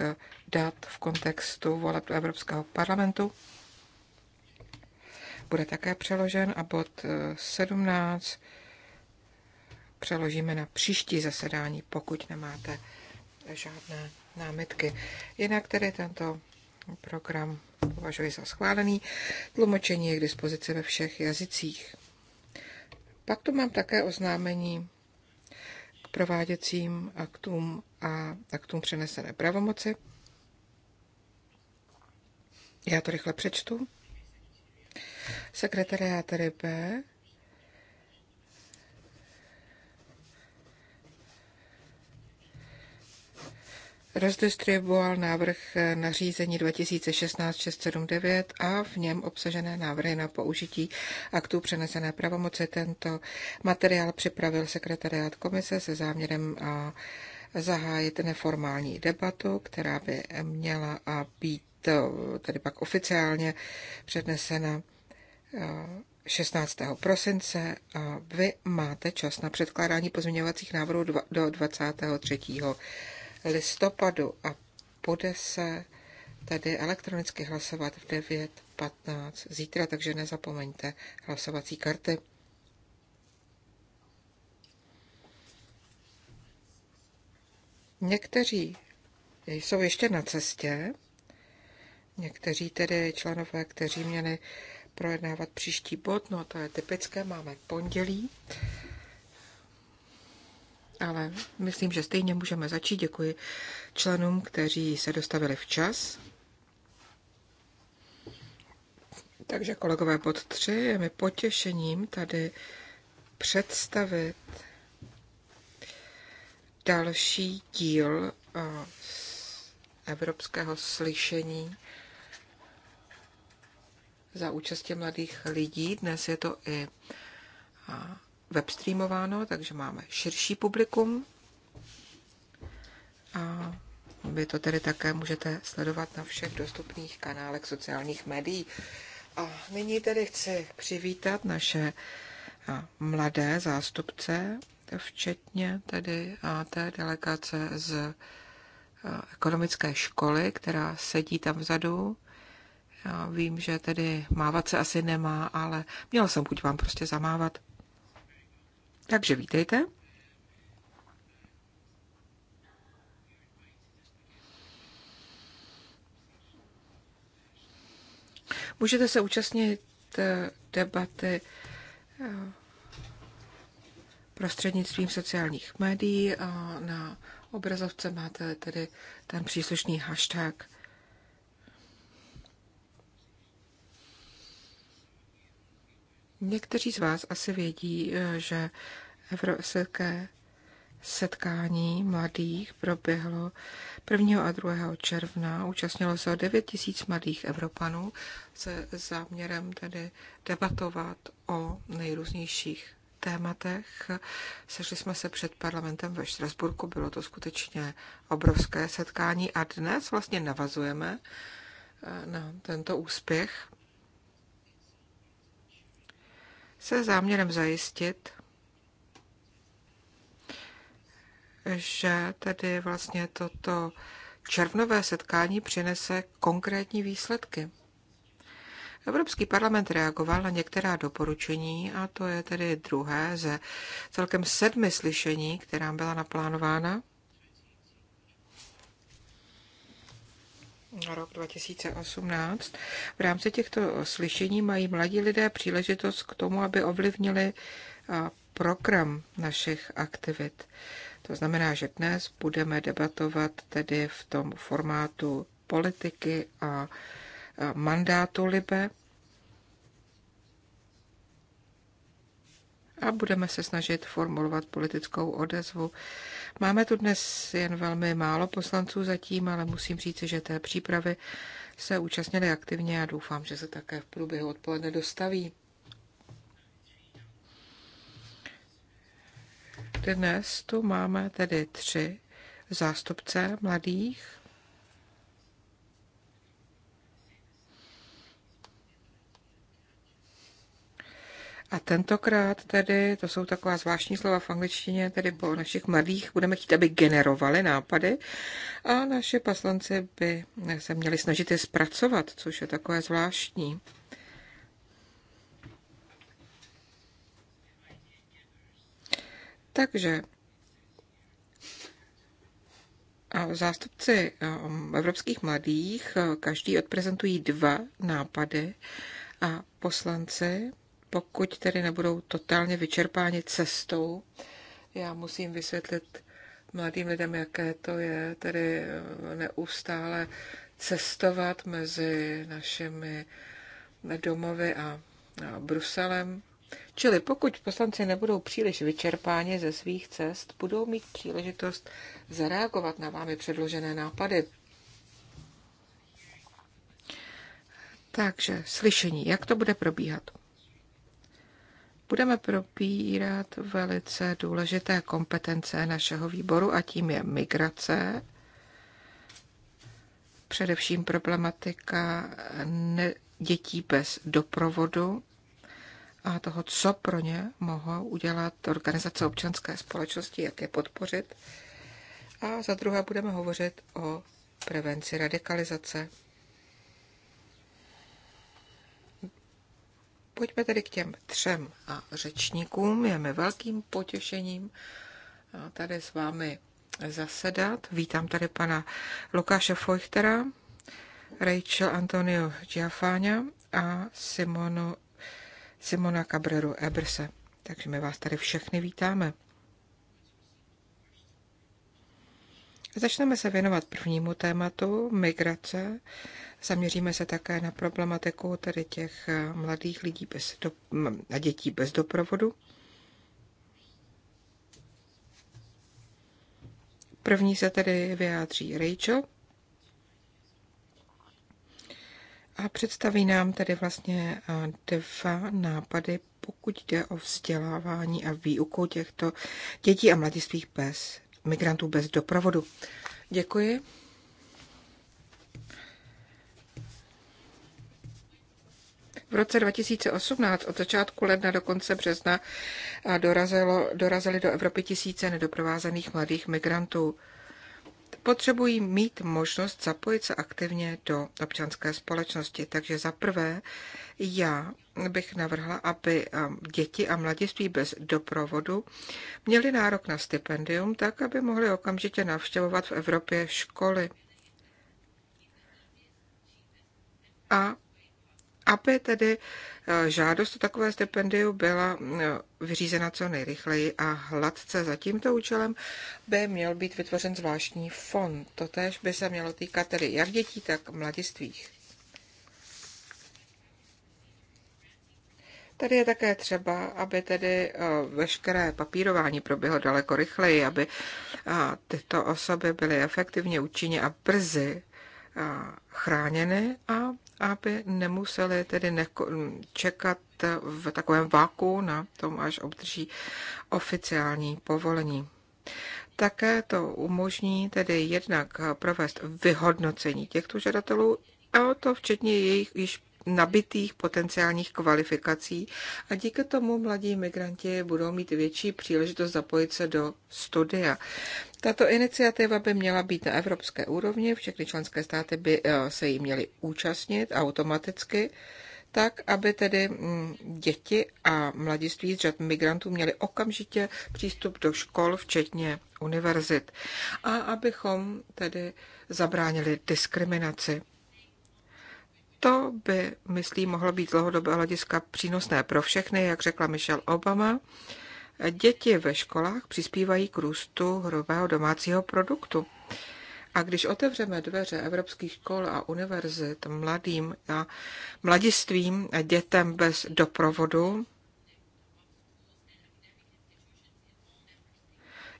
Eh, dat v kontextu voleb do Evropského parlamentu. Bude také přeložen a bod 17 eh, přeložíme na příští zasedání, pokud nemáte žádné námitky. Jinak tedy tento program považuji za schválený. Tlumočení je k dispozici ve všech jazycích. Pak tu mám také oznámení k prováděcím aktům a tak tomu přenesené pravomoci. Já to rychle přečtu. Sekretariát RIB rozdistribuoval návrh nařízení 2016-679 a v něm obsažené návrhy na použití aktů přenesené pravomoci. Tento materiál připravil sekretariát komise se záměrem a zahájit neformální debatu, která by měla a být eh, tedy pak oficiálně přednesena 16. Eh, prosince a vy máte čas na předkládání pozměňovacích návrhů do 23. listopadu a bude se tedy elektronicky hlasovat v 9.15 zítra, takže nezapomeňte hlasovací karty. Někteří jsou ještě na cestě, někteří tedy členové, kteří měli projednávat příští bod, no to je typické, máme pondělí, ale myslím, že stejně můžeme začít. Děkuji členům, kteří se dostavili včas. Takže kolegové bod 3 je mi potěšením tady představit další díl eh, evropského slyšení za účastě mladých lidí. Dnes je to i eh, webstreamováno, takže máme širší publikum. A vy to tedy také můžete sledovat na všech dostupných kanálech sociálních médií. A nyní tedy chci přivítat naše eh, mladé zástupce včetně tedy té delegace z ekonomické školy, která sedí tam vzadu. Já vím, že tedy mávat se asi nemá, ale měla jsem chuť vám prostě zamávat. Takže vítejte. Můžete se účastnit eh, debaty eh, prostřednictvím sociálních médií. A na obrazovce máte tedy ten příslušný hashtag. Někteří z vás asi vědí, eh, že evropské setkání mladých proběhlo 1. a 2. června. Účastnilo se 9 tisíc mladých Evropanů se záměrem tedy debatovat o nejrůznějších tématech. Sešli jsme se před parlamentem ve Štrasburku, bylo to skutečně obrovské setkání a dnes vlastně navazujeme eh, na tento úspěch se záměrem zajistit, že tedy vlastně toto červnové setkání přinese konkrétní výsledky. Evropský parlament reagoval na některá doporučení a to je tedy druhé ze celkem sedmi slyšení, která byla naplánována. rok 2018. V rámci těchto slyšení mají mladí lidé příležitost k tomu, aby ovlivnili program našich aktivit. To znamená, že dnes budeme debatovat tedy v tom formátu politiky a mandátu LIBE. a budeme se snažit formulovat politickou odezvu. Máme tu dnes jen velmi málo poslanců zatím, ale musím říct, že té přípravy se účastnili aktivně a doufám, že se také v průběhu odpoledne dostaví. Dnes tu máme tedy tři zástupce mladých A tentokrát tedy, to jsou taková zvláštní slova v angličtině, tedy po našich mladých budeme chtít, aby generovali nápady a naše poslanci by se měli snažit je zpracovat, což je takové zvláštní. Takže zástupci um, evropských mladých, uh, každý odprezentují dva nápady a poslanci pokud tedy nebudou totálně vyčerpáni cestou. Já musím vysvětlit mladým lidem, jaké to je, tedy neustále cestovat mezi našimi domovy a, a Bruselem. Čili pokud poslanci nebudou příliš vyčerpáni ze svých cest, budou mít příležitost zareagovat na vámi předložené nápady. Takže slyšení, jak to bude probíhat? budeme probírat velice důležité kompetence našeho výboru a tím je migrace, především problematika dětí bez doprovodu a toho, co pro ně mohou udělat organizace občanské společnosti, jak je podpořit. A za druhé budeme hovořit o prevenci radikalizace. Pojďme tedy k těm třem a řečníkům. Je mi velkým potěšením eh, tady s vámi zasedat. Vítám tady pana Lukáše Feuchtera, Rachel Antonio Giafáňa a Simonu, Simona Cabreru Ebrse. Takže my vás tady všechny vítáme. Začneme se věnovat prvnímu tématu migrace Zaměříme se také na problematiku tedy těch eh, mladých lidí bez do, a dětí bez doprovodu. První se tedy vyjádří Rachel a představí nám tedy vlastně eh, dva nápady, pokud jde o vzdělávání a výuku těchto dětí a mladistvých bez migrantů bez doprovodu. Děkuji. V roce 2018 od začátku ledna do konce března dorazilo, dorazili do Evropy tisíce nedoprovázených mladých migrantů. Potřebují mít možnost zapojit se aktivně do občanské společnosti. Takže za prvé já bych navrhla, aby um, děti a mladiství bez doprovodu měli nárok na stipendium, tak aby mohli okamžitě navštěvovat v Evropě školy a aby tedy eh, žádost o takové stipendium byla eh, vyřízena co nejrychleji a hladce. Za tímto účelem by měl být vytvořen zvláštní fond. Totež by se mělo týkat tedy jak dětí, tak mladistvých. Tady je také třeba, aby tedy eh, veškeré papírování proběhlo daleko rychleji, aby tyto osoby byly efektivně účinně a brzy chráněny a aby nemuseli tedy neko- čekat v takovém váku na tom, až obdrží oficiální povolení. Také to umožní tedy jednak provést vyhodnocení těchto žadatelů, a to včetně jejich již nabitých potenciálních kvalifikací a díky tomu mladí migranti budou mít větší příležitost zapojit se do studia. Tato iniciativa by měla být na evropské úrovni, všechny členské státy by eh, se jí měly účastnit automaticky, tak, aby tedy mm, děti a mladiství z řad migrantů měli okamžitě přístup do škol, včetně univerzit. A abychom tedy zabránili diskriminaci. To by, myslím, mohlo být dlouhodobé hlediska přínosné pro všechny, jak řekla Michelle Obama. Děti ve školách přispívají k růstu hrubého domácího produktu. A když otevřeme dveře evropských škol a univerzit mladým a mladistvím a dětem bez doprovodu,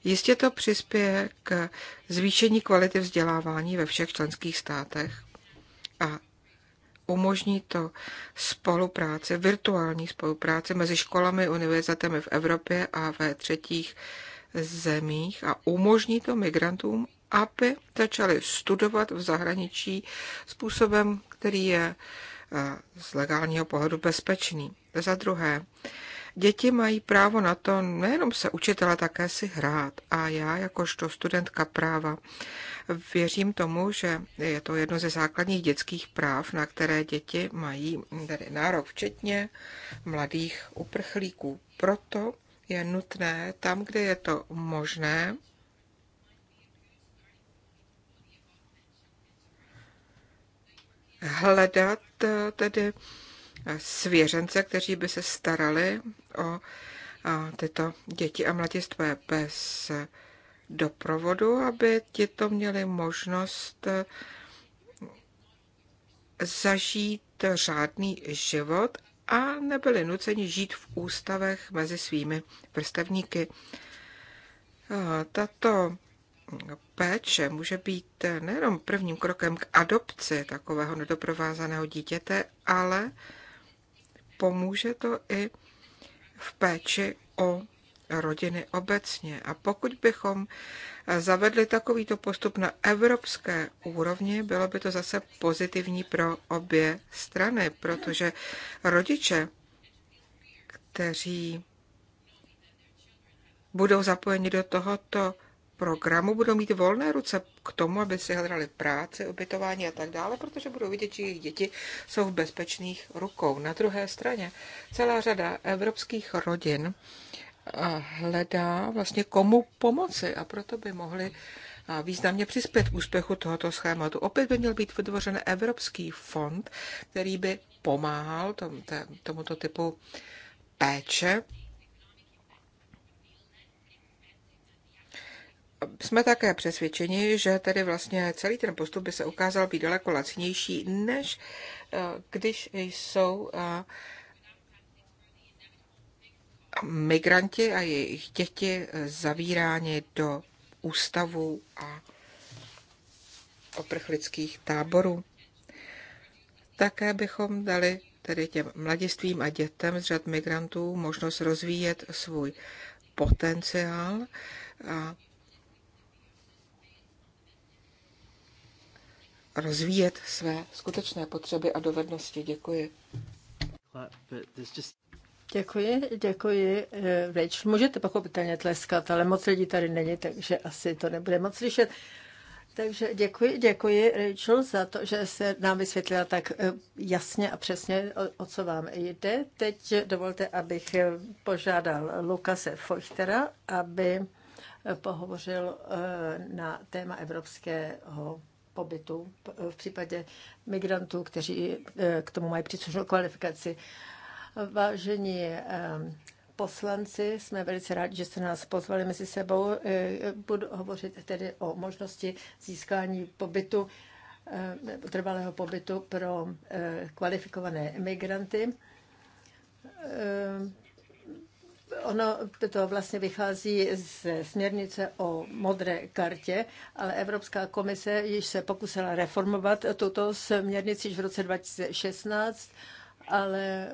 jistě to přispěje k zvýšení kvality vzdělávání ve všech členských státech a umožní to spolupráci, virtuální spolupráci mezi školami, univerzitami v Evropě a ve třetích zemích a umožní to migrantům, aby začali studovat v zahraničí způsobem, který je eh, z legálního pohledu bezpečný. Za druhé, Děti mají právo na to nejenom se učit, ale také si hrát. A já, jakožto studentka práva, věřím tomu, že je to jedno ze základních dětských práv, na které děti mají tedy nárok, včetně mladých uprchlíků. Proto je nutné tam, kde je to možné, hledat eh, tedy svěřence, kteří by se starali o tyto děti a mladistvé bez doprovodu, aby to měli možnost e, zažít řádný život a nebyli nuceni žít v ústavech mezi svými vrstevníky. E, tato péče může být nejenom prvním krokem k adopci takového nedoprovázaného dítěte, ale pomůže to i v péči o rodiny obecně. A pokud bychom zavedli takovýto postup na evropské úrovni, bylo by to zase pozitivní pro obě strany, protože rodiče, kteří budou zapojeni do tohoto programu budou mít volné ruce k tomu, aby si hledali práci, ubytování a tak dále, protože budou vidět, že jejich děti jsou v bezpečných rukou. Na druhé straně celá řada evropských rodin eh, hledá vlastně komu pomoci a proto by mohli eh, významně přispět k úspěchu tohoto schématu. Opět by měl být vytvořen Evropský fond, který by pomáhal tom, tomuto typu péče jsme také přesvědčeni, že tedy vlastně celý ten postup by se ukázal být daleko lacnější, než eh, když jsou eh, migranti a jejich děti eh, zavíráni do ústavů a oprchlických táborů. Také bychom dali tedy těm mladistvím a dětem z řad migrantů možnost rozvíjet svůj potenciál a rozvíjet své skutečné potřeby a dovednosti. Děkuji. Děkuji, děkuji. Eh, Rachel, můžete pochopitelně tleskat, ale moc lidí tady není, takže asi to nebude moc slyšet. Takže děkuji, děkuji Rachel za to, že se nám vysvětlila tak eh, jasně a přesně, o, o co vám jde. Teď dovolte, abych eh, požádal Lukase Feuchtera, aby pohovořil na téma evropského pobytu v případě migrantů, kteří eh, k tomu mají příslušnou kvalifikaci. Vážení eh, poslanci, jsme velice rádi, že jste nás pozvali mezi sebou. Eh, budu hovořit tedy o možnosti získání pobytu, trvalého pobytu pro kvalifikované migranty Ono to vlastně vychází ze směrnice o modré kartě, ale Evropská komise již se pokusila reformovat tuto směrnici již v roce 2016, ale e,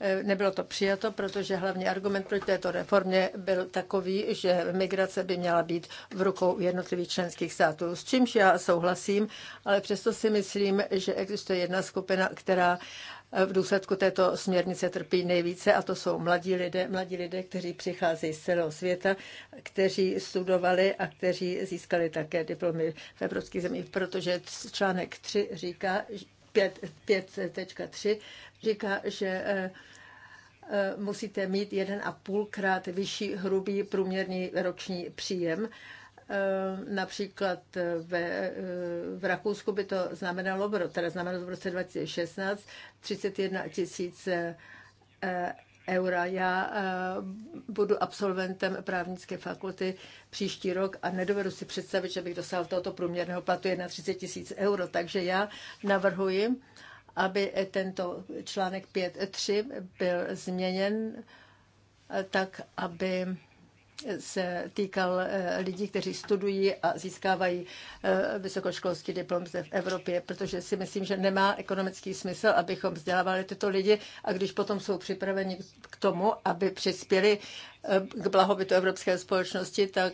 e, nebylo to přijato, protože hlavní argument proti této reformě byl takový, že migrace by měla být v rukou jednotlivých členských států, s čímž já souhlasím, ale přesto si myslím, že existuje jedna skupina, která v důsledku této směrnice trpí nejvíce a to jsou mladí lidé, mladí lidé, kteří přicházejí z celého světa, kteří studovali a kteří získali také diplomy v evropských zemích, protože článek 3 říká, 5.3 říká, že eh, eh, musíte mít jeden a půlkrát vyšší hrubý průměrný roční příjem Eh, například eh, ve, eh, v Rakousku by to znamenalo, teda znamenalo v roce 2016 31 tisíc eura. Já budu absolventem právnické fakulty příští rok a nedovedu si představit, že bych dosáhl tohoto průměrného platu 31 tisíc euro. Takže já navrhuji, aby tento článek 5.3 byl změněn tak, aby se týkal eh, lidí, kteří studují a získávají eh, vysokoškolský diplom zde v Evropě, protože si myslím, že nemá ekonomický smysl, abychom vzdělávali tyto lidi a když potom jsou připraveni k tomu, aby přispěli eh, k blahobytu evropské společnosti, tak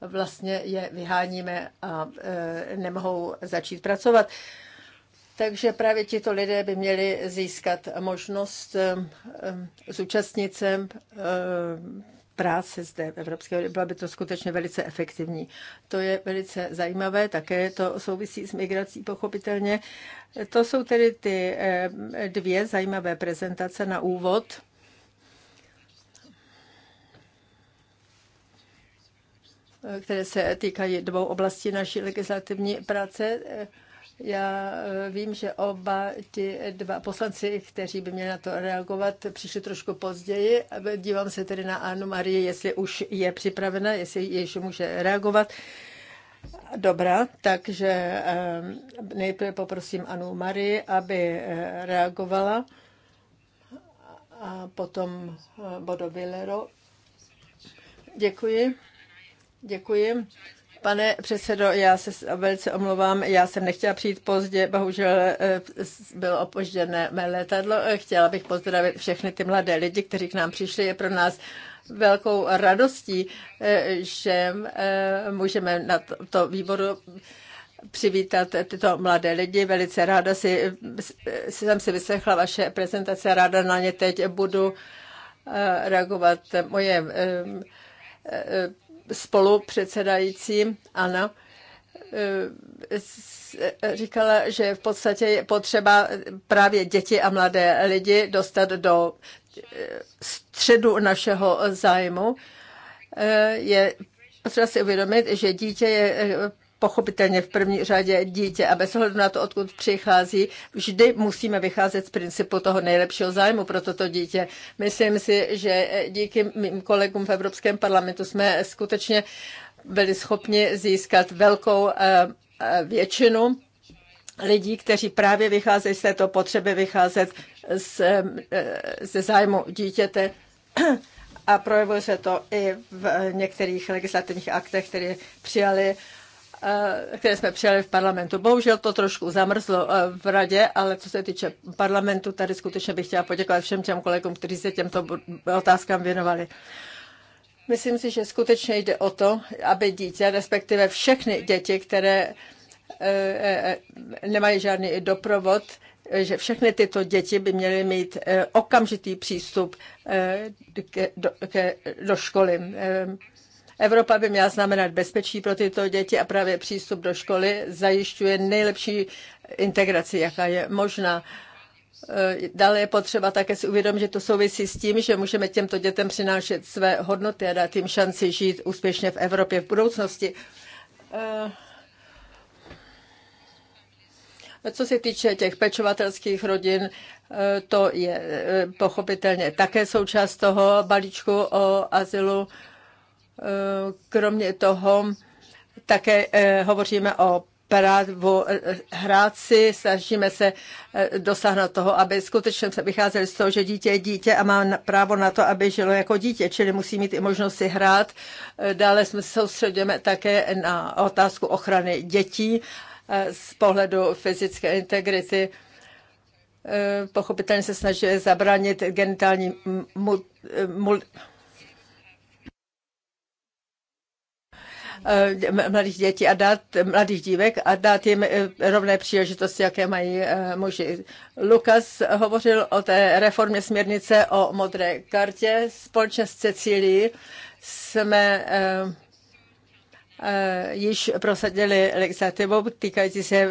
vlastně je vyháníme a nemohou začít pracovat. Takže právě tito lidé by měli získat možnost zúčastnit se práce zde v Evropské unii. Byla by to skutečně velice efektivní. To je velice zajímavé, také to souvisí s migrací pochopitelně. To jsou tedy ty eh, dvě zajímavé prezentace na úvod. Eh, které se týkají dvou oblastí naší legislativní práce. Eh, já eh, vím, že oba ti dva poslanci, kteří by měli na to reagovat, přišli trošku později. Dívám se tedy na Anu Marie, jestli už je připravena, jestli již může reagovat. Dobrá, takže eh, nejprve poprosím Anu Marie, aby eh, reagovala a potom Bodo Villero. Děkuji. Děkuji. Pane předsedo, já se velice omlouvám, já jsem nechtěla přijít pozdě, bohužel eh, bylo opožděné mé letadlo. Eh, chtěla bych pozdravit všechny ty mladé lidi, kteří k nám přišli. Je pro nás velkou radostí, eh, že můžeme na to výboru přivítat tyto mladé lidi. Velice ráda si, jsem si vyslechla vaše prezentace, ráda na ně teď budu reagovat. Moje spolu předsedajícím, ano, eh, říkala, že v podstatě je potřeba právě děti a mladé lidi dostat do eh, středu našeho zájmu. Eh, je potřeba si uvědomit, že dítě je pochopitelně v první řadě dítě a bez ohledu na to, odkud přichází, vždy musíme vycházet z principu toho nejlepšího zájmu pro toto dítě. Myslím si, že díky mým kolegům v Evropském parlamentu jsme skutečně byli schopni získat velkou eh, eh, většinu lidí, kteří právě vycházejí z této potřeby vycházet eh, ze zájmu dítěte a projevuje se to i v některých legislativních aktech, které přijali Eh, které jsme přijali v parlamentu. Bohužel to trošku zamrzlo eh, v radě, ale co se týče parlamentu, tady skutečně bych chtěla poděkovat všem těm kolegům, kteří se těmto otázkám věnovali. Myslím si, že skutečně jde o to, aby dítě, respektive všechny děti, které eh, nemají žádný doprovod, že všechny tyto děti by měly mít okamžitý přístup do školy. Evropa by měla znamenat bezpečí pro tyto děti a právě přístup do školy zajišťuje nejlepší integraci, jaká je možná. E, dále je potřeba také si uvědomit, že to souvisí s tím, že můžeme těmto dětem přinášet své hodnoty a dát jim šanci žít úspěšně v Evropě v budoucnosti. E, co se týče těch pečovatelských rodin, e, to je pochopitelně také součást toho balíčku o azylu. Kromě toho také eh, hovoříme o právu eh, hráci, snažíme se eh, dosáhnout toho, aby skutečně se vycházeli z toho, že dítě je dítě a má právo na to, aby žilo jako dítě, čili musí mít i možnost si hrát. Dále jsme se soustředíme také na otázku ochrany dětí z pohledu fyzické integrity. Pochopitelně se snaží zabránit genitální mu, mu, Eh, mladých dětí a dát, mladých dívek a dát jim eh, rovné příležitosti, jaké mají eh, muži. Lukas hovořil o té reformě směrnice o modré kartě. Společně s Cecílí jsme již prosadili legislativu týkající se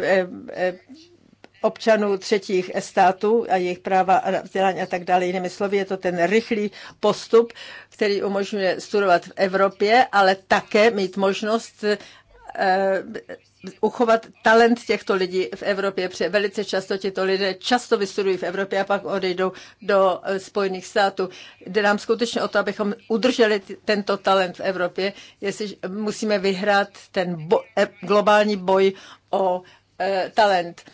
občanů třetích států a jejich práva a vzdělání a tak dále. Jinými slovy, je to ten rychlý postup, který umožňuje studovat v Evropě, ale také mít možnost eh, uchovat talent těchto lidí v Evropě, protože velice často tito lidé často vystudují v Evropě a pak odejdou do eh, Spojených států. Jde nám skutečně o to, abychom udrželi tento talent v Evropě, jestli musíme vyhrát ten bo- eh, globální boj o e, talent. E,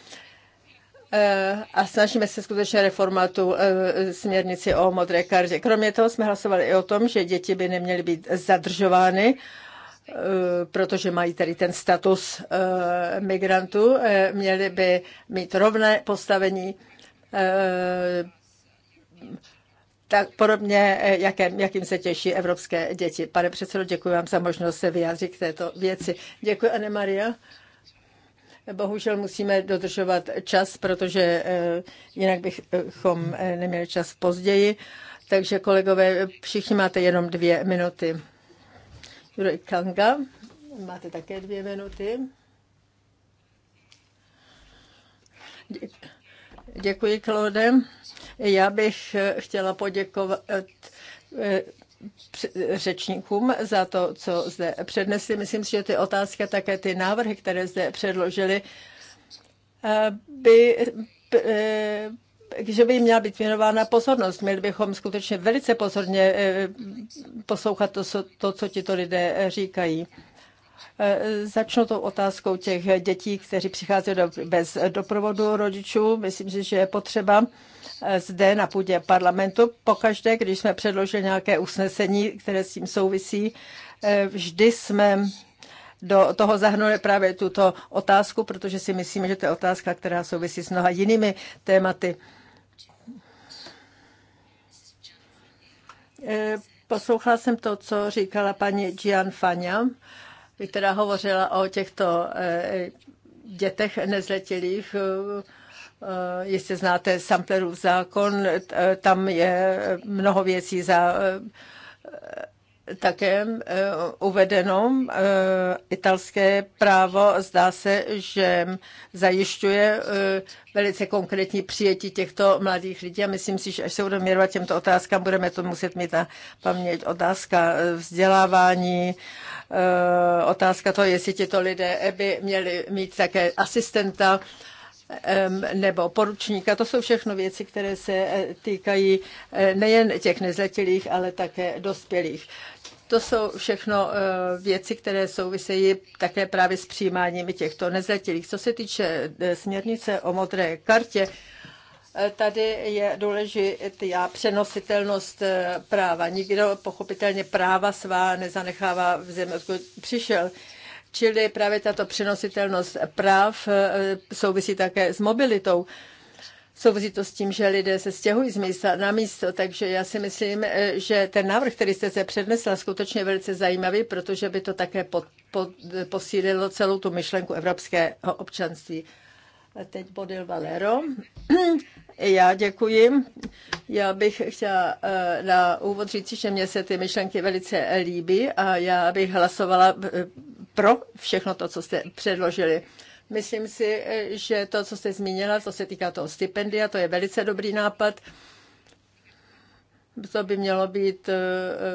Eh, a snažíme se skutečně reformovat tu eh, směrnici o modré kartě. Kromě toho jsme hlasovali i o tom, že děti by neměly být zadržovány, eh, protože mají tady ten status migrantů, měly by mít rovné postavení tak podobně, jakém, jakým se těší evropské děti. Pane předsedo, děkuji vám za možnost se vyjádřit k této věci. Děkuji, Anne Maria. Bohužel musíme dodržovat čas, protože eh, jinak bychom eh, neměli čas později. Takže kolegové, všichni máte jenom dvě minuty. Juraj Kanga, máte také dvě minuty. Děkuji, Claude. Já bych eh, chtěla poděkovat řečníkům za to, co zde přednesli. Myslím si, že ty otázky, také ty návrhy, které zde předložili, eh, by eh, že by měla být věnována pozornost. Měli bychom skutečně velice pozorně eh, poslouchat to, to co tito lidé říkají. Eh, začnu tou otázkou těch dětí, kteří přichází do, bez doprovodu rodičů. Myslím si, že je potřeba eh, zde na půdě parlamentu. Pokaždé, když jsme předložili nějaké usnesení, které s tím souvisí, eh, vždy jsme do toho zahrnuli právě tuto otázku, protože si myslíme, že to je otázka, která souvisí s mnoha jinými tématy. Poslouchala jsem to, co říkala paní Gian Fania která hovořila o těchto eh, dětech nezletilých. Eh, Jestli znáte Samplerův zákon, eh, tam je mnoho věcí za také eh, uvedeno eh, italské právo. Zdá se, že zajišťuje eh, velice konkrétní přijetí těchto mladých lidí a myslím si, že až se budeme věnovat těmto otázkám, budeme to muset mít na paměť. Otázka vzdělávání, otázka toho, jestli těto lidé by měli mít také asistenta, nebo poručníka. To jsou všechno věci, které se týkají nejen těch nezletilých, ale také dospělých. To jsou všechno eh, věci, které souvisejí také právě s přijímáním těchto nezletilých. Co se týče eh, směrnice o modré kartě, eh, Tady je důležitá přenositelnost práva. Nikdo pochopitelně práva svá nezanechává v zemi, odkud přišel. Čili právě tato přenositelnost práv souvisí také s mobilitou souvisí to s tím, že lidé se stěhují z místa na místo, takže já si myslím, eh, že ten návrh, který jste se je skutečně velice zajímavý, protože by to také pod, pod, posílilo celou tu myšlenku evropského občanství. A teď Bodil Valero. Já děkuji. Já bych chtěla eh, na úvod říct, že mě se ty myšlenky velice líbí a já bych hlasovala eh, pro všechno to, co jste předložili. Myslím si, eh, že to, co jste zmínila, to se týká toho stipendia, to je velice dobrý nápad. To by mělo být eh,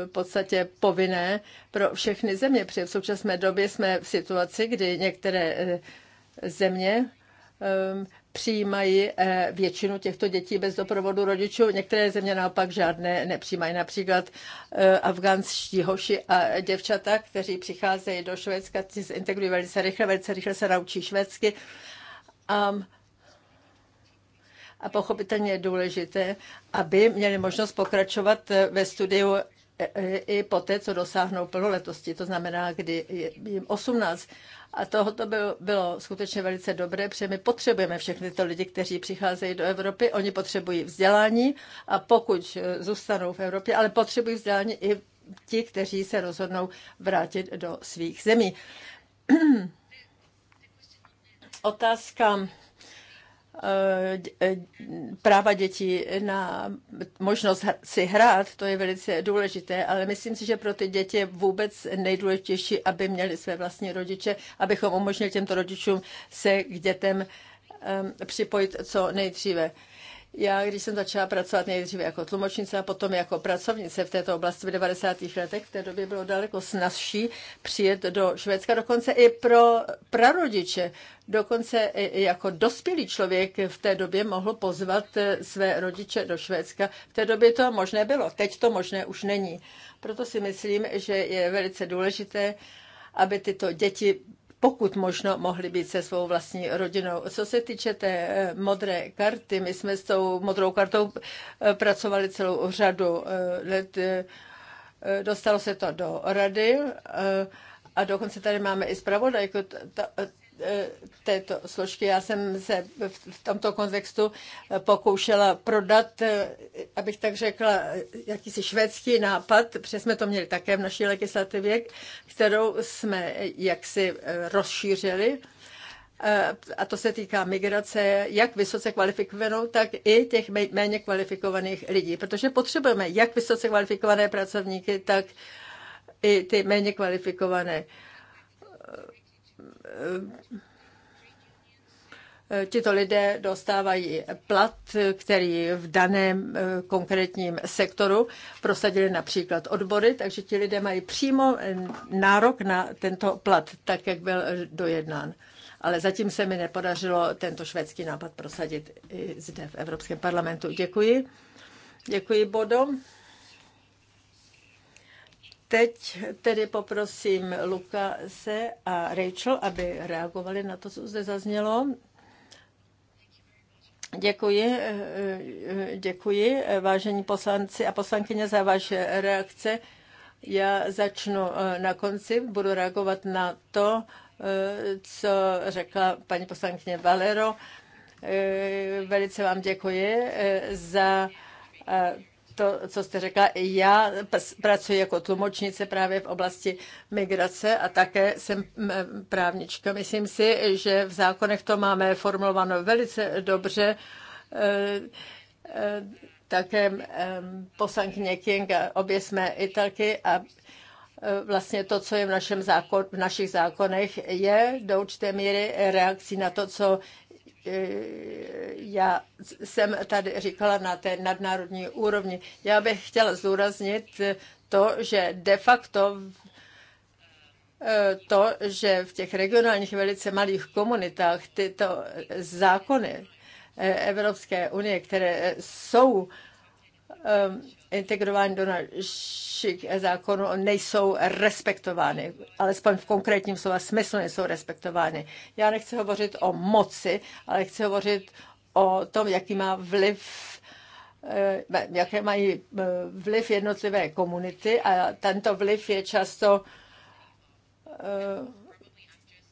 v podstatě povinné pro všechny země, Při v současné době jsme v situaci, kdy některé eh, země přijímají eh, většinu těchto dětí bez doprovodu rodičů. Některé země naopak žádné nepřijímají. Například eh, afgánští hoši a děvčata, kteří přicházejí do Švédska, ti se integrují velice rychle, velice rychle se naučí švédsky. A a pochopitelně je důležité, aby měli možnost pokračovat eh, ve studiu i poté, co dosáhnou plnoletosti, to znamená, kdy jim 18. A tohoto bylo, bylo skutečně velice dobré, protože my potřebujeme všechny ty lidi, kteří přicházejí do Evropy. Oni potřebují vzdělání a pokud eh, zůstanou v Evropě, ale potřebují vzdělání i ti, kteří se rozhodnou vrátit do svých zemí. Otázka Eh, eh, práva dětí na možnost si hrát, to je velice důležité, ale myslím si, že pro ty děti je vůbec nejdůležitější, aby měli své vlastní rodiče, abychom umožnili těmto rodičům se k dětem eh, připojit co nejdříve. Já, když jsem začala pracovat nejdříve jako tlumočnice a potom jako pracovnice v této oblasti v 90. letech, v té době bylo daleko snazší přijet do Švédska, dokonce i pro prarodiče. Dokonce jako dospělý člověk v té době mohl pozvat eh, své rodiče do Švédska. V té době to možné bylo, teď to možné už není. Proto si myslím, že je velice důležité, aby tyto děti pokud možno mohli být se svou vlastní rodinou. Co se týče té eh, modré karty, my jsme s tou modrou kartou eh, pracovali celou řadu eh, let. Dostalo se to do rady a dokonce tady máme i zpravodajku. Eh, této složky. Já jsem se v tomto kontextu eh, pokoušela prodat, eh, abych tak řekla, jakýsi švédský nápad, protože jsme to měli také v naší legislativě, kterou jsme jaksi rozšířili a to se týká migrace, jak vysoce kvalifikovanou, tak i těch méně kvalifikovaných lidí, protože potřebujeme jak vysoce kvalifikované pracovníky, tak i ty méně kvalifikované. Eh, tito lidé dostávají plat, který v daném eh, konkrétním sektoru prosadili například odbory, takže ti lidé mají přímo eh, nárok na tento plat, tak jak byl dojednán. Ale zatím se mi nepodařilo tento švédský nápad prosadit i zde v Evropském parlamentu. Děkuji. Děkuji, Bodo. Teď tedy poprosím Lukase a Rachel, aby reagovali na to, co zde zaznělo. Děkuji, děkuji, vážení poslanci a poslankyně, za vaše reakce. Já začnu eh, na konci, budu reagovat na to, eh, co řekla paní poslankyně Valero. Eh, velice vám děkuji za to, co jste řekla. Já pracuji jako tlumočnice právě v oblasti migrace a také jsem právnička. Myslím si, že v zákonech to máme formulováno velice dobře. E, e, také poslankyně King, obě jsme Italky a e, vlastně to, co je v, našem zákon, v našich zákonech, je do určité míry reakcí na to, co E, já jsem tady říkala na té nadnárodní úrovni. Já bych chtěla zdůraznit to, že de facto e, to, že v těch regionálních velice malých komunitách tyto zákony e, Evropské unie, které jsou Ehm, integrovány do našich zákonů, nejsou respektovány, alespoň v konkrétním slova smyslu nejsou respektovány. Já nechci hovořit o moci, ale chci hovořit o tom, jaký má vliv ehm, jaké mají ehm, vliv jednotlivé komunity a tento vliv je často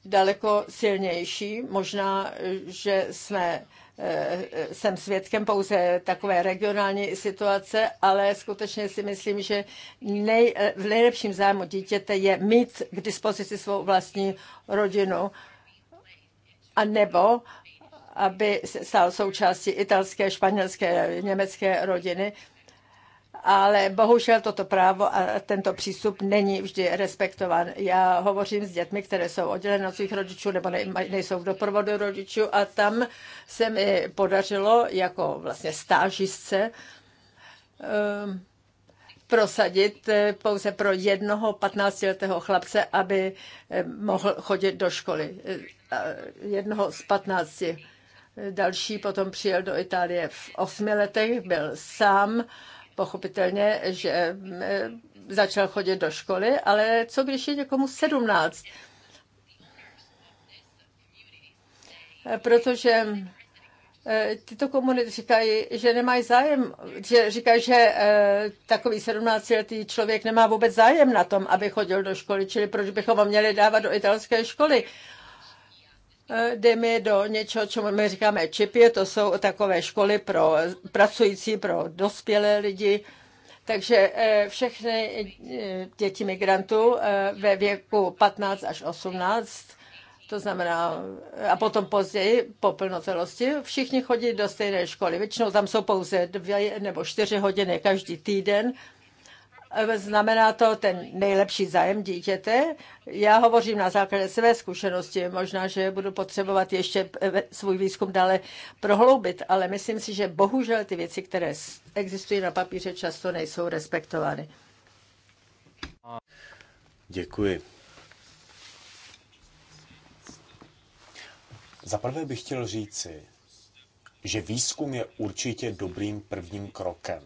daleko silnější. Možná, že jsme Eh, jsem svědkem pouze takové regionální situace, ale skutečně si myslím, že nej, v nejlepším zájmu dítěte je mít k dispozici svou vlastní rodinu. A nebo aby se stal součástí italské, španělské, německé rodiny ale bohužel toto právo a tento přístup není vždy respektován. Já hovořím s dětmi, které jsou oddělené od svých rodičů nebo nejsou v doprovodu rodičů a tam se mi podařilo jako vlastně stážistce ehm, prosadit eh, pouze pro jednoho 15-letého chlapce, aby eh, mohl chodit do školy. Eh, jednoho z 15. Další potom přijel do Itálie v osmi letech, byl sám pochopitelně, že eh, začal chodit do školy, ale co když je někomu 17? Protože eh, tyto komunity říkají, že nemají zájem, že říkají, že eh, takový 17-letý člověk nemá vůbec zájem na tom, aby chodil do školy, čili proč bychom ho měli dávat do italské školy? Eh, jdeme do něčeho, čemu my říkáme čipy, to jsou takové školy pro pracující, pro dospělé lidi, takže eh, všechny eh, děti migrantů ve věku 15 až 18, to znamená, a potom později, po plnotelosti, všichni chodí do stejné školy. Většinou tam jsou pouze dvě nebo čtyři hodiny každý týden. Eh, znamená to ten nejlepší zájem dítěte. Já hovořím na základě své zkušenosti. Možná, že budu potřebovat ještě eh, svůj výzkum dále prohloubit, ale myslím si, že bohužel ty věci, které existují na papíře, často nejsou respektovány. Děkuji. Za prvé bych chtěl říci, že výzkum je určitě dobrým prvním krokem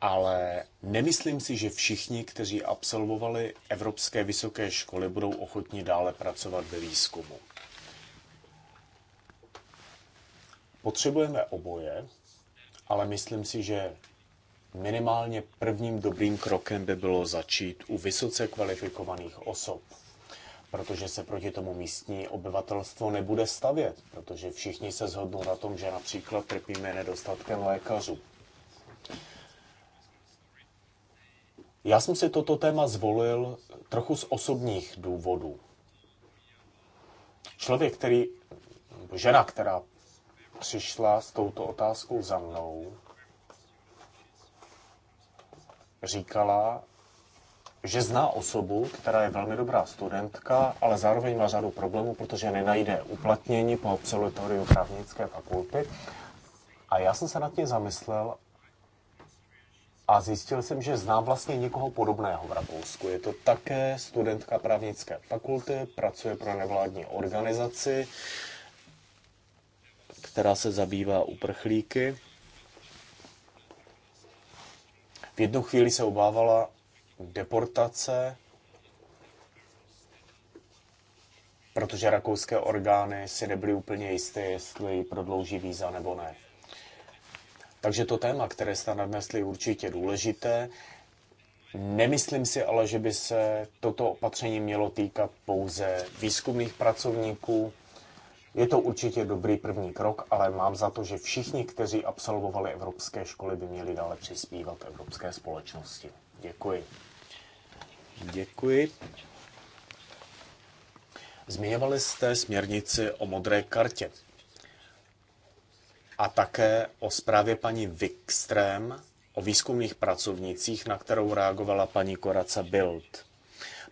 ale nemyslím si, že všichni, kteří absolvovali evropské vysoké školy, budou ochotni dále pracovat ve výzkumu. Potřebujeme oboje, ale myslím si, že minimálně prvním dobrým krokem by bylo začít u vysoce kvalifikovaných osob, protože se proti tomu místní obyvatelstvo nebude stavět, protože všichni se shodnou na tom, že například trpíme nedostatkem lékařů. Já jsem si toto téma zvolil trochu z osobních důvodů. Člověk, který, žena, která přišla s touto otázkou za mnou, říkala, že zná osobu, která je velmi dobrá studentka, ale zároveň má řadu problémů, protože nenajde uplatnění po absolutoriu právnické fakulty. A já jsem se nad tím zamyslel a zjistil jsem, že znám vlastně někoho podobného v Rakousku. Je to také studentka právnické fakulty, pracuje pro nevládní organizaci, která se zabývá uprchlíky. V jednu chvíli se obávala deportace, protože rakouské orgány si nebyly úplně jisté, jestli prodlouží víza nebo ne. Takže to téma, které jste nadnesli, je určitě důležité. Nemyslím si ale, že by se toto opatření mělo týkat pouze výzkumných pracovníků. Je to určitě dobrý první krok, ale mám za to, že všichni, kteří absolvovali evropské školy, by měli dále přispívat evropské společnosti. Děkuji. Děkuji. Zmiňovali jste směrnici o modré kartě a také o zprávě paní Wikström o výzkumných pracovnicích, na kterou reagovala paní Koraca Bild.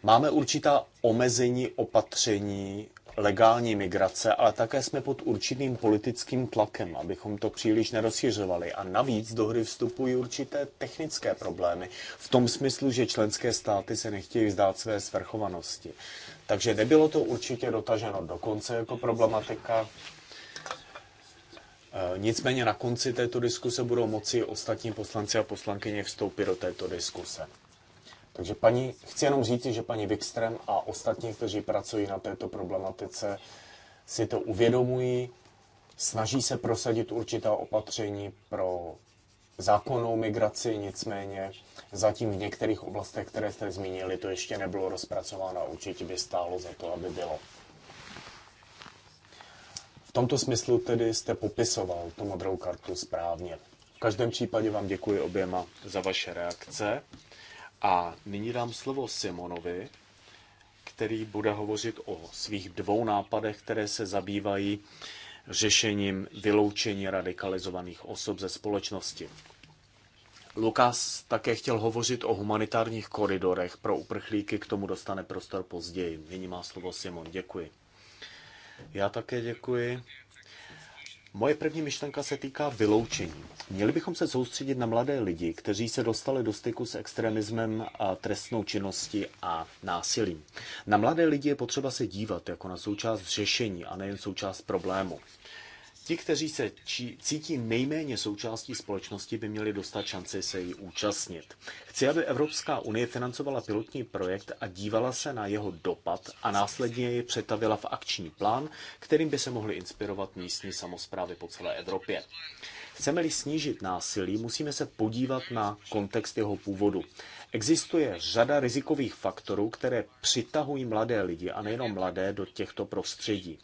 Máme určitá omezení opatření legální migrace, ale také jsme pod určitým politickým tlakem, abychom to příliš nerozšiřovali. A navíc do hry vstupují určité technické problémy, v tom smyslu, že členské státy se nechtějí vzdát své svrchovanosti. Takže nebylo to určitě dotaženo do konce jako problematika, Eh, nicméně na konci této diskuse budou moci ostatní poslanci a poslankyně vstoupit do této diskuse. Takže paní, chci jenom říct, že paní Wikström a ostatní, kteří pracují na této problematice, si to uvědomují, snaží se prosadit určitá opatření pro zákonnou migraci, nicméně zatím v některých oblastech, které jste zmínili, to ještě nebylo rozpracováno a určitě by stálo za to, aby bylo tomto smyslu tedy jste popisoval tu modrou kartu správně. V každém případě vám děkuji oběma za vaše reakce. A nyní dám slovo Simonovi, který bude hovořit o svých dvou nápadech, které se zabývají řešením vyloučení radikalizovaných osob ze společnosti. Lukas také chtěl hovořit o humanitárních koridorech pro uprchlíky, k tomu dostane prostor později. Nyní má slovo Simon, děkuji. Já také děkuji. Moje první myšlenka se týká vyloučení. Měli bychom se soustředit na mladé lidi, kteří se dostali do styku s extremismem a trestnou činností a násilím. Na mladé lidi je potřeba se dívat jako na součást řešení a nejen součást problému. Ti, kteří se či, cítí nejméně součástí společnosti, by měli dostat šanci se jí účastnit. Chci, aby Evropská unie financovala pilotní projekt a dívala se na jeho dopad a následně ji přetavila v akční plán, kterým by se mohly inspirovat místní samozprávy po celé Evropě. Chceme-li snížit násilí, musíme se podívat na kontext jeho původu. Existuje řada rizikových faktorů, které přitahují mladé lidi a nejenom mladé do těchto prostředí.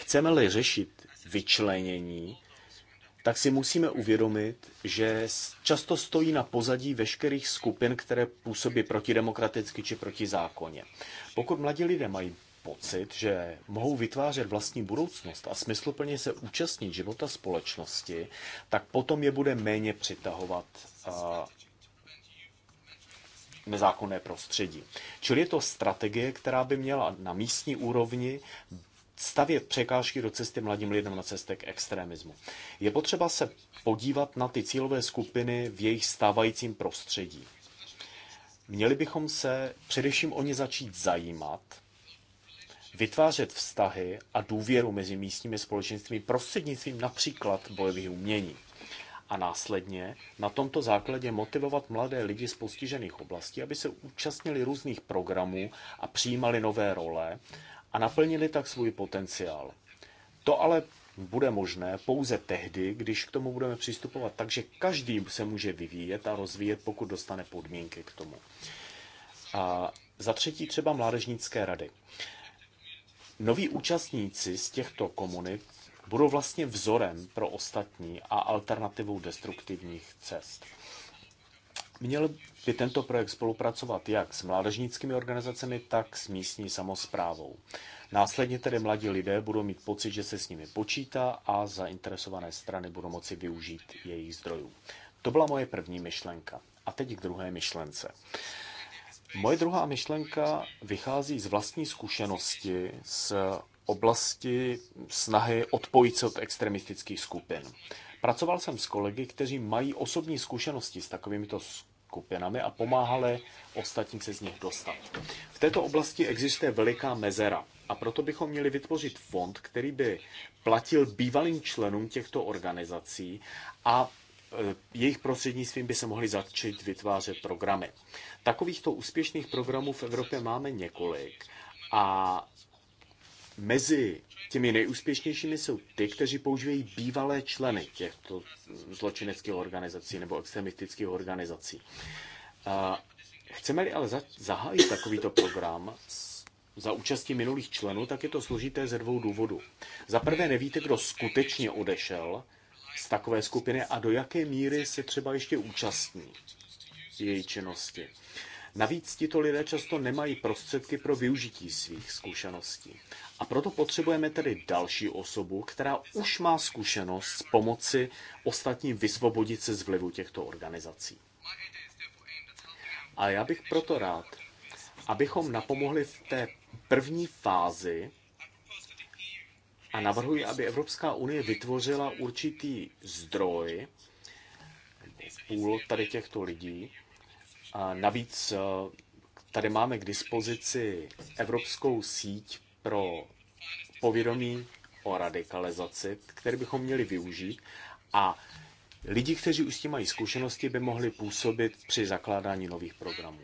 Chceme-li řešit vyčlenění, tak si musíme uvědomit, že často stojí na pozadí veškerých skupin, které působí protidemokraticky či protizákonně. Pokud mladí lidé mají pocit, že mohou vytvářet vlastní budoucnost a smysluplně se účastnit života společnosti, tak potom je bude méně přitahovat nezákonné prostředí. Čili je to strategie, která by měla na místní úrovni stavět překážky do cesty mladým lidem na cestě k extremismu. Je potřeba se podívat na ty cílové skupiny v jejich stávajícím prostředí. Měli bychom se především o ně začít zajímat, vytvářet vztahy a důvěru mezi místními společenstvími prostřednictvím například bojových umění. A následně na tomto základě motivovat mladé lidi z postižených oblastí, aby se účastnili různých programů a přijímali nové role a naplnili tak svůj potenciál. To ale bude možné pouze tehdy, když k tomu budeme přistupovat tak, že každý se může vyvíjet a rozvíjet, pokud dostane podmínky k tomu. A za třetí třeba mládežnické rady. Noví účastníci z těchto komunit budou vlastně vzorem pro ostatní a alternativou destruktivních cest. Měl by tento projekt spolupracovat jak s mládežnickými organizacemi, tak s místní samozprávou. Následně tedy mladí lidé budou mít pocit, že se s nimi počítá a zainteresované strany budou moci využít jejich zdrojů. To byla moje první myšlenka. A teď k druhé myšlence. Moje druhá myšlenka vychází z vlastní zkušenosti z oblasti snahy odpojit se od extremistických skupin. Pracoval jsem s kolegy, kteří mají osobní zkušenosti s takovýmito skupinami a pomáhali ostatním se z nich dostat. V této oblasti existuje veliká mezera a proto bychom měli vytvořit fond, který by platil bývalým členům těchto organizací a e, jejich prostřednictvím by se mohly začít vytvářet programy. Takovýchto úspěšných programů v Evropě máme několik a Mezi těmi nejúspěšnějšími jsou ty, kteří používají bývalé členy těchto zločineckých organizací nebo extremistických organizací. Chceme-li ale zahájit takovýto program za účasti minulých členů, tak je to složité ze dvou důvodů. Za prvé nevíte, kdo skutečně odešel z takové skupiny a do jaké míry se třeba ještě účastní její činnosti. Navíc tito lidé často nemají prostředky pro využití svých zkušeností. A proto potřebujeme tedy další osobu, která už má zkušenost s pomoci ostatním vysvobodit se z vlivu těchto organizací. A já bych proto rád, abychom napomohli v té první fázi a navrhuji, aby Evropská unie vytvořila určitý zdroj, půl tady těchto lidí, a navíc eh, tady máme k dispozici evropskou síť pro povědomí o radikalizaci, které bychom měli využít a lidi, kteří už s tím mají zkušenosti, by mohli působit při zakládání nových programů.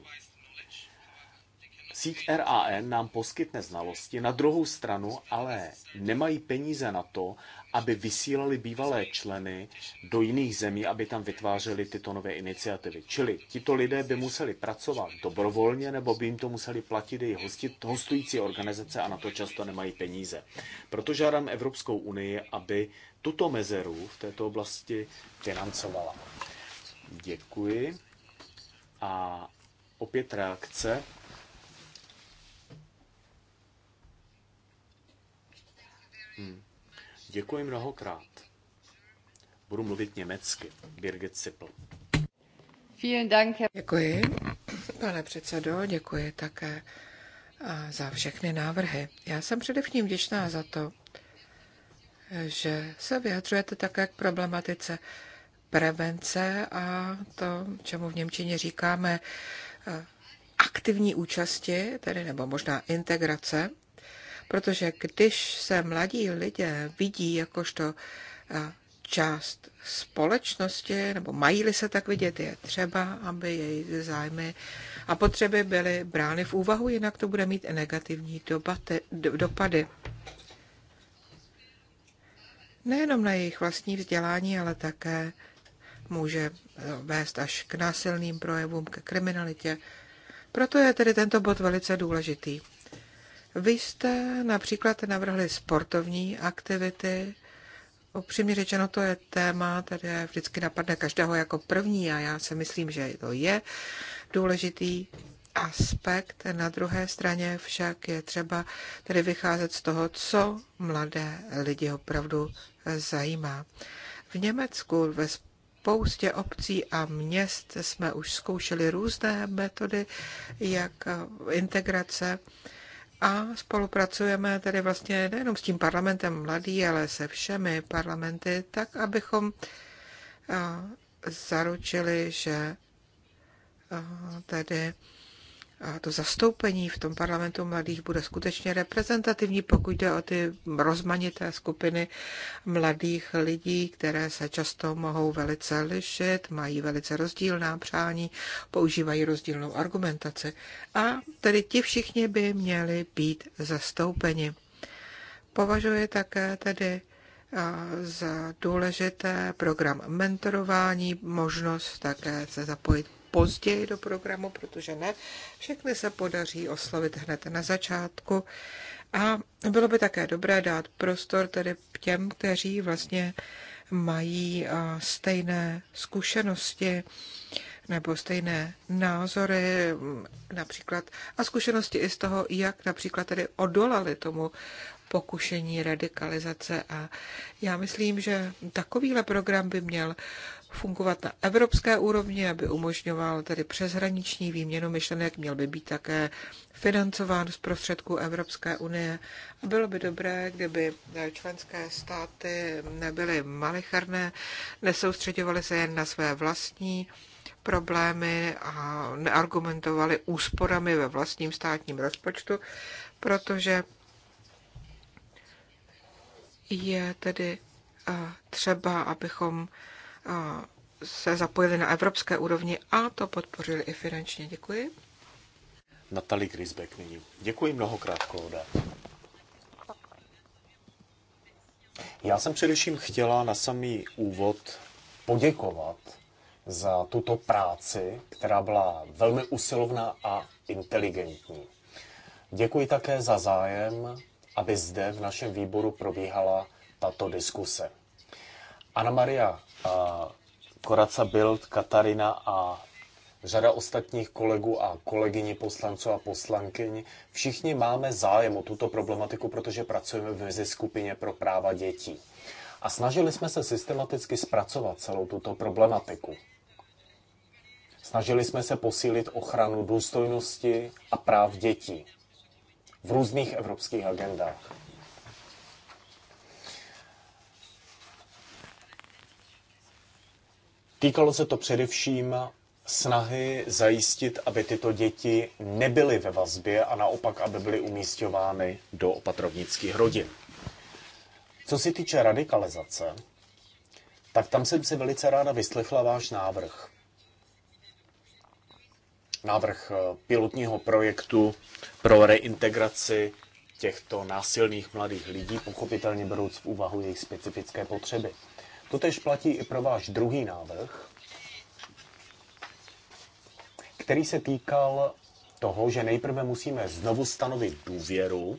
Síť RAN nám poskytne znalosti, na druhou stranu ale nemají peníze na to, aby vysílali bývalé členy do jiných zemí, aby tam vytvářeli tyto nové iniciativy. Čili tito lidé by museli pracovat dobrovolně, nebo by jim to museli platit i hostit, hostující organizace a na to často nemají peníze. Proto žádám Evropskou unii, aby tuto mezeru v této oblasti financovala. Děkuji. A opět reakce. Hmm. Děkuji mnohokrát. Budu mluvit německy. Birgit Dank. Děkuji, pane předsedo, děkuji také za všechny návrhy. Já jsem především vděčná za to, že se vyjadřujete také k problematice prevence a to, čemu v Němčině říkáme aktivní účasti, tedy nebo možná integrace protože když se mladí lidé vidí jakožto část společnosti, nebo mají-li se tak vidět, je třeba, aby její zájmy a potřeby byly brány v úvahu, jinak to bude mít negativní dobaty, dopady. Nejenom na jejich vlastní vzdělání, ale také může e, vést až k násilným projevům, k kriminalitě. Proto je tedy tento bod velice důležitý. Vy jste například navrhli sportovní aktivity. Upřímně řečeno, to je téma, které vždycky napadne každého jako první a já si myslím, že to je důležitý aspekt. Na druhé straně však je třeba tedy vycházet z toho, co mladé lidi opravdu zajímá. V Německu ve spoustě obcí a měst jsme už zkoušeli různé metody, jak integrace a spolupracujeme tedy vlastně nejenom s tím parlamentem mladý, ale se všemi parlamenty, tak abychom eh, zaručili, že eh, tedy a to zastoupení v tom parlamentu mladých bude skutečně reprezentativní, pokud jde o ty rozmanité skupiny mladých lidí, které se často mohou velice lišit, mají velice rozdílná přání, používají rozdílnou argumentaci. A tedy ti všichni by měli být zastoupeni. Považuji také tedy za důležité program mentorování, možnost také se zapojit později do programu, protože ne. Všechny se podaří oslovit hned na začátku. A bylo by také dobré dát prostor tedy těm, kteří vlastně mají stejné zkušenosti nebo stejné názory například a zkušenosti i z toho, jak například tedy odolali tomu pokušení radikalizace a já myslím, že takovýhle program by měl fungovat na evropské úrovni, aby umožňoval tedy přeshraniční výměnu myšlenek, měl by být také financován z prostředků Evropské unie. A bylo by dobré, kdyby členské státy nebyly malicharné, nesoustředovaly se jen na své vlastní problémy a neargumentovali úsporami ve vlastním státním rozpočtu, protože je tedy eh, třeba, abychom eh, se zapojili na evropské úrovni a to podpořili i finančně. Děkuji. Natalie Grisbeck nyní. Děkuji mnohokrát, Klauda. Já jsem především chtěla na samý úvod poděkovat za tuto práci, která byla velmi usilovná a inteligentní. Děkuji také za zájem aby zde v našem výboru probíhala tato diskuse. Anna Maria Koraca Bild, Katarina a řada ostatních kolegů a kolegyní poslanců a poslankyň. Všichni máme zájem o tuto problematiku, protože pracujeme v skupině pro práva dětí. A snažili jsme se systematicky zpracovat celou tuto problematiku. Snažili jsme se posílit ochranu důstojnosti a práv dětí v různých evropských agendách. Týkalo se to především snahy zajistit, aby tyto děti nebyly ve vazbě a naopak, aby byly umístěvány do opatrovnických rodin. Co se týče radikalizace, tak tam jsem si velice ráda vyslechla váš návrh návrh eh, pilotního projektu pro reintegraci těchto násilných mladých lidí, pochopitelně berouc v úvahu jejich specifické potřeby. To Totež platí i pro váš druhý návrh, který se týkal toho, že nejprve musíme znovu stanovit důvěru,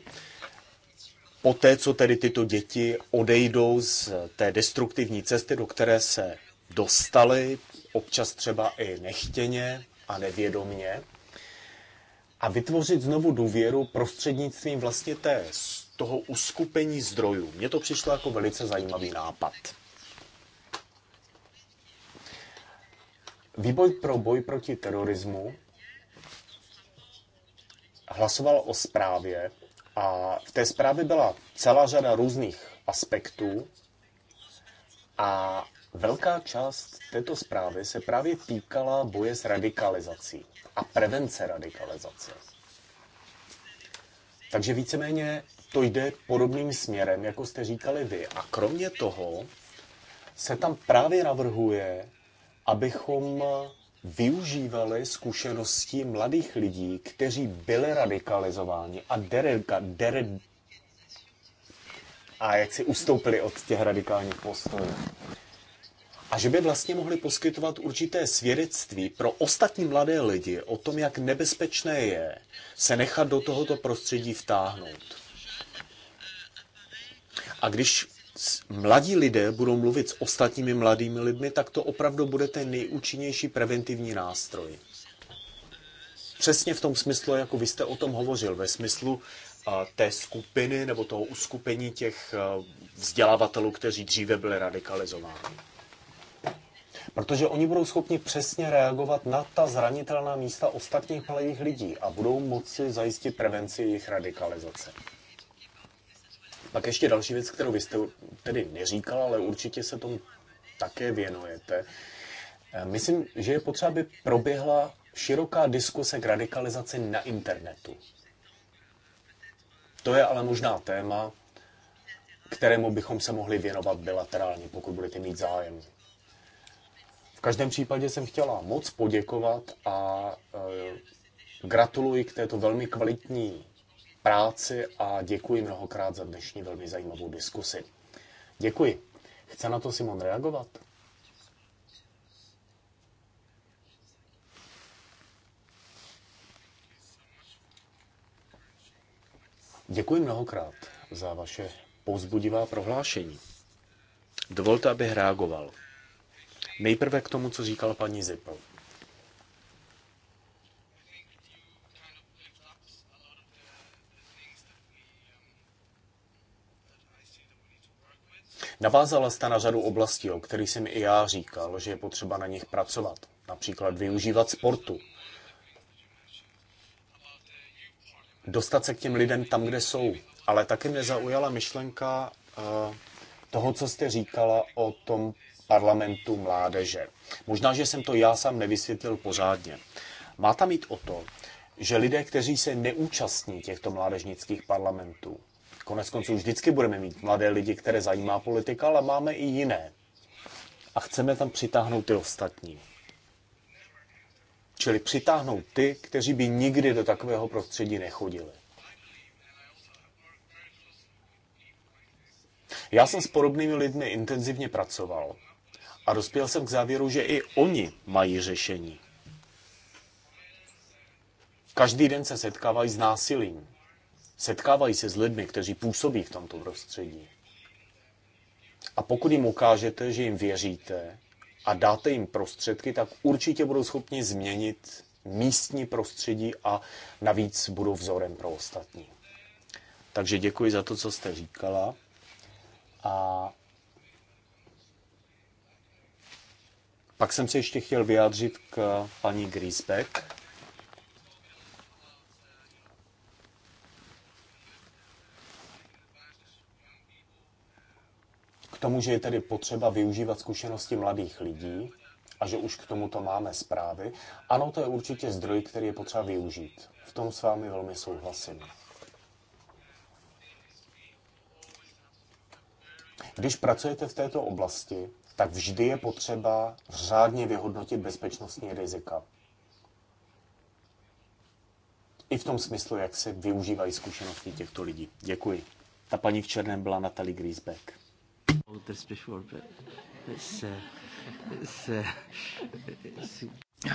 poté, co tedy tyto děti odejdou z té destruktivní cesty, do které se dostali, občas třeba i nechtěně, a nevědomně a vytvořit znovu důvěru prostřednictvím vlastně té, toho uskupení zdrojů. Mně to přišlo jako velice zajímavý nápad. Výboj pro boj proti terorismu hlasoval o zprávě a v té zprávě byla celá řada různých aspektů a Velká část této zprávy se právě týkala boje s radikalizací a prevence radikalizace. Takže víceméně to jde podobným směrem, jako jste říkali vy. A kromě toho se tam právě navrhuje, abychom využívali zkušenosti mladých lidí, kteří byli radikalizováni a dereka, dere, a jak si ustoupili od těch radikálních postojů a že by vlastně mohli poskytovat určité svědectví pro ostatní mladé lidi o tom, jak nebezpečné je se nechat do tohoto prostředí vtáhnout. A když mladí lidé budou mluvit s ostatními mladými lidmi, tak to opravdu bude ten nejúčinnější preventivní nástroj. Přesně v tom smyslu, jako vy jste o tom hovořil, ve smyslu té skupiny nebo toho uskupení těch vzdělávatelů, kteří dříve byli radikalizováni protože oni budou schopni přesně reagovat na ta zranitelná místa ostatních malých lidí a budou moci zajistit prevenci jejich radikalizace. Pak ještě další věc, kterou vy jste tedy neříkal, ale určitě se tomu také věnujete. Eh, myslím, že je potřeba, aby proběhla široká diskuse k radikalizaci na internetu. To je ale možná téma, kterému bychom se mohli věnovat bilaterálně, pokud budete mít zájem. V každém případě jsem chtěla moc poděkovat a eh, gratuluji k této velmi kvalitní práci a děkuji mnohokrát za dnešní velmi zajímavou diskusi. Děkuji. Chce na to Simon reagovat? Děkuji mnohokrát za vaše povzbudivá prohlášení. Dovolte, abych reagoval. Nejprve k tomu, co říkal paní Zipel. Navázala jste na řadu oblastí, o kterých jsem i já říkal, že je potřeba na nich pracovat. Například využívat sportu. Dostat se k těm lidem tam, kde jsou. Ale taky mě zaujala myšlenka eh, toho, co jste říkala o tom parlamentu mládeže. Možná, že jsem to já sám nevysvětlil pořádně. Má tam jít o to, že lidé, kteří se neúčastní těchto mládežnických parlamentů, konec konců vždycky budeme mít mladé lidi, které zajímá politika, ale máme i jiné. A chceme tam přitáhnout ty ostatní. Čili přitáhnout ty, kteří by nikdy do takového prostředí nechodili. Já jsem s podobnými lidmi intenzivně pracoval a dospěl jsem k závěru, že i oni mají řešení. Každý den se setkávají s násilím. Setkávají se s lidmi, kteří působí v tomto prostředí. A pokud jim ukážete, že jim věříte a dáte jim prostředky, tak určitě budou schopni změnit místní prostředí a navíc budou vzorem pro ostatní. Takže děkuji za to, co jste říkala. A Pak jsem se ještě chtěl vyjádřit k paní Griesbeck. K tomu, že je tedy potřeba využívat zkušenosti mladých lidí a že už k tomuto máme zprávy. Ano, to je určitě zdroj, který je potřeba využít. V tom s vámi velmi souhlasím. Když pracujete v této oblasti, tak vždy je potřeba řádně vyhodnotit bezpečnostní rizika. I v tom smyslu, jak se využívají zkušenosti těchto lidí. Děkuji. Ta paní v černém byla Natalie Griesbeck. Eh,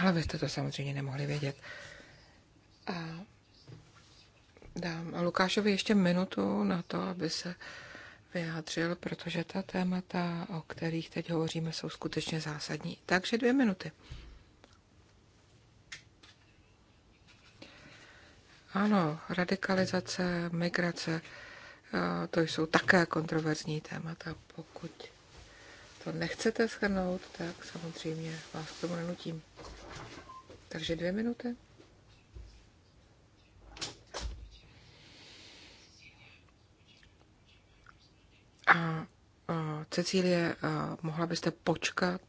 Ale vy jste to samozřejmě nemohli vědět. A dám Lukášovi ještě minutu na to, aby se vyjádřil, protože ta témata, o kterých teď hovoříme, jsou skutečně zásadní. Takže dvě minuty. Ano, radikalizace, migrace, to jsou také kontroverzní témata. Pokud to nechcete shrnout, tak samozřejmě vás k tomu nenutím. Takže dvě minuty. A, Cecílie, mohla byste počkat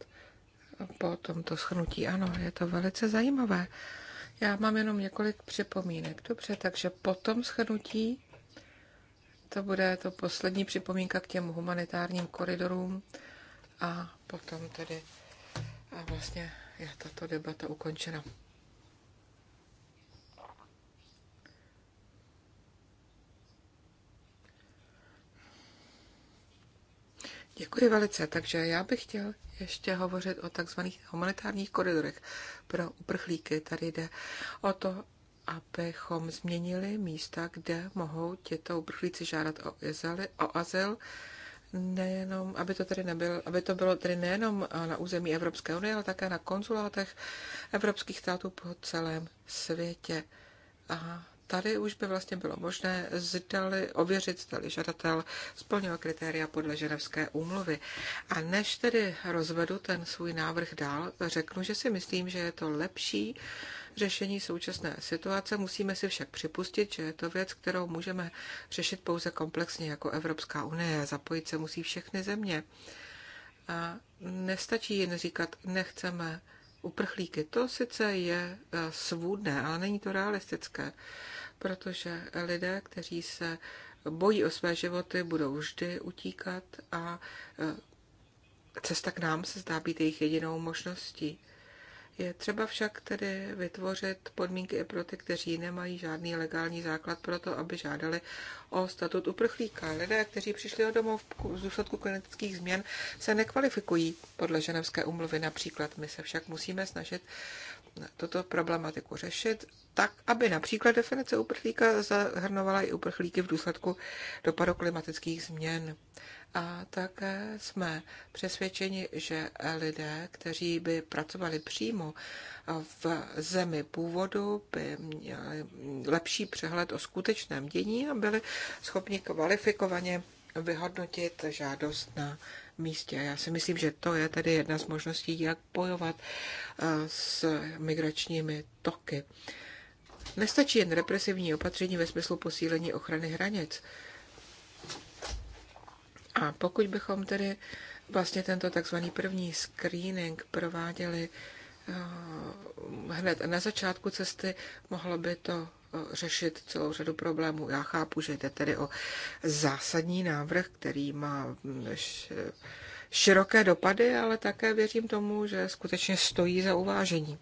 po tomto schnutí? Ano, je to velice zajímavé. Já mám jenom několik připomínek. Dobře, takže po tom schnutí to bude to poslední připomínka k těm humanitárním koridorům a potom tedy a vlastně je tato debata ukončena. Děkuji velice. Takže já bych chtěl ještě hovořit o takzvaných humanitárních koridorech pro uprchlíky. Tady jde o to, abychom změnili místa, kde mohou těto uprchlíci žádat o, izali, o azyl, nejenom, aby to, tady nebyl, aby to bylo tedy nejenom na území Evropské unie, ale také na konzulátech evropských států po celém světě. A tady už by vlastně bylo možné zdali, ověřit, zdali žadatel splnil kritéria podle ženevské úmluvy. A než tedy rozvedu ten svůj návrh dál, řeknu, že si myslím, že je to lepší řešení současné situace. Musíme si však připustit, že je to věc, kterou můžeme řešit pouze komplexně jako Evropská unie. Zapojit se musí všechny země. A nestačí jen říkat, nechceme uprchlíky. To sice je eh, svůdné, ale není to realistické protože lidé, kteří se bojí o své životy, budou vždy utíkat a e, cesta k nám se zdá být jejich jedinou možností. Je třeba však tedy vytvořit podmínky i pro ty, kteří nemají žádný legální základ pro to, aby žádali o statut uprchlíka. Lidé, kteří přišli o domov v důsledku klimatických změn, se nekvalifikují podle ženevské umluvy například. My se však musíme snažit tuto problematiku řešit, tak aby například definice uprchlíka zahrnovala i uprchlíky v důsledku dopadu klimatických změn. A také jsme přesvědčeni, že lidé, kteří by pracovali přímo v zemi původu, by měli lepší přehled o skutečném dění a byli schopni kvalifikovaně vyhodnotit žádost na místě. Já si myslím, že to je tedy jedna z možností, jak bojovat eh, s migračními toky. Nestačí jen represivní opatření ve smyslu posílení ochrany hranic. A pokud bychom tedy vlastně tento takzvaný první screening prováděli eh, hned na začátku cesty, mohlo by to řešit celou řadu problémů. Já chápu, že jde tedy o zásadní návrh, který má mm, široké dopady, ale také věřím tomu, že skutečně stojí za uvážení.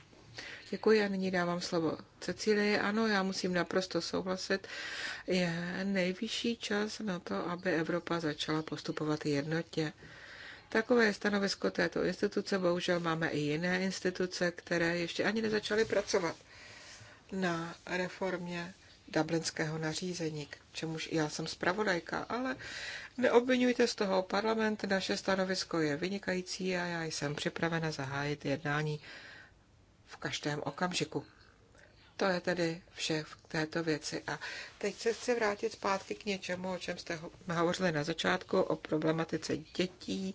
Děkuji a nyní dávám slovo Cecílii. Ano, já musím naprosto souhlasit. Je nejvyšší čas na to, aby Evropa začala postupovat jednotně. Takové stanovisko této instituce, bohužel máme i jiné instituce, které ještě ani nezačaly pracovat na reformě dublinského nařízení, k čemuž já jsem zpravodajka, ale neobvinujte z toho parlament, naše stanovisko je vynikající a já jsem připravena zahájit jednání v každém okamžiku. To je tedy vše v této věci. A teď se chci vrátit zpátky k něčemu, o čem jste hovořili na začátku, o problematice dětí,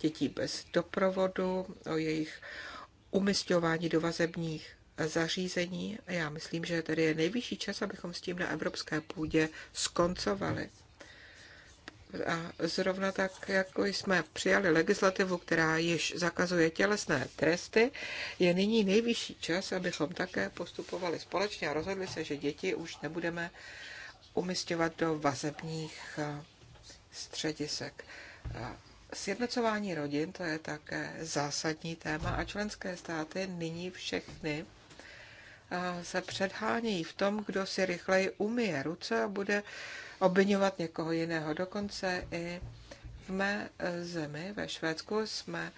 dětí bez doprovodu, o jejich umistování do vazebních zařízení. Já myslím, že tady je nejvyšší čas, abychom s tím na evropské půdě skoncovali. A zrovna tak, jako jsme přijali legislativu, která již zakazuje tělesné tresty, je nyní nejvyšší čas, abychom také postupovali společně a rozhodli se, že děti už nebudeme umistovat do vazebních eh, středisek. Sjednocování rodin, to je také zásadní téma a členské státy nyní všechny se předhánějí v tom, kdo si rychleji umije ruce a bude obvinovat někoho jiného. Dokonce i v mé zemi, ve Švédsku, jsme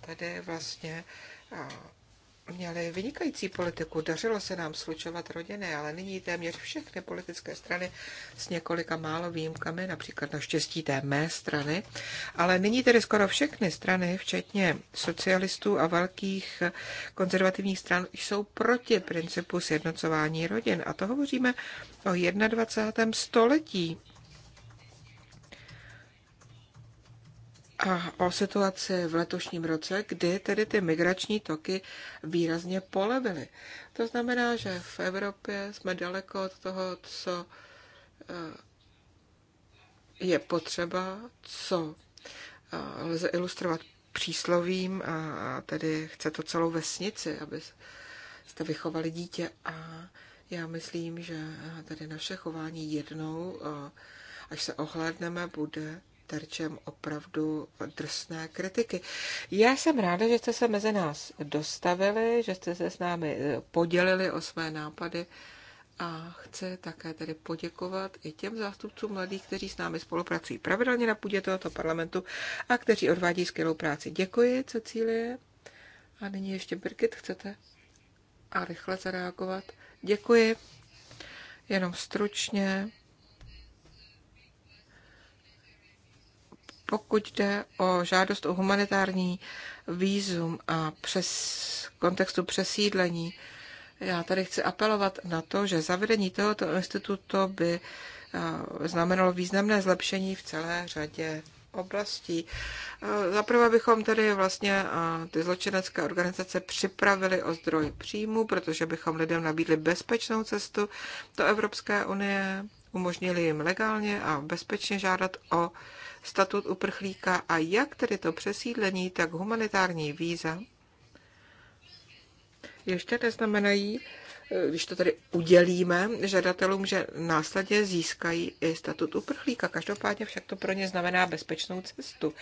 tady vlastně měli vynikající politiku, dařilo se nám slučovat rodiny, ale nyní téměř všechny politické strany s několika málo výjimkami, například naštěstí té mé strany, ale nyní tedy skoro všechny strany, včetně socialistů a velkých konzervativních stran, jsou proti principu sjednocování rodin. A to hovoříme o 21. století. a o situaci v letošním roce, kdy tedy ty migrační toky výrazně polevily. To znamená, že v Evropě jsme daleko od toho, co eh, je potřeba, co eh, lze ilustrovat příslovím a tedy chce to celou vesnici, aby jste vychovali dítě a já myslím, že eh, tady naše chování jednou, až se ohlédneme, bude terčem opravdu drsné kritiky. Já jsem ráda, že jste se mezi nás dostavili, že jste se s námi eh, podělili o své nápady a chci také tedy poděkovat i těm zástupcům mladých, kteří s námi spolupracují pravidelně na půdě tohoto parlamentu a kteří odvádí skvělou práci. Děkuji, Cecílie. A nyní ještě Birgit, chcete? A rychle zareagovat. Děkuji. Jenom stručně. Pokud jde o žádost o humanitární výzum a přes kontextu přesídlení, já tady chci apelovat na to, že zavedení tohoto institutu by eh, znamenalo významné zlepšení v celé řadě oblastí. Eh, zaprvé bychom tedy vlastně eh, ty zločinecké organizace připravili o zdroj příjmu, protože bychom lidem nabídli bezpečnou cestu do Evropské unie umožnili jim legálně a bezpečně žádat o statut uprchlíka a jak tedy to přesídlení, tak humanitární víza ještě neznamenají, když to tady udělíme žadatelům, že následně získají i statut uprchlíka. Každopádně však to pro ně znamená bezpečnou cestu.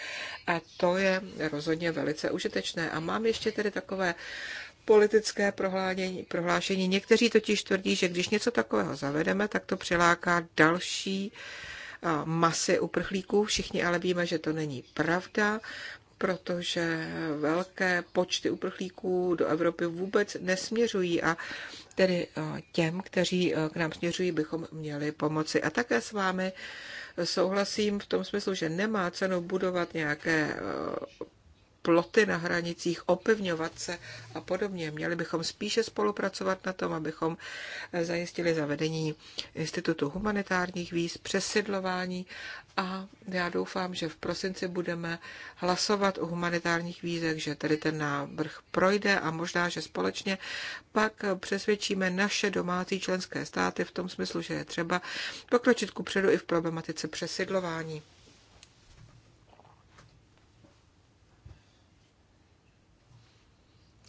A to je rozhodně velice užitečné. A mám ještě tedy takové politické prohlášení. prohlášení. Někteří totiž tvrdí, že když něco takového zavedeme, tak to přiláká další masy uprchlíků. Všichni ale víme, že to není pravda, protože velké počty uprchlíků do Evropy vůbec nesměřují a tedy těm, kteří k nám směřují, bychom měli pomoci. A také s vámi souhlasím v tom smyslu, že nemá cenu budovat nějaké ploty na hranicích, opevňovat se a podobně. Měli bychom spíše spolupracovat na tom, abychom eh, zajistili zavedení Institutu humanitárních víz, přesidlování a já doufám, že v prosinci budeme hlasovat o humanitárních vízech, že tedy ten návrh projde a možná, že společně pak přesvědčíme naše domácí členské státy v tom smyslu, že je třeba pokročit ku předu i v problematice přesidlování.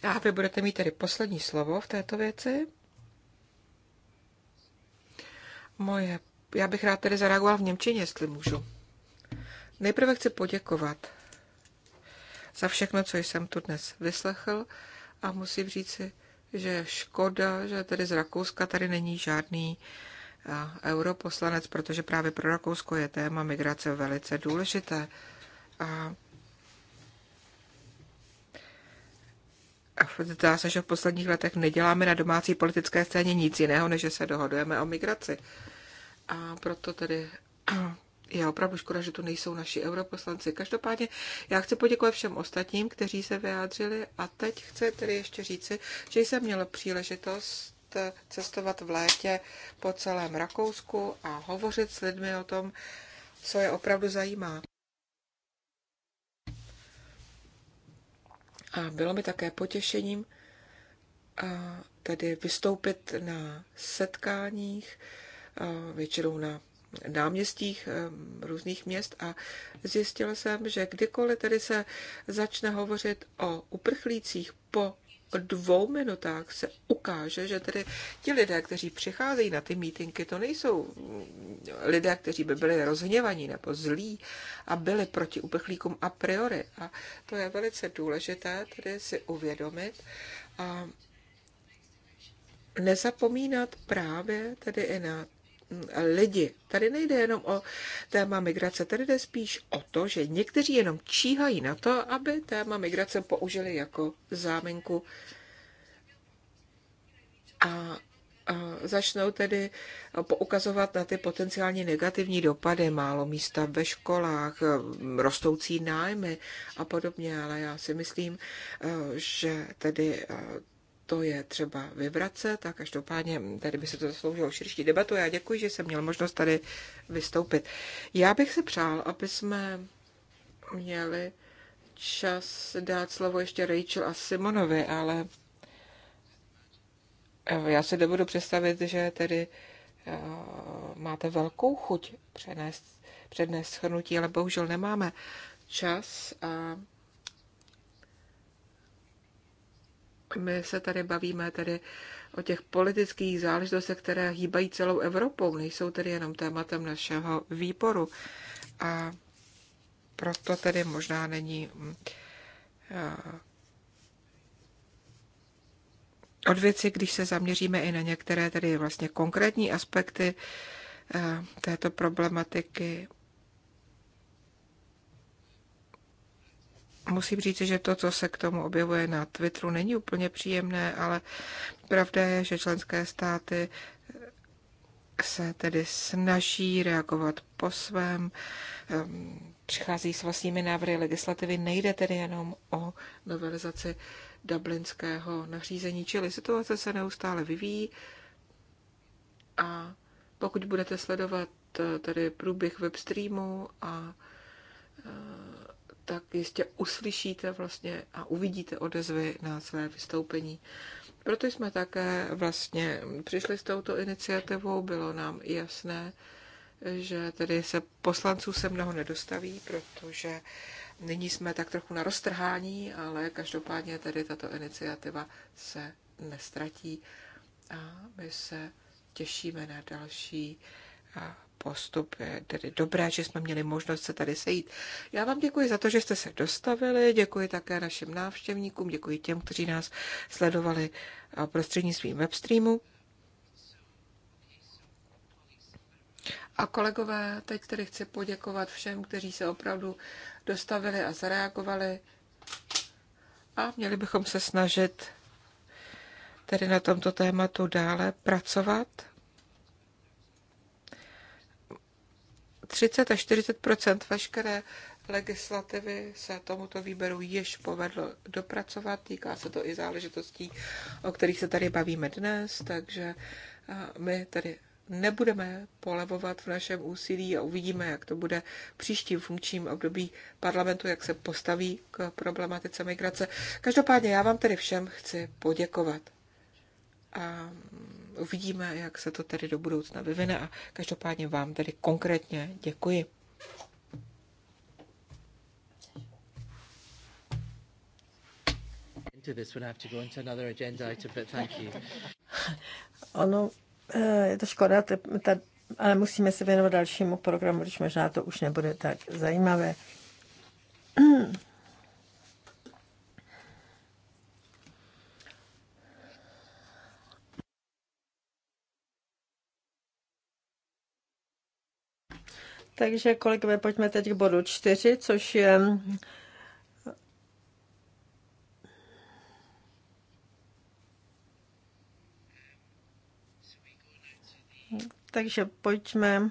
A vy budete mít tedy poslední slovo v této věci. Moje, já bych rád tedy zareagoval v Němčině, jestli můžu. Nejprve chci poděkovat za všechno, co jsem tu dnes vyslechl a musím říci, že škoda, že tedy z Rakouska tady není žádný europoslanec, protože právě pro Rakousko je téma migrace velice důležité. A zdá se, že v posledních letech neděláme na domácí politické scéně nic jiného, než že se dohodujeme o migraci. A proto tedy je opravdu škoda, že tu nejsou naši europoslanci. Každopádně já chci poděkovat všem ostatním, kteří se vyjádřili a teď chci tedy ještě říci, že jsem měla příležitost cestovat v létě po celém Rakousku a hovořit s lidmi o tom, co je opravdu zajímá. A bylo mi také potěšením tady vystoupit na setkáních, většinou na náměstích e, různých měst a zjistil jsem, že kdykoliv tedy se začne hovořit o uprchlících po dvou minutách se ukáže, že tedy ti lidé, kteří přicházejí na ty mítinky, to nejsou lidé, kteří by byli rozhněvaní nebo zlí a byli proti uprchlíkům a priori. A to je velice důležité tedy si uvědomit a nezapomínat právě tedy i na lidi. Tady nejde jenom o téma migrace, tady jde spíš o to, že někteří jenom číhají na to, aby téma migrace použili jako záminku a začnou tedy poukazovat na ty potenciálně negativní dopady, málo místa ve školách, rostoucí nájmy a podobně, ale já si myslím, eh, že tedy eh, to je třeba vyvracet Tak každopádně tady by se to zasloužilo širší debatu. Já děkuji, že jsem měl možnost tady vystoupit. Já bych si přál, aby jsme měli čas dát slovo ještě Rachel a Simonovi, ale já se dovedu představit, že tedy eh, máte velkou chuť přenést, přednést schrnutí, ale bohužel nemáme čas a My se tady bavíme tedy o těch politických záležitostech, které hýbají celou Evropou, nejsou tedy jenom tématem našeho výboru. A proto tedy možná není mm, eh, od věci, když se zaměříme i na některé tedy vlastně konkrétní aspekty eh, této problematiky. musím říct, že to, co se k tomu objevuje na Twitteru, není úplně příjemné, ale pravda je, že členské státy se tedy snaží reagovat po svém, ehm, přichází s vlastními návrhy legislativy, nejde tedy jenom o novelizaci dublinského nařízení, čili situace se neustále vyvíjí a pokud budete sledovat eh, tedy průběh webstreamu a eh, tak jistě uslyšíte vlastně a uvidíte odezvy na své vystoupení. Proto jsme také vlastně přišli s touto iniciativou, bylo nám jasné, že tedy se poslanců se mnoho nedostaví, protože nyní jsme tak trochu na roztrhání, ale každopádně tedy tato iniciativa se nestratí a my se těšíme na další postup. Je tedy dobré, že jsme měli možnost se tady sejít. Já vám děkuji za to, že jste se dostavili, děkuji také našim návštěvníkům, děkuji těm, kteří nás sledovali prostřednictvím webstreamu. A kolegové, teď tedy chci poděkovat všem, kteří se opravdu dostavili a zareagovali. A měli bychom se snažit tedy na tomto tématu dále pracovat. 30 až 40 veškeré legislativy se tomuto výběru již povedlo dopracovat. Týká se to i záležitostí, o kterých se tady bavíme dnes, takže my tady nebudeme polevovat v našem úsilí a uvidíme, jak to bude příštím funkčním období parlamentu, jak se postaví k problematice migrace. Každopádně já vám tedy všem chci poděkovat a uvidíme, jak se to tedy do budoucna vyvine a každopádně vám tedy konkrétně děkuji. Ono, eh, je to škoda, ale musíme se věnovat dalšímu programu, když možná to už nebude tak zajímavé. Takže kolegové, pojďme teď k bodu čtyři, což je Takže pojďme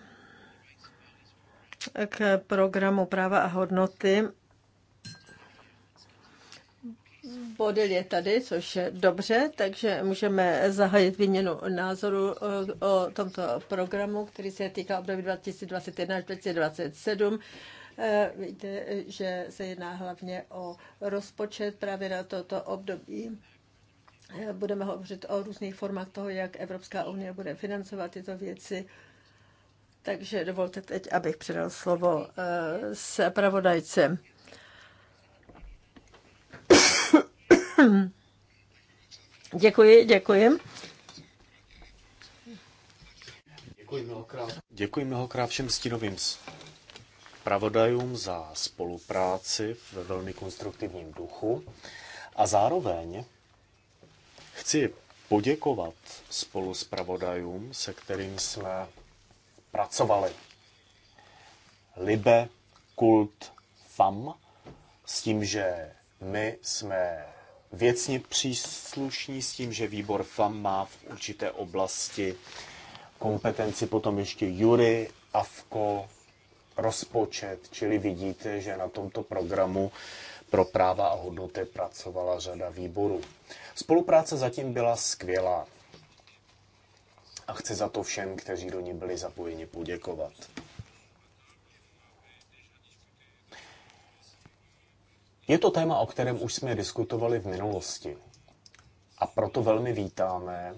k programu práva a hodnoty. Bodil je tady, což je dobře, takže můžeme zahájit výměnu názoru o, eh, o tomto programu, který se týká období 2021 až 2027. Eh, víte, že se jedná hlavně o rozpočet právě na toto období. Eh, budeme hovořit o různých formách toho, jak Evropská unie bude financovat tyto věci. Takže dovolte teď, abych předal slovo s pravodajcem. Děkuji, děkuji. Děkuji mnohokrát. Děkuji mnohokrát všem stínovým pravodajům za spolupráci ve velmi konstruktivním duchu a zároveň chci poděkovat spolu s pravodajům, se kterým jsme pracovali. Libe, Kult, FAM, s tím, že my jsme věcně příslušní s tím, že výbor FAM má v určité oblasti kompetenci, potom ještě Jury, AFKO, rozpočet, čili vidíte, že na tomto programu pro práva a hodnoty pracovala řada výborů. Spolupráce zatím byla skvělá a chci za to všem, kteří do ní byli zapojeni, poděkovat. Je to téma, o kterém už jsme diskutovali v minulosti. A proto velmi vítáme,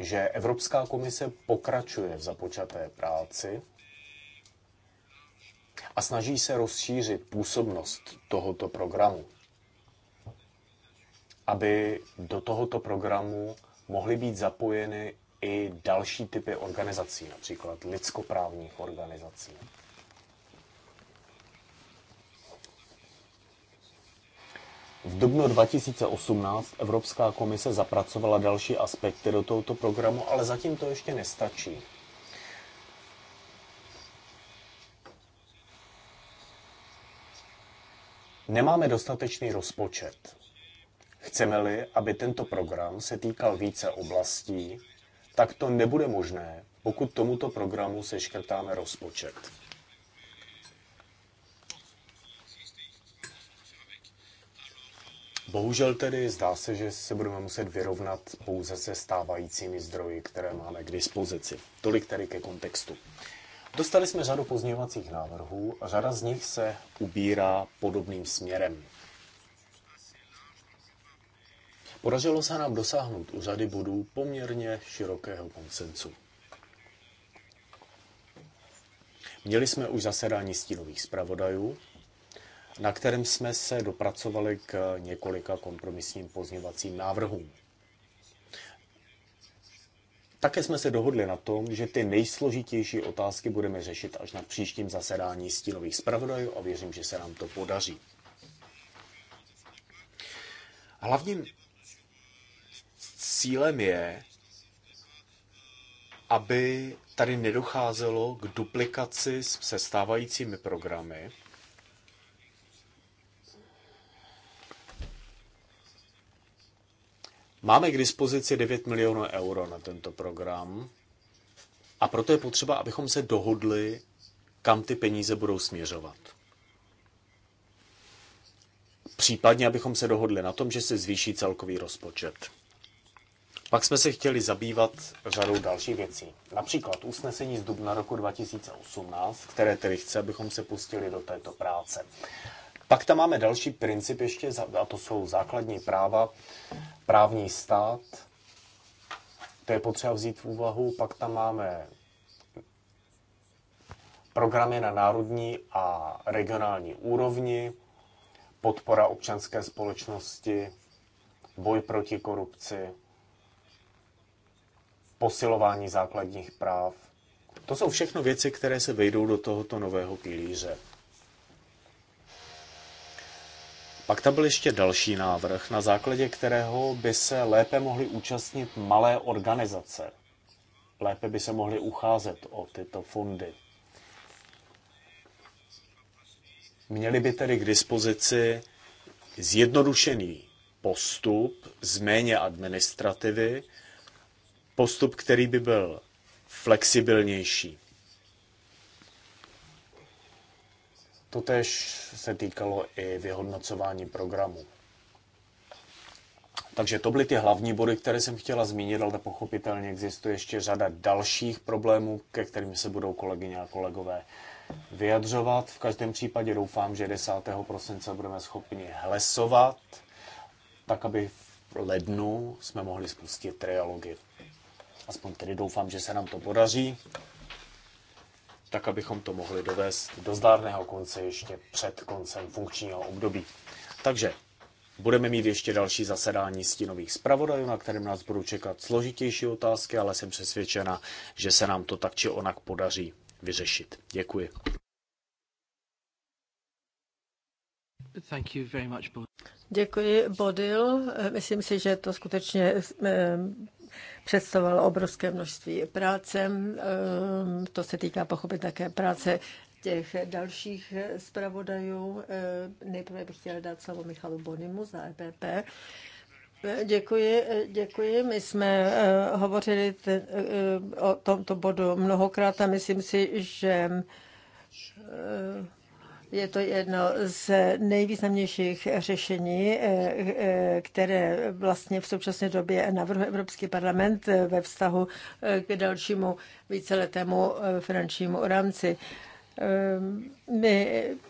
že Evropská komise pokračuje v započaté práci a snaží se rozšířit působnost tohoto programu, aby do tohoto programu mohly být zapojeny i další typy organizací, například lidskoprávních organizací. V dubnu 2018 Evropská komise zapracovala další aspekty do tohoto programu, ale zatím to ještě nestačí. Nemáme dostatečný rozpočet. Chceme-li, aby tento program se týkal více oblastí, tak to nebude možné, pokud tomuto programu seškrtáme rozpočet. Bohužel tedy zdá se, že se budeme muset vyrovnat pouze se stávajícími zdroji, které máme k dispozici. Tolik tedy ke kontextu. Dostali jsme řadu pozměňovacích návrhů a řada z nich se ubírá podobným směrem. Podařilo se nám dosáhnout u řady bodů poměrně širokého konsenzu. Měli jsme už zasedání stínových zpravodajů na kterém jsme se dopracovali k několika kompromisním pozněvacím návrhům. Také jsme se dohodli na tom, že ty nejsložitější otázky budeme řešit až na příštím zasedání stínových zpravodajů a věřím, že se nám to podaří. Hlavním cílem je, aby tady nedocházelo k duplikaci s přestávajícími programy, Máme k dispozici 9 milionů euro na tento program a proto je potřeba, abychom se dohodli, kam ty peníze budou směřovat. Případně, abychom se dohodli na tom, že se zvýší celkový rozpočet. Pak jsme se chtěli zabývat řadou dalších věcí. Například usnesení z dubna roku 2018, které tedy chce, abychom se pustili do této práce. Pak tam máme další princip ještě, a to jsou základní práva, právní stát, to je potřeba vzít v úvahu, pak tam máme programy na národní a regionální úrovni, podpora občanské společnosti, boj proti korupci, posilování základních práv. To jsou všechno věci, které se vejdou do tohoto nového pilíře. Pak tam byl ještě další návrh, na základě kterého by se lépe mohly účastnit malé organizace. Lépe by se mohly ucházet o tyto fondy. Měli by tedy k dispozici zjednodušený postup z méně administrativy, postup, který by byl flexibilnější. Totež se týkalo i vyhodnocování programu. Takže to byly ty hlavní body, které jsem chtěla zmínit, ale pochopitelně existuje ještě řada dalších problémů, ke kterým se budou kolegyně a kolegové vyjadřovat. V každém případě doufám, že 10. prosince budeme schopni hlesovat, tak aby v lednu jsme mohli spustit trialogy. Aspoň tedy doufám, že se nám to podaří tak abychom to mohli dovést do zdárného konce ještě před koncem funkčního období. Takže budeme mít ještě další zasedání stínových zpravodajů, na kterém nás budou čekat složitější otázky, ale jsem přesvědčena, že se nám to tak či onak podaří vyřešit. Děkuji. Děkuji, Bodil. Myslím si, že to skutečně eh, představoval obrovské množství práce. Ehm, to se týká pochopit také práce těch dalších zpravodajů. Ehm, nejprve bych chtěla dát slovo Michalu Bonimu za EPP. Ehm, děkuji, děkuji. My jsme hovořili o tomto bodu mnohokrát a myslím si, že je to jedno z nejvýznamnějších řešení, eh, eh, které vlastně v současné době navrhuje Evropský parlament eh, ve vztahu k dalšímu víceletému finančnímu rámci. Ehm,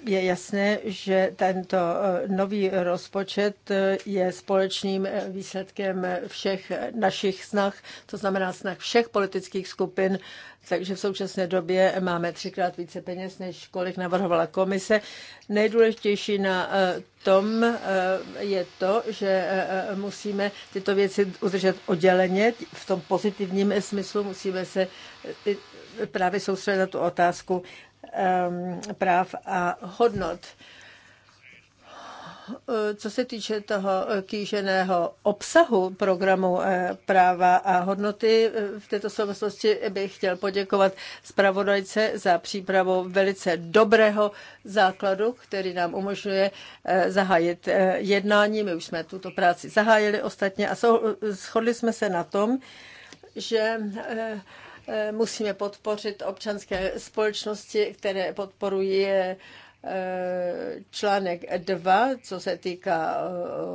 je jasné, že tento eh, nový rozpočet eh, je společným eh, výsledkem všech našich snah, to znamená snah všech politických skupin, takže v současné době máme třikrát více peněz, než kolik navrhovala komise. Nejdůležitější na tom je to, že musíme tyto věci udržet odděleně, v tom pozitivním smyslu musíme se právě soustředit na tu otázku Ehm, práv a hodnot. Co se týče toho kýženého obsahu programu eh, práva a hodnoty, eh, v této souvislosti bych chtěl poděkovat zpravodajce za přípravu velice dobrého základu, který nám umožňuje eh, zahájit jednání. My už jsme tuto práci zahájili ostatně a shodli jsme se na tom, že Eh, musíme podpořit občanské společnosti, které podporují eh, článek 2, co se týká eh,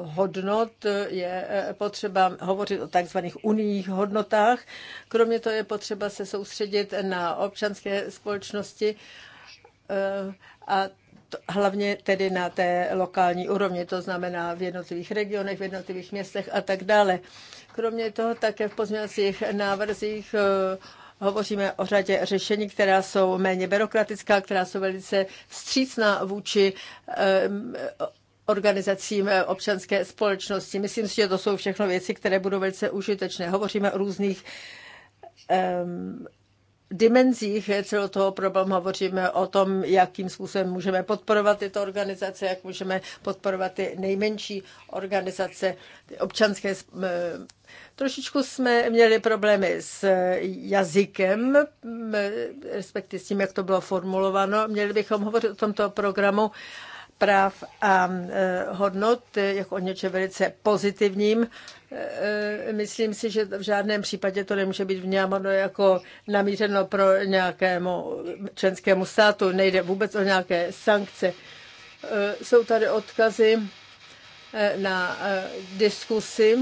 hodnot, je potřeba hovořit o takzvaných unijních hodnotách. Kromě toho je potřeba se soustředit na občanské společnosti a hlavně tedy na té lokální úrovni, to znamená v jednotlivých regionech, v jednotlivých městech a tak dále. Kromě toho také v pozměňovacích návrzích Hovoříme o řadě řešení, která jsou méně byrokratická, která jsou velice vstřícná vůči organizacím eh, občanské společnosti. Myslím si, že to jsou všechno věci, které budou velice užitečné. Hovoříme o různých dimenzích celého toho problému hovoříme o tom, jakým způsobem můžeme podporovat tyto organizace, jak můžeme podporovat ty nejmenší organizace, ty občanské. Trošičku jsme měli problémy s jazykem, respektive s tím, jak to bylo formulováno. Měli bychom hovořit o tomto programu práv a e, hodnot jako o něčem velice pozitivním Eh, myslím si, že v žádném případě to nemůže být vnímáno jako namířeno pro nějakému členskému státu. Nejde vůbec o nějaké sankce. Eh, jsou tady odkazy eh, na diskusy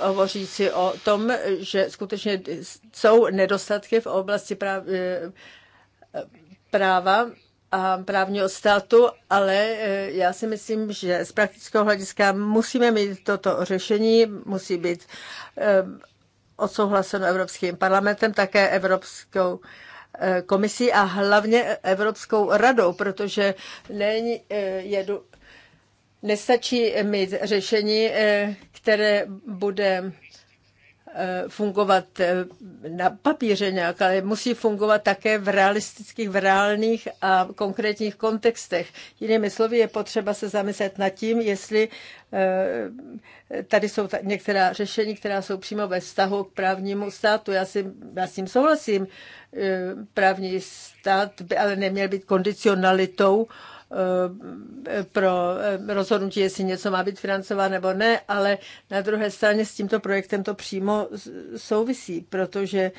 hovořící o tom, že skutečně jsou nedostatky v oblasti práv, práva a právního státu, ale e, já si myslím, že z praktického hlediska musíme mít toto řešení, musí být e, odsouhlaseno Evropským parlamentem, také Evropskou e, komisí a hlavně Evropskou radou, protože není, jedu, nestačí mít řešení, které bude Eh, fungovat eh, na papíře nějak, ale musí fungovat také v realistických, v reálných a konkrétních kontextech. Jinými slovy, je potřeba se zamyslet nad tím, jestli eh, tady jsou některá řešení, která jsou přímo ve vztahu k právnímu státu. Já, si, já s tím souhlasím. Právní stát by ale neměl být kondicionalitou Eh, pro eh, rozhodnutí, jestli něco má být financováno nebo ne, ale na druhé straně s tímto projektem to přímo souvisí, protože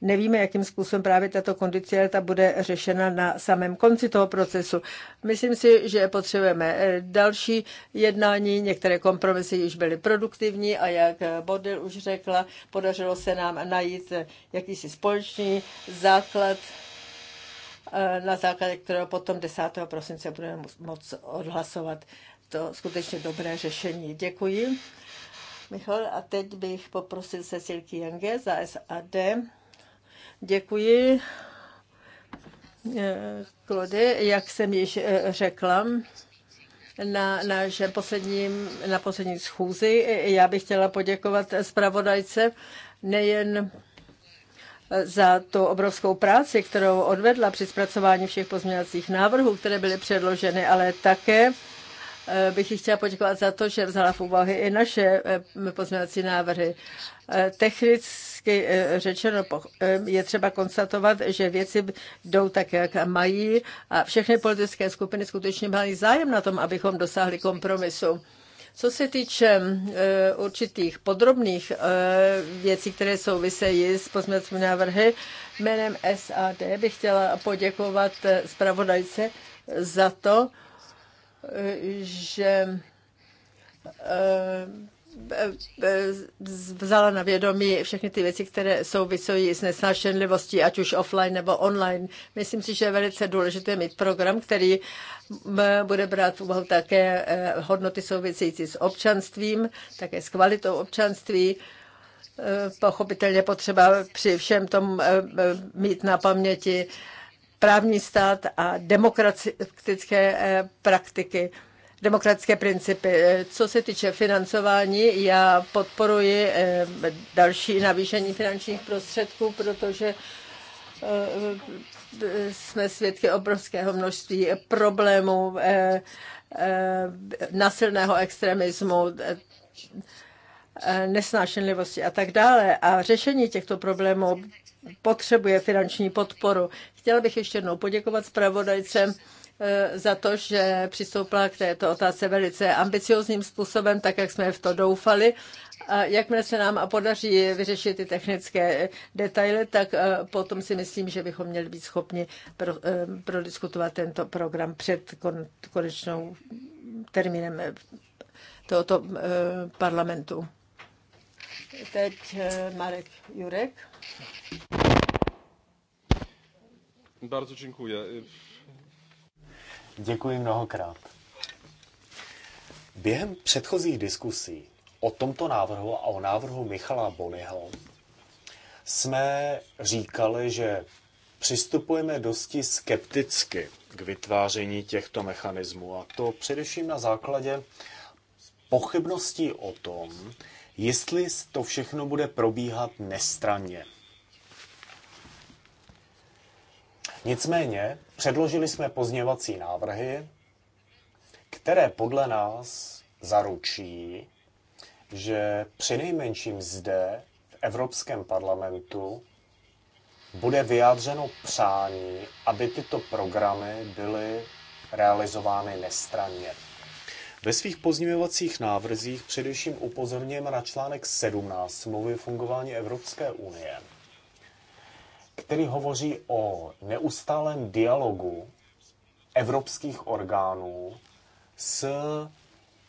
nevíme, jakým způsobem právě tato kondicionalita bude řešena na samém konci toho procesu. Myslím si, že potřebujeme eh, další jednání, některé kompromisy již byly produktivní a jak Bodil už řekla, podařilo se nám najít jakýsi společný základ Eh, na základě kterého potom 10. prosince budeme moct odhlasovat to skutečně dobré řešení. Děkuji. Michal, a teď bych poprosil Cecilky Jenge za SAD. Děkuji. Klody, eh, jak jsem již eh, řekla, na našem posledním, na poslední schůzi. Já bych chtěla poděkovat zpravodajce nejen za tu obrovskou práci, kterou odvedla při zpracování všech pozměňovacích návrhů, které byly předloženy, ale také eh, bych ji chtěla poděkovat za to, že vzala v úvahy i naše eh, pozměňovací návrhy. Eh, technicky řečeno je třeba konstatovat, že věci jdou tak, jak mají a všechny politické skupiny skutečně mají zájem na tom, abychom dosáhli kompromisu. Co se týče eh, určitých podrobných eh, věcí, které souvisejí s pozměňovacími návrhy, jménem SAD bych chtěla poděkovat eh, zpravodajce za to, že E, e, vzala na vědomí všechny ty věci, které souvisují s nesnášenlivostí, ať už offline nebo online. Myslím si, že je velice důležité mít program, který bude brát v úvahu také e, hodnoty související s občanstvím, také s kvalitou občanství. Pochopitelně potřeba při všem tom mít na paměti právní stát a demokratické praktiky demokratické principy. Eh, co se týče financování, já podporuji eh, další navýšení finančních prostředků, protože eh, jsme svědky obrovského množství problémů nasilného extremismu, nesnášenlivosti a tak dále. A řešení těchto problémů potřebuje finanční podporu. Chtěla bych ještě jednou poděkovat zpravodajcem E, za to, že přistoupila k této otázce velice ambiciozním způsobem, tak jak jsme v to doufali. A jakmile se nám podaří vyřešit ty technické detaily, tak e, potom si myslím, že bychom měli být schopni pro, e, prodiskutovat tento program před kon, konečnou termínem tohoto parlamentu. Teď Marek Jurek. Bardzo dziękuję. Děkuji mnohokrát. Během předchozích diskusí o tomto návrhu a o návrhu Michala Bonyho jsme říkali, že přistupujeme dosti skepticky k vytváření těchto mechanismů, a to především na základě pochybností o tom, jestli to všechno bude probíhat nestranně. Nicméně předložili jsme pozněvací návrhy, které podle nás zaručí, že při nejmenším zde v Evropském parlamentu bude vyjádřeno přání, aby tyto programy byly realizovány nestranně. Ve svých pozměňovacích návrzích především upozorňujeme na článek 17 smlouvy fungování Evropské unie, který hovoří o neustálém dialogu evropských orgánů s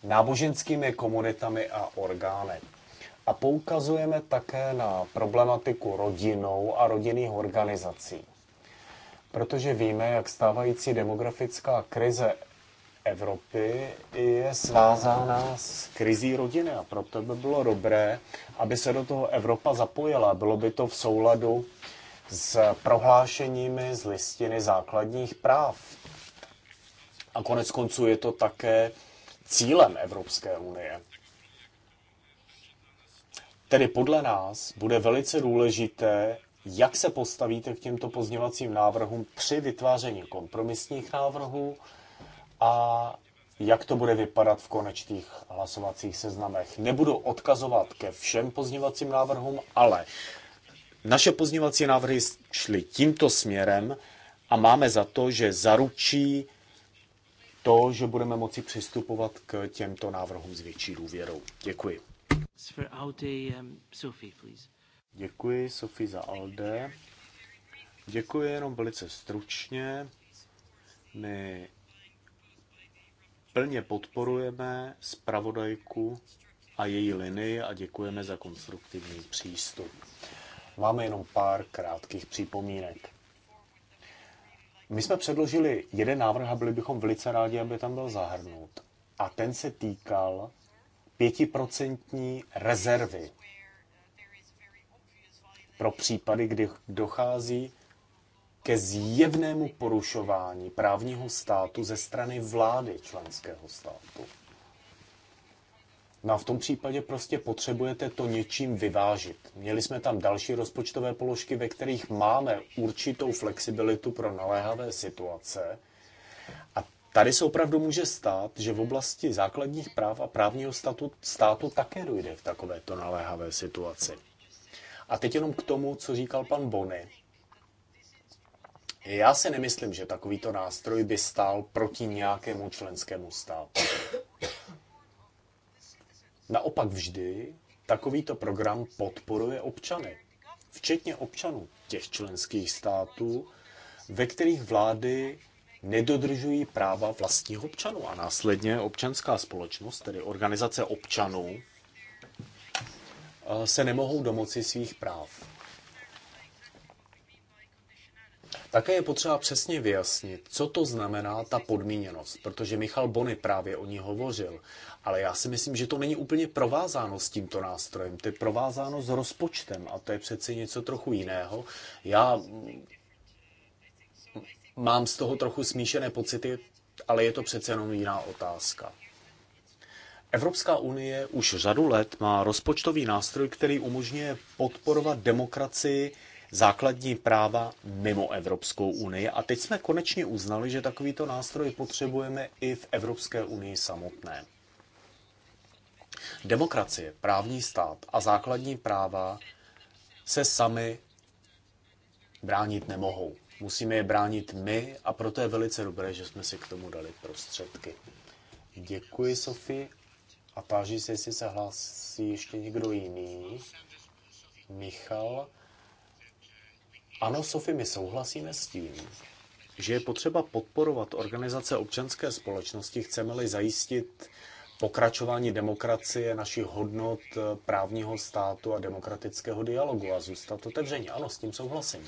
náboženskými komunitami a orgány. A poukazujeme také na problematiku rodinou a rodinných organizací. Protože víme, jak stávající demografická krize Evropy je svázána s krizí rodiny a proto by bylo dobré, aby se do toho Evropa zapojila. Bylo by to v souladu s prohlášeními z listiny základních práv. A konec konců je to také cílem Evropské unie. Tedy podle nás bude velice důležité, jak se postavíte k těmto pozněvacím návrhům při vytváření kompromisních návrhů a jak to bude vypadat v konečných hlasovacích seznamech. Nebudu odkazovat ke všem pozněvacím návrhům, ale naše pozněvací návrhy šly tímto směrem a máme za to, že zaručí to, že budeme moci přistupovat k těmto návrhům s větší důvěrou. Děkuji. Um, Děkuji, Sophie za Alde. Děkuji jenom velice stručně. My plně podporujeme zpravodajku a její linii a děkujeme za konstruktivní přístup. Máme jenom pár krátkých připomínek. My jsme předložili jeden návrh a byli bychom velice rádi, aby tam byl zahrnut. A ten se týkal pětiprocentní rezervy pro případy, kdy dochází ke zjevnému porušování právního státu ze strany vlády členského státu. No a v tom případě prostě potřebujete to něčím vyvážit. Měli jsme tam další rozpočtové položky, ve kterých máme určitou flexibilitu pro naléhavé situace. A tady se opravdu může stát, že v oblasti základních práv a právního statu, státu také dojde v takovéto naléhavé situaci. A teď jenom k tomu, co říkal pan Bony. Já si nemyslím, že takovýto nástroj by stál proti nějakému členskému státu. Naopak vždy takovýto program podporuje občany, včetně občanů těch členských států, ve kterých vlády nedodržují práva vlastních občanů. A následně občanská společnost, tedy organizace občanů, eh, se nemohou domoci svých práv. Také je potřeba přesně vyjasnit, co to znamená ta podmíněnost, protože Michal Bony právě o ní hovořil. Ale já si myslím, že to není úplně provázáno s tímto nástrojem. To je provázáno s rozpočtem a to je přeci něco trochu jiného. Já mám z toho trochu smíšené pocity, ale je to přece jenom jiná otázka. Evropská unie už řadu let má rozpočtový nástroj, který umožňuje podporovat demokracii základní práva mimo Evropskou unii. A teď jsme konečně uznali, že takovýto nástroj potřebujeme i v Evropské unii samotné. Demokracie, právní stát a základní práva se sami bránit nemohou. Musíme je bránit my a proto je velice dobré, že jsme si k tomu dali prostředky. Děkuji, Sofie. A táží se, jestli se hlásí ještě někdo jiný. Michal ano, Sofi, my souhlasíme s tím, že je potřeba podporovat organizace občanské společnosti, chceme-li zajistit pokračování demokracie, našich hodnot eh, právního státu a demokratického dialogu a zůstat otevření. Ano, s tím souhlasím.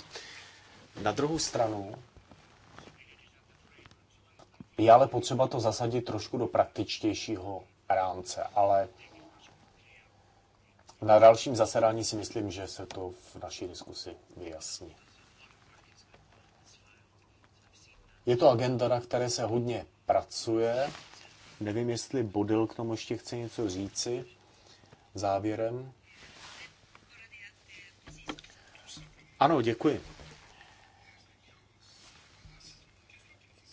Na druhou stranu je ale potřeba to zasadit trošku do praktičtějšího rámce, ale na dalším zasedání si myslím, že se to v naší diskusi vyjasní. Je to agenda, na které se hodně pracuje. Nevím, jestli Bodil k tomu ještě chce něco říci závěrem. Ano, děkuji.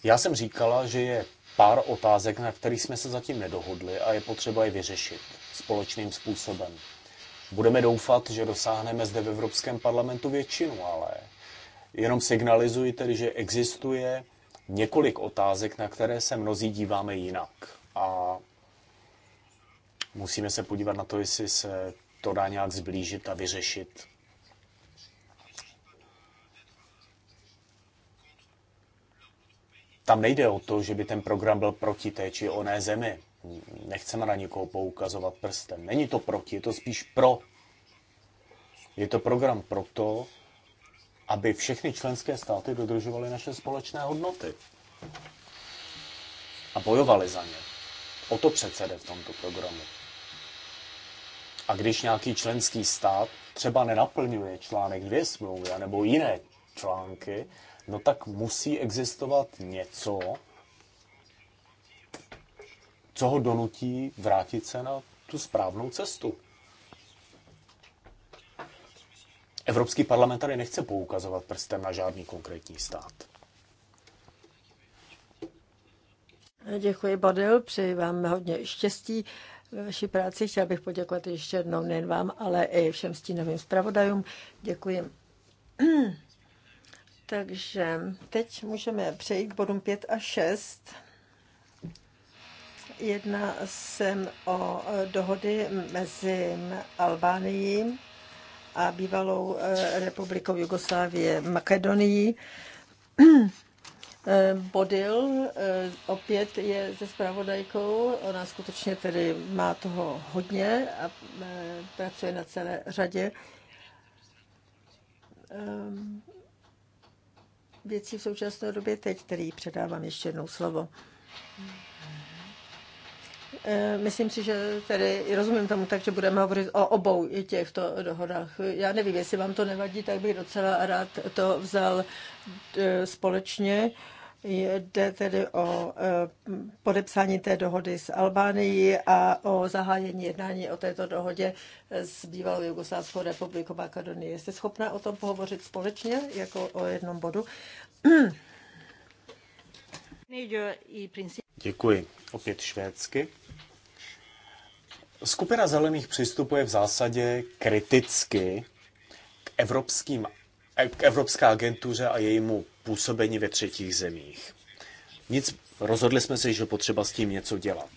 Já jsem říkala, že je pár otázek, na kterých jsme se zatím nedohodli a je potřeba je vyřešit společným způsobem. Budeme doufat, že dosáhneme zde v Evropském parlamentu většinu, ale jenom signalizuji tedy, že existuje několik otázek, na které se mnozí díváme jinak. A musíme se podívat na to, jestli se to dá nějak zblížit a vyřešit. Tam nejde o to, že by ten program byl proti té či oné zemi nechceme na někoho poukazovat prstem. Není to proti, je to spíš pro. Je to program proto, aby všechny členské státy dodržovaly naše společné hodnoty a bojovali za ně. O to přece jde v tomto programu. A když nějaký členský stát třeba nenaplňuje článek dvě smlouvy nebo jiné články, no tak musí existovat něco, co ho donutí vrátit se na tu správnou cestu. Evropský parlament tady nechce poukazovat prstem na žádný konkrétní stát. Děkuji, Badil, přeji vám hodně štěstí ve vaší práci. Chtěla bych poděkovat ještě jednou nejen vám, ale i všem stínovým zpravodajům. Děkuji. Takže teď můžeme přejít k bodům 5 a 6. Jedná jsem o dohody mezi Albánií a bývalou eh, republikou Jugoslávie Makedonii. Eh, Bodil eh, opět je se zpravodajkou, ona skutečně tedy má toho hodně a pracuje na celé řadě věcí v současné době teď, který předávám ještě jednou slovo. Eh, myslím si, že tedy rozumím tomu tak, že budeme hovořit o obou těchto dohodách. Já nevím, jestli vám to nevadí, tak bych docela rád to vzal eh, společně. Jde tedy o eh, podepsání té dohody s Albánií a o zahájení jednání o této dohodě s bývalou Jugoslávskou republikou Makedonie. Jste schopná o tom pohovořit společně, jako o jednom bodu? Děkuji. Opět švédsky. Skupina zelených přistupuje v zásadě kriticky k, evropským, k Evropské agentuře a jejímu působení ve třetích zemích. Nic, rozhodli jsme se, že potřeba s tím něco dělat.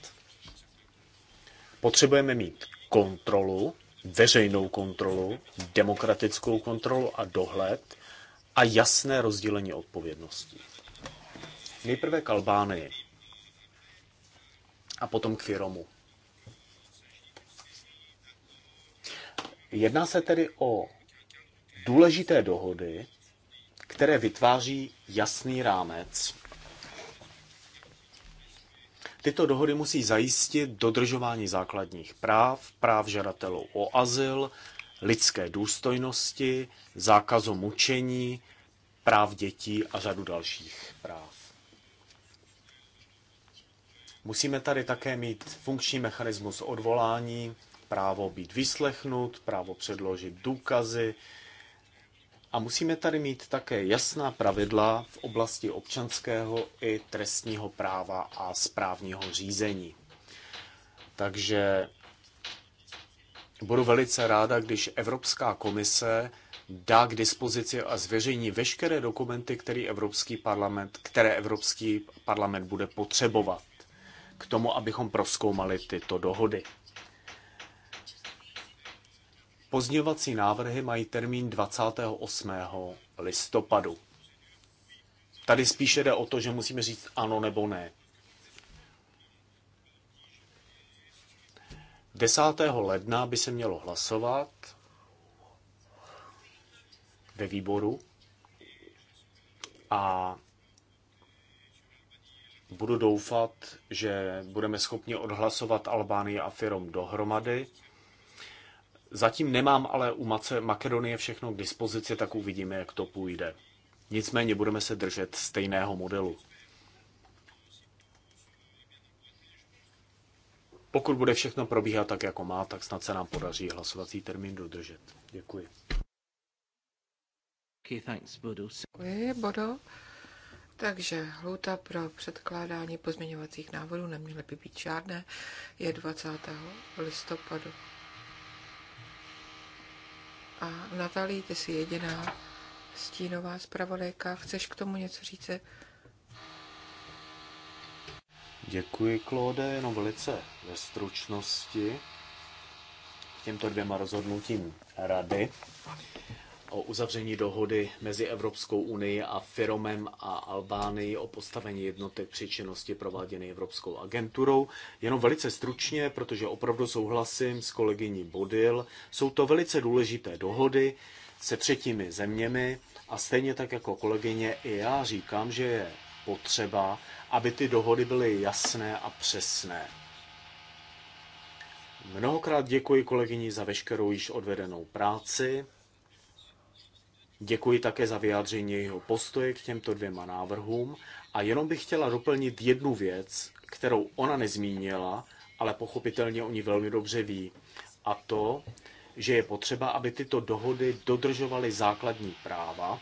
Potřebujeme mít kontrolu, veřejnou kontrolu, demokratickou kontrolu a dohled a jasné rozdělení odpovědností. Nejprve k Albánii a potom k Firomu. Jedná se tedy o důležité dohody, které vytváří jasný rámec. Tyto dohody musí zajistit dodržování základních práv, práv žadatelů o azyl, lidské důstojnosti, zákazu mučení, práv dětí a řadu dalších práv. Musíme tady také mít funkční mechanismus odvolání právo být vyslechnut, právo předložit důkazy. A musíme tady mít také jasná pravidla v oblasti občanského i trestního práva a správního řízení. Takže budu velice ráda, když Evropská komise dá k dispozici a zveřejní veškeré dokumenty, které Evropský parlament, které Evropský parlament bude potřebovat k tomu, abychom proskoumali tyto dohody. Pozněvací návrhy mají termín 28. listopadu. Tady spíše jde o to, že musíme říct ano nebo ne. 10. ledna by se mělo hlasovat ve výboru a budu doufat, že budeme schopni odhlasovat Albánii a Firom dohromady Zatím nemám ale u Mace Makedonie všechno k dispozici, tak uvidíme, jak to půjde. Nicméně budeme se držet stejného modelu. Pokud bude všechno probíhat tak, jako má, tak snad se nám podaří hlasovací termín dodržet. Děkuji. thanks, Děkuji, Bodo. Takže hluta pro předkládání pozměňovacích návrhů neměly by být žádné, je 20. listopadu. A Natalí, ty jsi jediná stínová zpravodajka. Chceš k tomu něco říct? Děkuji, Klóde, jenom velice ve stručnosti těmto dvěma rozhodnutím rady o uzavření dohody mezi Evropskou unii a Firomem a Albánii o postavení jednotek při činnosti prováděné Evropskou agenturou. Jenom velice stručně, protože opravdu souhlasím s kolegyní Bodil, jsou to velice důležité dohody se třetími zeměmi a stejně tak jako kolegyně i já říkám, že je potřeba, aby ty dohody byly jasné a přesné. Mnohokrát děkuji kolegyni za veškerou již odvedenou práci. Děkuji také za vyjádření jeho postoje k těmto dvěma návrhům a jenom bych chtěla doplnit jednu věc, kterou ona nezmínila, ale pochopitelně o ní velmi dobře ví. A to, že je potřeba, aby tyto dohody dodržovaly základní práva,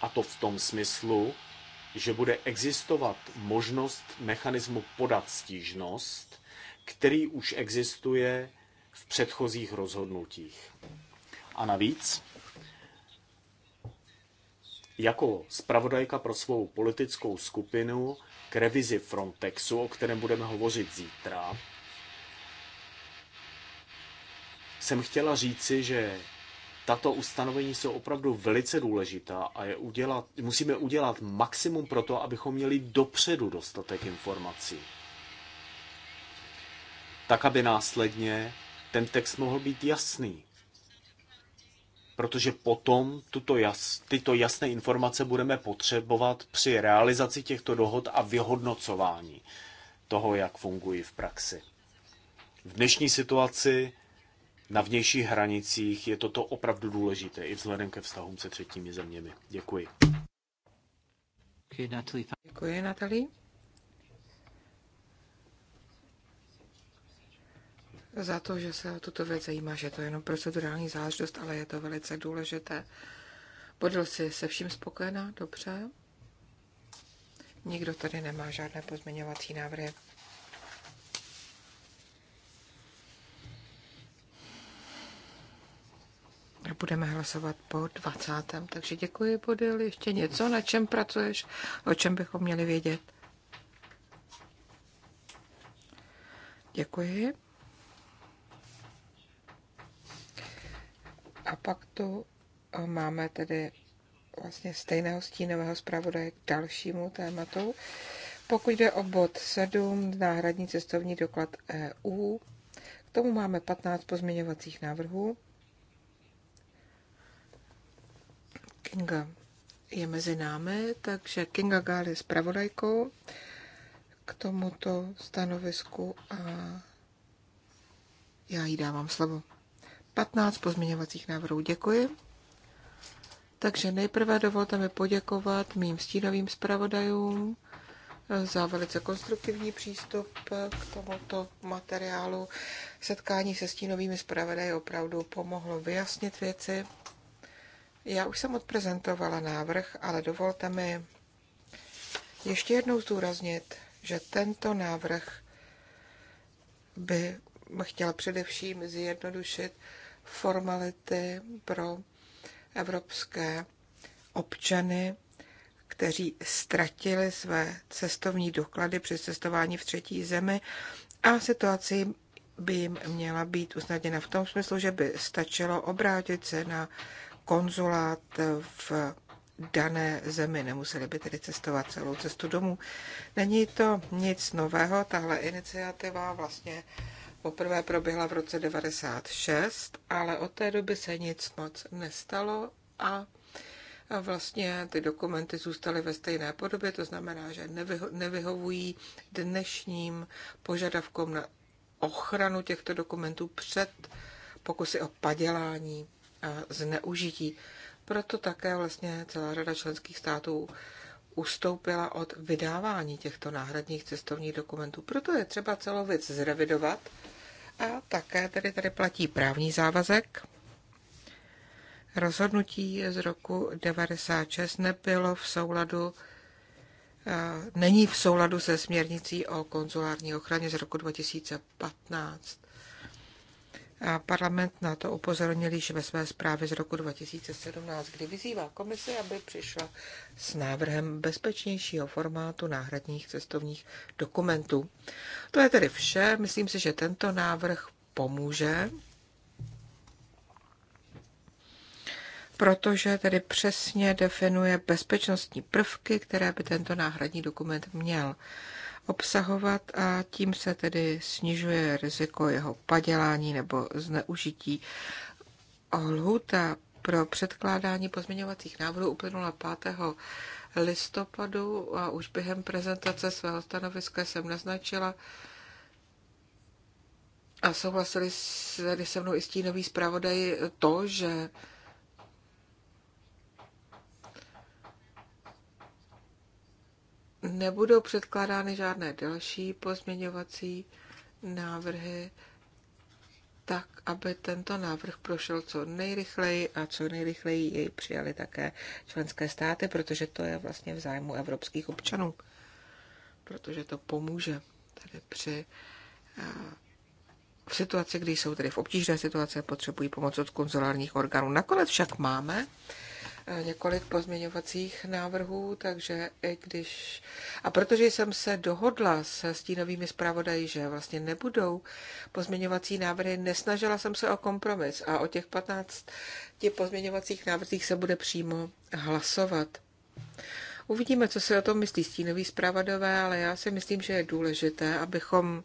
a to v tom smyslu, že bude existovat možnost mechanismu podat stížnost, který už existuje v předchozích rozhodnutích. A navíc jako zpravodajka pro svou politickou skupinu k revizi Frontexu, o kterém budeme hovořit zítra, jsem chtěla říci, že tato ustanovení jsou opravdu velice důležitá a je udělat, musíme udělat maximum pro to, abychom měli dopředu dostatek informací. Tak, aby následně ten text mohl být jasný protože potom tuto jas, tyto jasné informace budeme potřebovat při realizaci těchto dohod a vyhodnocování toho, jak fungují v praxi. V dnešní situaci na vnějších hranicích je toto opravdu důležité i vzhledem ke vztahům se třetími zeměmi. Děkuji. Děkuji, Natalie. za to, že se o tuto věc zajímá, že to je jenom procedurální záležitost, ale je to velice důležité. Podl si se vším spokojená? Dobře. Nikdo tady nemá žádné pozměňovací návrhy. Budeme hlasovat po 20. Takže děkuji, Podil. Ještě něco, na čem pracuješ, o čem bychom měli vědět? Děkuji. A pak tu eh, máme tedy vlastně stejného stínového zpravodaje k dalšímu tématu. Pokud jde o bod 7, náhradní cestovní doklad EU, k tomu máme 15 pozměňovacích návrhů. Kinga je mezi námi, takže Kinga Gál je zpravodajkou k tomuto stanovisku a já jí dávám slovo. 15 pozměňovacích návrhů. Děkuji. Takže nejprve dovolte mi poděkovat mým stínovým zpravodajům za velice konstruktivní přístup k tomuto materiálu. Setkání se stínovými zpravodaji opravdu pomohlo vyjasnit věci. Já už jsem odprezentovala návrh, ale dovolte mi ještě jednou zdůraznit, že tento návrh by chtěl především zjednodušit formality pro evropské občany, kteří ztratili své cestovní doklady při cestování v třetí zemi a situaci by jim měla být usnadněna v tom smyslu, že by stačilo obrátit se na konzulát v dané zemi, nemuseli by tedy cestovat celou cestu domů. Není to nic nového, tahle iniciativa vlastně Poprvé proběhla v roce 96, ale od té doby se nic moc nestalo a a vlastně ty dokumenty zůstaly ve stejné podobě, to znamená, že nevyho- nevyhovují dnešním požadavkům na ochranu těchto dokumentů před pokusy o padělání a zneužití. Proto také vlastně celá řada členských států ustoupila od vydávání těchto náhradních cestovních dokumentů. Proto je třeba celou věc zrevidovat a také tedy tady platí právní závazek. Rozhodnutí z roku 96 nebylo v souladu eh, není v souladu se směrnicí o konzulární ochraně z roku 2015. A parlament na to upozornil již ve své zprávě z roku 2017, kdy vyzývá komisi, aby přišla s návrhem bezpečnějšího formátu náhradních cestovních dokumentů. To je tedy vše. Myslím si, že tento návrh pomůže, protože tedy přesně definuje bezpečnostní prvky, které by tento náhradní dokument měl obsahovat a tím se tedy snižuje riziko jeho padělání nebo zneužití. Lhuta pro předkládání pozměňovacích návrhů uplynula 5 listopadu a už během prezentace svého stanoviska jsem naznačila a souhlasili se, se mnou i stínový zpravodaj to, že nebudou předkládány žádné další pozměňovací návrhy, tak, aby tento návrh prošel co nejrychleji a co nejrychleji jej přijali také členské státy, protože to je vlastně v zájmu evropských občanů. Protože to pomůže tady při eh, v situaci, kdy jsou tedy v obtížné situaci a potřebují pomoc od konzulárních orgánů. Nakonec však máme několik pozměňovacích návrhů, takže i když... A protože jsem se dohodla se stínovými zpravodaji, že vlastně nebudou pozměňovací návrhy, nesnažila jsem se o kompromis a o těch 15 těch pozměňovacích návrzích se bude přímo hlasovat. Uvidíme, co se o tom myslí stínový zpravodové, ale já si myslím, že je důležité, abychom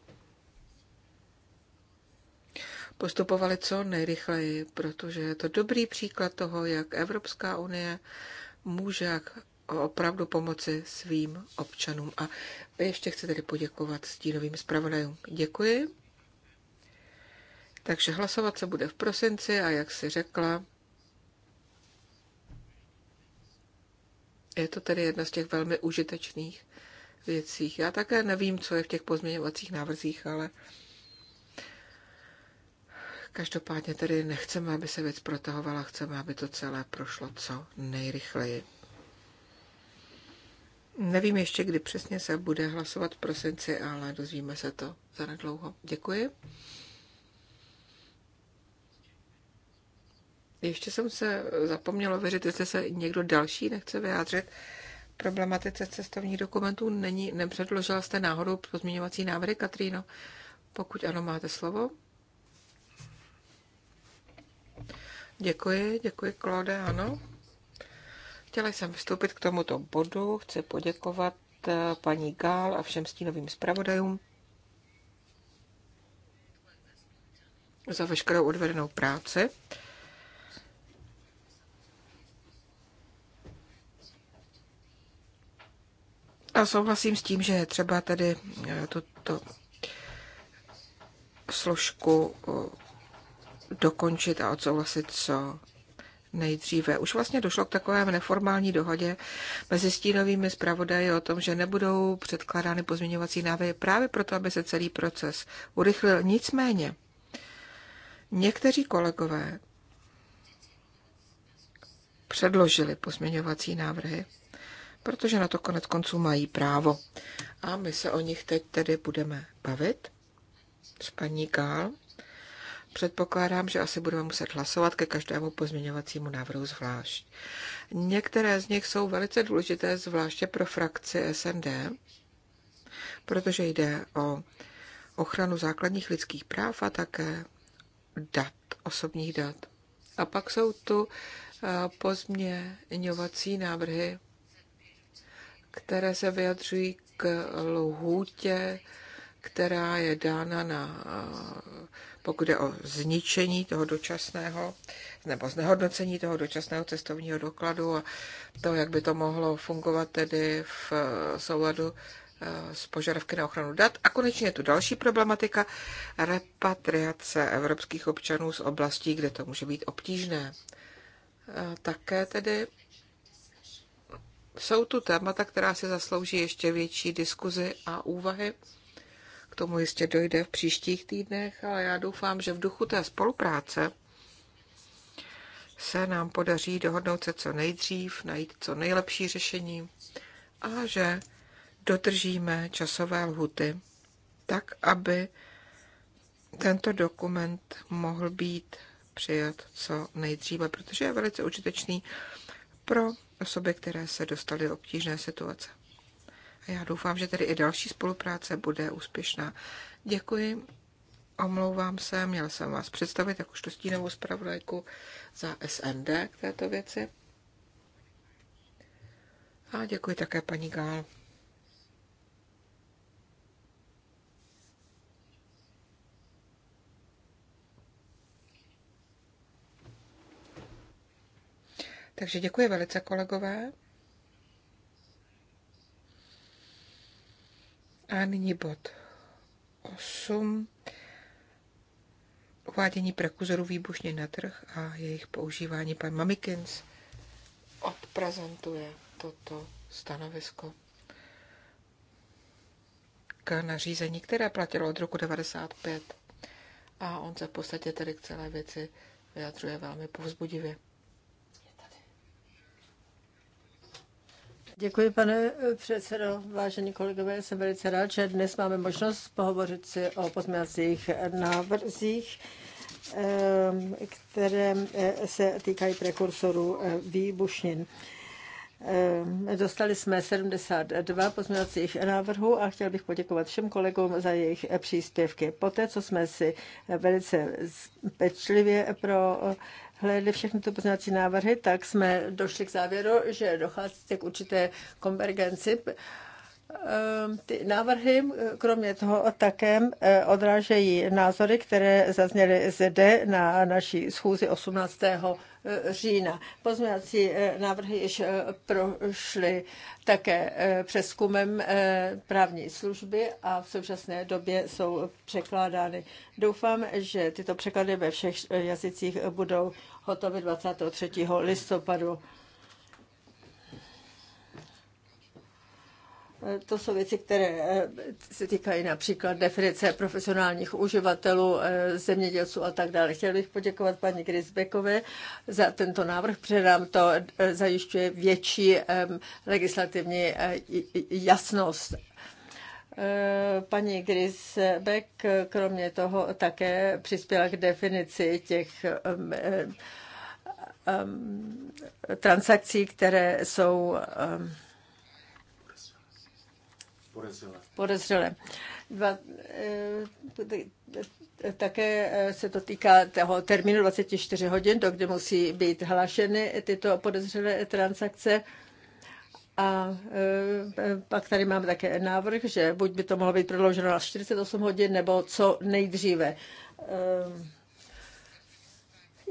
postupovali co nejrychleji, protože je to dobrý příklad toho, jak Evropská unie může opravdu pomoci svým občanům. A ještě chci tedy poděkovat stínovým zpravodajům. Děkuji. Takže hlasovat se bude v prosinci a jak si řekla, je to tedy jedna z těch velmi užitečných věcí. Já také nevím, co je v těch pozměňovacích návrzích, ale Každopádně tedy nechceme, aby se věc protahovala, chceme, aby to celé prošlo co nejrychleji. Nevím ještě, kdy přesně se bude hlasovat v prosinci, ale dozvíme se to za nedlouho. Děkuji. Ještě jsem se zapomněla věřit, jestli se někdo další nechce vyjádřit. Problematice cestovních dokumentů není, nepředložila jste náhodou pozměňovací návrhy, Katríno? Pokud ano, máte slovo. Děkuji, děkuji, Klode, ano. Chtěla jsem vstoupit k tomuto bodu. Chci poděkovat eh, paní Gál a všem stínovým zpravodajům za veškerou odvedenou práci. A souhlasím s tím, že je třeba tady eh, tuto složku eh, dokončit a odsouhlasit co nejdříve. Už vlastně došlo k takové neformální dohodě mezi stínovými zpravodaji o tom, že nebudou předkládány pozměňovací návrhy právě proto, aby se celý proces urychlil. Nicméně, někteří kolegové předložili pozměňovací návrhy, protože na to konec konců mají právo. A my se o nich teď tedy budeme bavit s paní Gál. Předpokládám, že asi budeme muset hlasovat ke každému pozměňovacímu návrhu zvlášť. Některé z nich jsou velice důležité, zvláště pro frakci SND, protože jde o ochranu základních lidských práv a také dat, osobních dat. A pak jsou tu eh, pozměňovací návrhy, které se vyjadřují k lhůtě, která je dána na eh, pokud je o zničení toho dočasného nebo znehodnocení toho dočasného cestovního dokladu a to, jak by to mohlo fungovat tedy v eh, souladu eh, s požadavky na ochranu dat. A konečně je tu další problematika repatriace evropských občanů z oblastí, kde to může být obtížné. Eh, také tedy jsou tu témata, která si zaslouží ještě větší diskuzi a úvahy tomu jistě dojde v příštích týdnech, ale já doufám, že v duchu té spolupráce se nám podaří dohodnout se co nejdřív, najít co nejlepší řešení a že dodržíme časové lhuty tak, aby tento dokument mohl být přijat co nejdříve, protože je velice užitečný pro osoby, které se dostaly do obtížné situace. A já doufám, že tedy i další spolupráce bude úspěšná. Děkuji. Omlouvám se, měl jsem vás představit jako stínovou zpravodajku za SND k této věci. A děkuji také paní Gál. Takže děkuji velice, kolegové. A nyní bod 8. Uvádění prekuzorů výbušně na trh a jejich používání. Pan Mamikins odprezentuje toto stanovisko k nařízení, které platilo od roku 95. A on se v podstatě tedy k celé věci vyjadřuje velmi povzbudivě. Děkuji, pane eh, předsedo. Vážení kolegové, jsem velice rád, že dnes máme možnost pohovořit si o pozměňovacích návrzích, eh, které eh, se týkají prekursorů výbušnin. Dostali jsme 72 pozměňovacích návrhů a chtěl bych poděkovat všem kolegům za jejich příspěvky. Poté, co jsme si velice pečlivě pro hledali všechny ty poznací návrhy, tak jsme došli k závěru, že dochází k určité konvergenci Ehm, ty návrhy, eh, kromě toho také eh, odrážejí názory, které zazněly zde na naší schůzi 18. Eh, října. Pozměňovací návrhy již prošly také přeskumem právní služby a v současné době jsou překládány. Doufám, že tyto překlady ve všech jazycích budou hotovy 23. listopadu. To jsou věci, které eh, se týkají například definice profesionálních uživatelů, eh, zemědělců a tak dále. Chtěl bych poděkovat paní Grisbekové za tento návrh, protože nám to eh, zajišťuje větší legislativní jasnost. Paní Grisbek kromě toho také přispěla k definici těch transakcí, které jsou podezřelé. Eh, také eh, se to týká toho termínu 24 hodin, do kdy musí být hlášeny tyto podezřelé transakce. A eh, pak tady mám také návrh, že buď by to mohlo být prodlouženo na 48 hodin, nebo co nejdříve.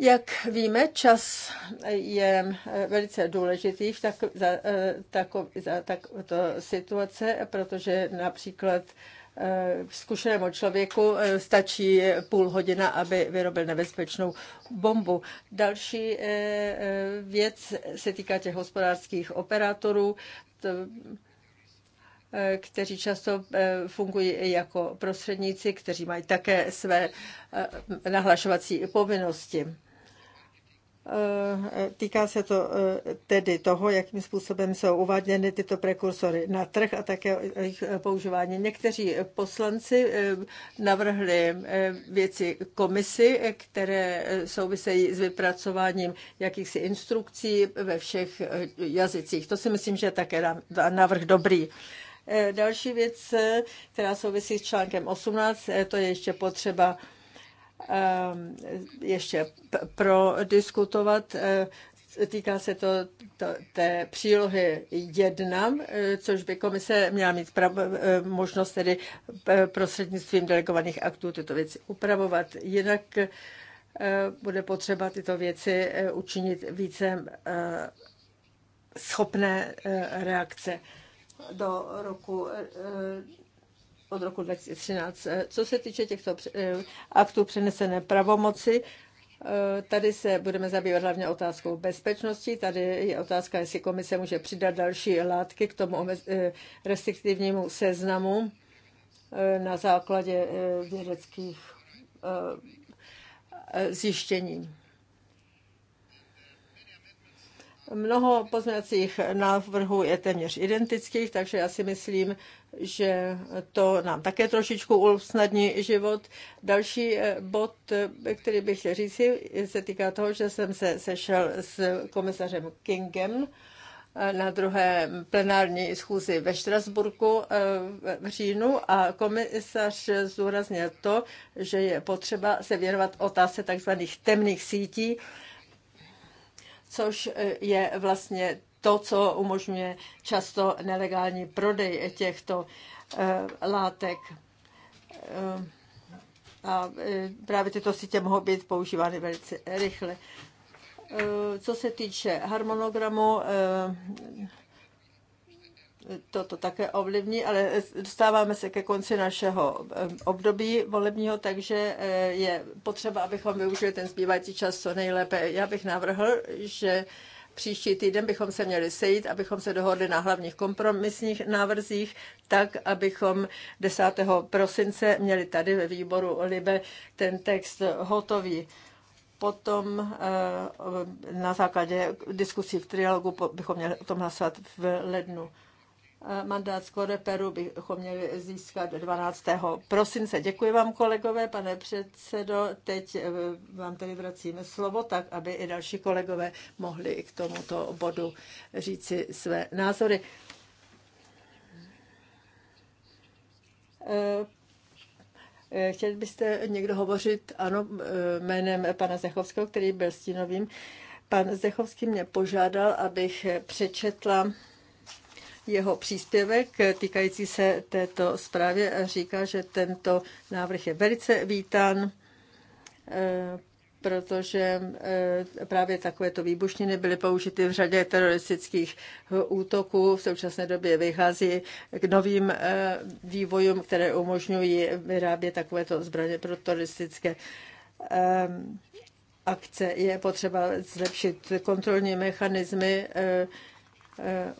Jak víme, čas je eh, velice důležitý v tak, za, eh, tako, za takovéto situace, protože například eh, zkušenému člověku stačí půl hodina, aby vyrobil nebezpečnou bombu. Další věc se týká těch hospodářských operátorů, kteří často fungují jako prostředníci, kteří mají také své nahlašovací povinnosti. Eh, eh, týká se to eh, tedy toho, jakým způsobem jsou uváděny tyto prekursory na trh a také jejich používání. Někteří poslanci navrhli věci komisy, které souvisejí s vypracováním jakýchsi instrukcí ve všech jazycích. To si myslím, že je také návrh dobrý. Další věc, která souvisí s článkem 18, to je ještě potřeba Ehm, ještě prodiskutovat. Eh, týká se to, to té přílohy 1, eh, což by komise měla mít prav, eh, možnost tedy prostřednictvím delegovaných aktů tyto věci upravovat. Jinak bude potřeba tyto věci učinit více schopné reakce do roku od roku 2013. Eh, co se týče těchto eh, aktů přenesené pravomoci, eh, Tady se budeme zabývat hlavně otázkou bezpečnosti. Tady je otázka, jestli komise může přidat další látky k tomu restriktivnímu seznamu na základě vědeckých zjištění. Mnoho pozměňovacích návrhů je téměř identických, takže já si myslím, že to nám také trošičku usnadní život. Další eh, bod, eh, který bych chtěl říct, se týká toho, že jsem se sešel s komisařem Kingem eh, na druhé plenární schůzi ve Štrasburku v říjnu a komisař zúraznil to, že je potřeba se věnovat otázce tzv. temných sítí, což eh, je vlastně to, co umožňuje často nelegální prodej těchto eh, látek. Eh, a právě tyto sítě mohou být používány velice rychle. Co se týče harmonogramu, to to také ovlivní, ale dostáváme se ke konci našeho eh, období volebního, takže eh, je potřeba, abychom využili ten zbývající čas co nejlépe. Já bych navrhl, že příští týden bychom se měli sejít, abychom se dohodli na hlavních kompromisních návrzích, tak, abychom 10. prosince měli tady ve výboru Libe ten text hotový. Potom eh, na základě diskusí v trialogu bychom měli o tom hlasovat v lednu. Eh, mandát z Koreperu bychom měli získat 12. prosince. Děkuji vám, kolegové, pane předsedo. Teď eh, vám tedy vracíme slovo, tak aby i další kolegové mohli k tomuto bodu říci své názory. Eh, chtěli byste někdo hovořit, ano, jménem pana Zechovského, který byl stínovým. Pan Zechovský mě požádal, abych přečetla jeho příspěvek týkající se této a říká, že tento návrh je velice vítán, eh, protože eh, právě takovéto výbušniny byly použity v řadě teroristických útoků. V současné době vychází k novým eh, vývojům, které umožňují vyrábět takovéto zbraně pro teroristické akce. Je potřeba zlepšit kontrolní mechanismy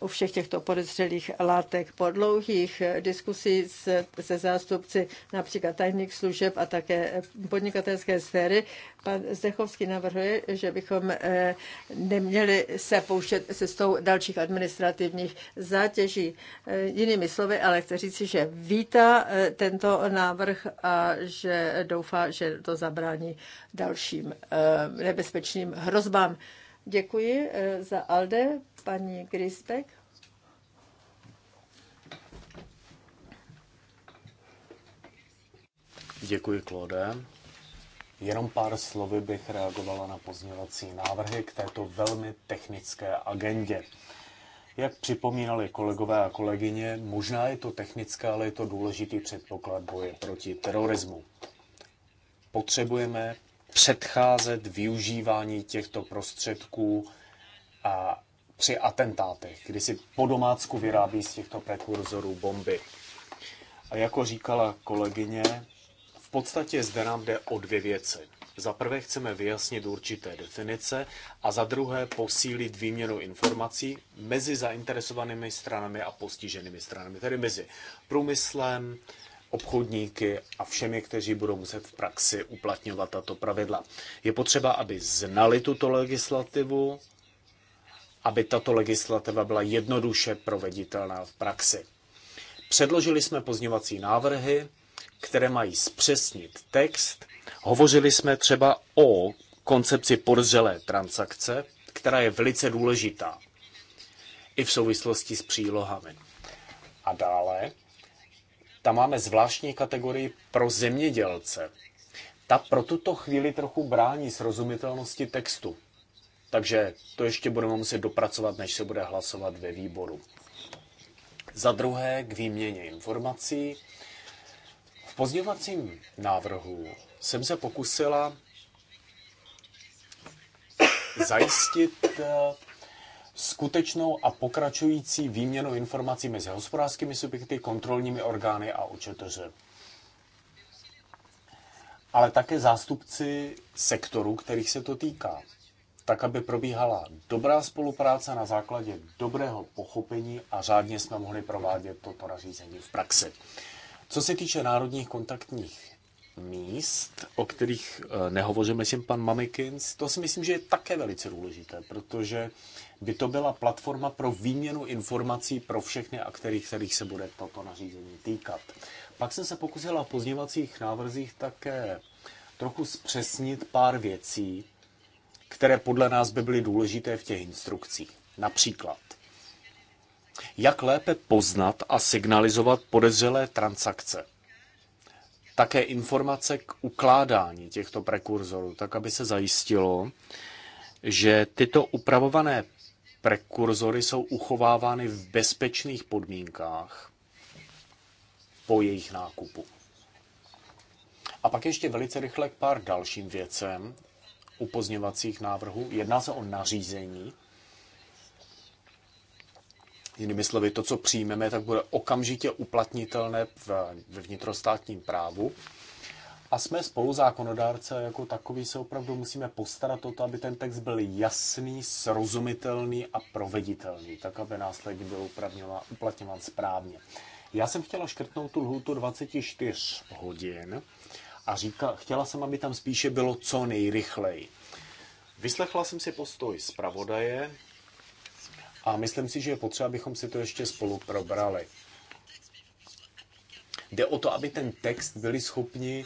u všech těchto podezřelých látek. Po dlouhých diskusí se, se zástupci například tajných služeb a také podnikatelské sféry, pan Zdechovský navrhuje, že bychom eh, neměli se pouštět tou dalších administrativních zátěží. Eh, jinými slovy, ale chci říci, že vítá eh, tento návrh a že doufá, že to zabrání dalším nebezpečným hrozbám. Děkuji eh, za Alde, paní Grisbeck. Děkuji, Klode. Jenom pár slovy bych reagovala na pozměvací návrhy k této velmi technické agendě. Jak připomínali kolegové a kolegyně, možná je to technické, ale je to důležitý předpoklad boje proti terorismu. Potřebujeme předcházet využívání těchto prostředků a při atentátech, kdy si po domácku vyrábí z těchto prekurzorů bomby. A jako říkala kolegyně, v podstatě zde nám jde o dvě věci. Za prvé chceme vyjasnit určité definice a za druhé posílit výměnu informací mezi zainteresovanými stranami a postiženými stranami, tedy mezi průmyslem, obchodníky a všemi, kteří budou muset v praxi uplatňovat tato pravidla. Je potřeba, aby znali tuto legislativu, aby tato legislativa byla jednoduše proveditelná v praxi. Předložili jsme pozňovací návrhy, které mají zpřesnit text. Hovořili jsme třeba o koncepci podřelé transakce, která je velice důležitá i v souvislosti s přílohami. A dále tam máme zvláštní kategorii pro zemědělce. Ta pro tuto chvíli trochu brání srozumitelnosti textu. Takže to ještě budeme muset dopracovat, než se bude hlasovat ve výboru. Za druhé k výměně informací. V pozdějovacím návrhu jsem se pokusila zajistit eh, skutečnou a pokračující výměnu informací mezi hospodářskými subjekty, kontrolními orgány a OČTŘ. Ale také zástupci sektoru, kterých se to týká, tak aby probíhala dobrá spolupráce na základě dobrého pochopení a řádně jsme mohli provádět toto nařízení v praxi. Co se týče národních kontaktních míst, o kterých eh, nehovoříme, myslím, pan Mamikins, to si myslím, že je také velice důležité, protože by to byla platforma pro výměnu informací pro všechny aktéry, kterých se bude toto nařízení týkat. Pak jsem se pokusila v pozněvacích návrzích také trochu zpřesnit pár věcí, které podle nás by byly důležité v těch instrukcích. Například, jak lépe poznat a signalizovat podezřelé transakce. Také informace k ukládání těchto prekurzorů, tak aby se zajistilo, že tyto upravované prekurzory jsou uchovávány v bezpečných podmínkách po jejich nákupu. A pak ještě velice rychle k pár dalším věcem u pozněvacích návrhů. Jedná se o nařízení. Jinými slovy, to, co přijmeme, tak bude okamžitě uplatnitelné ve vnitrostátním právu a jsme spoluzákonodárce a jako takový se opravdu musíme postarat o to, aby ten text byl jasný, srozumitelný a proveditelný, tak aby následně byl uplatňován správně. Já jsem chtěla škrtnout tu lhůtu 24 hodin a říká, chtěla jsem, aby tam spíše bylo co nejrychleji. Vyslechla jsem si postoj zpravodaje a myslím si, že je potřeba, abychom si to ještě spolu probrali. Jde o to, aby ten text byli schopni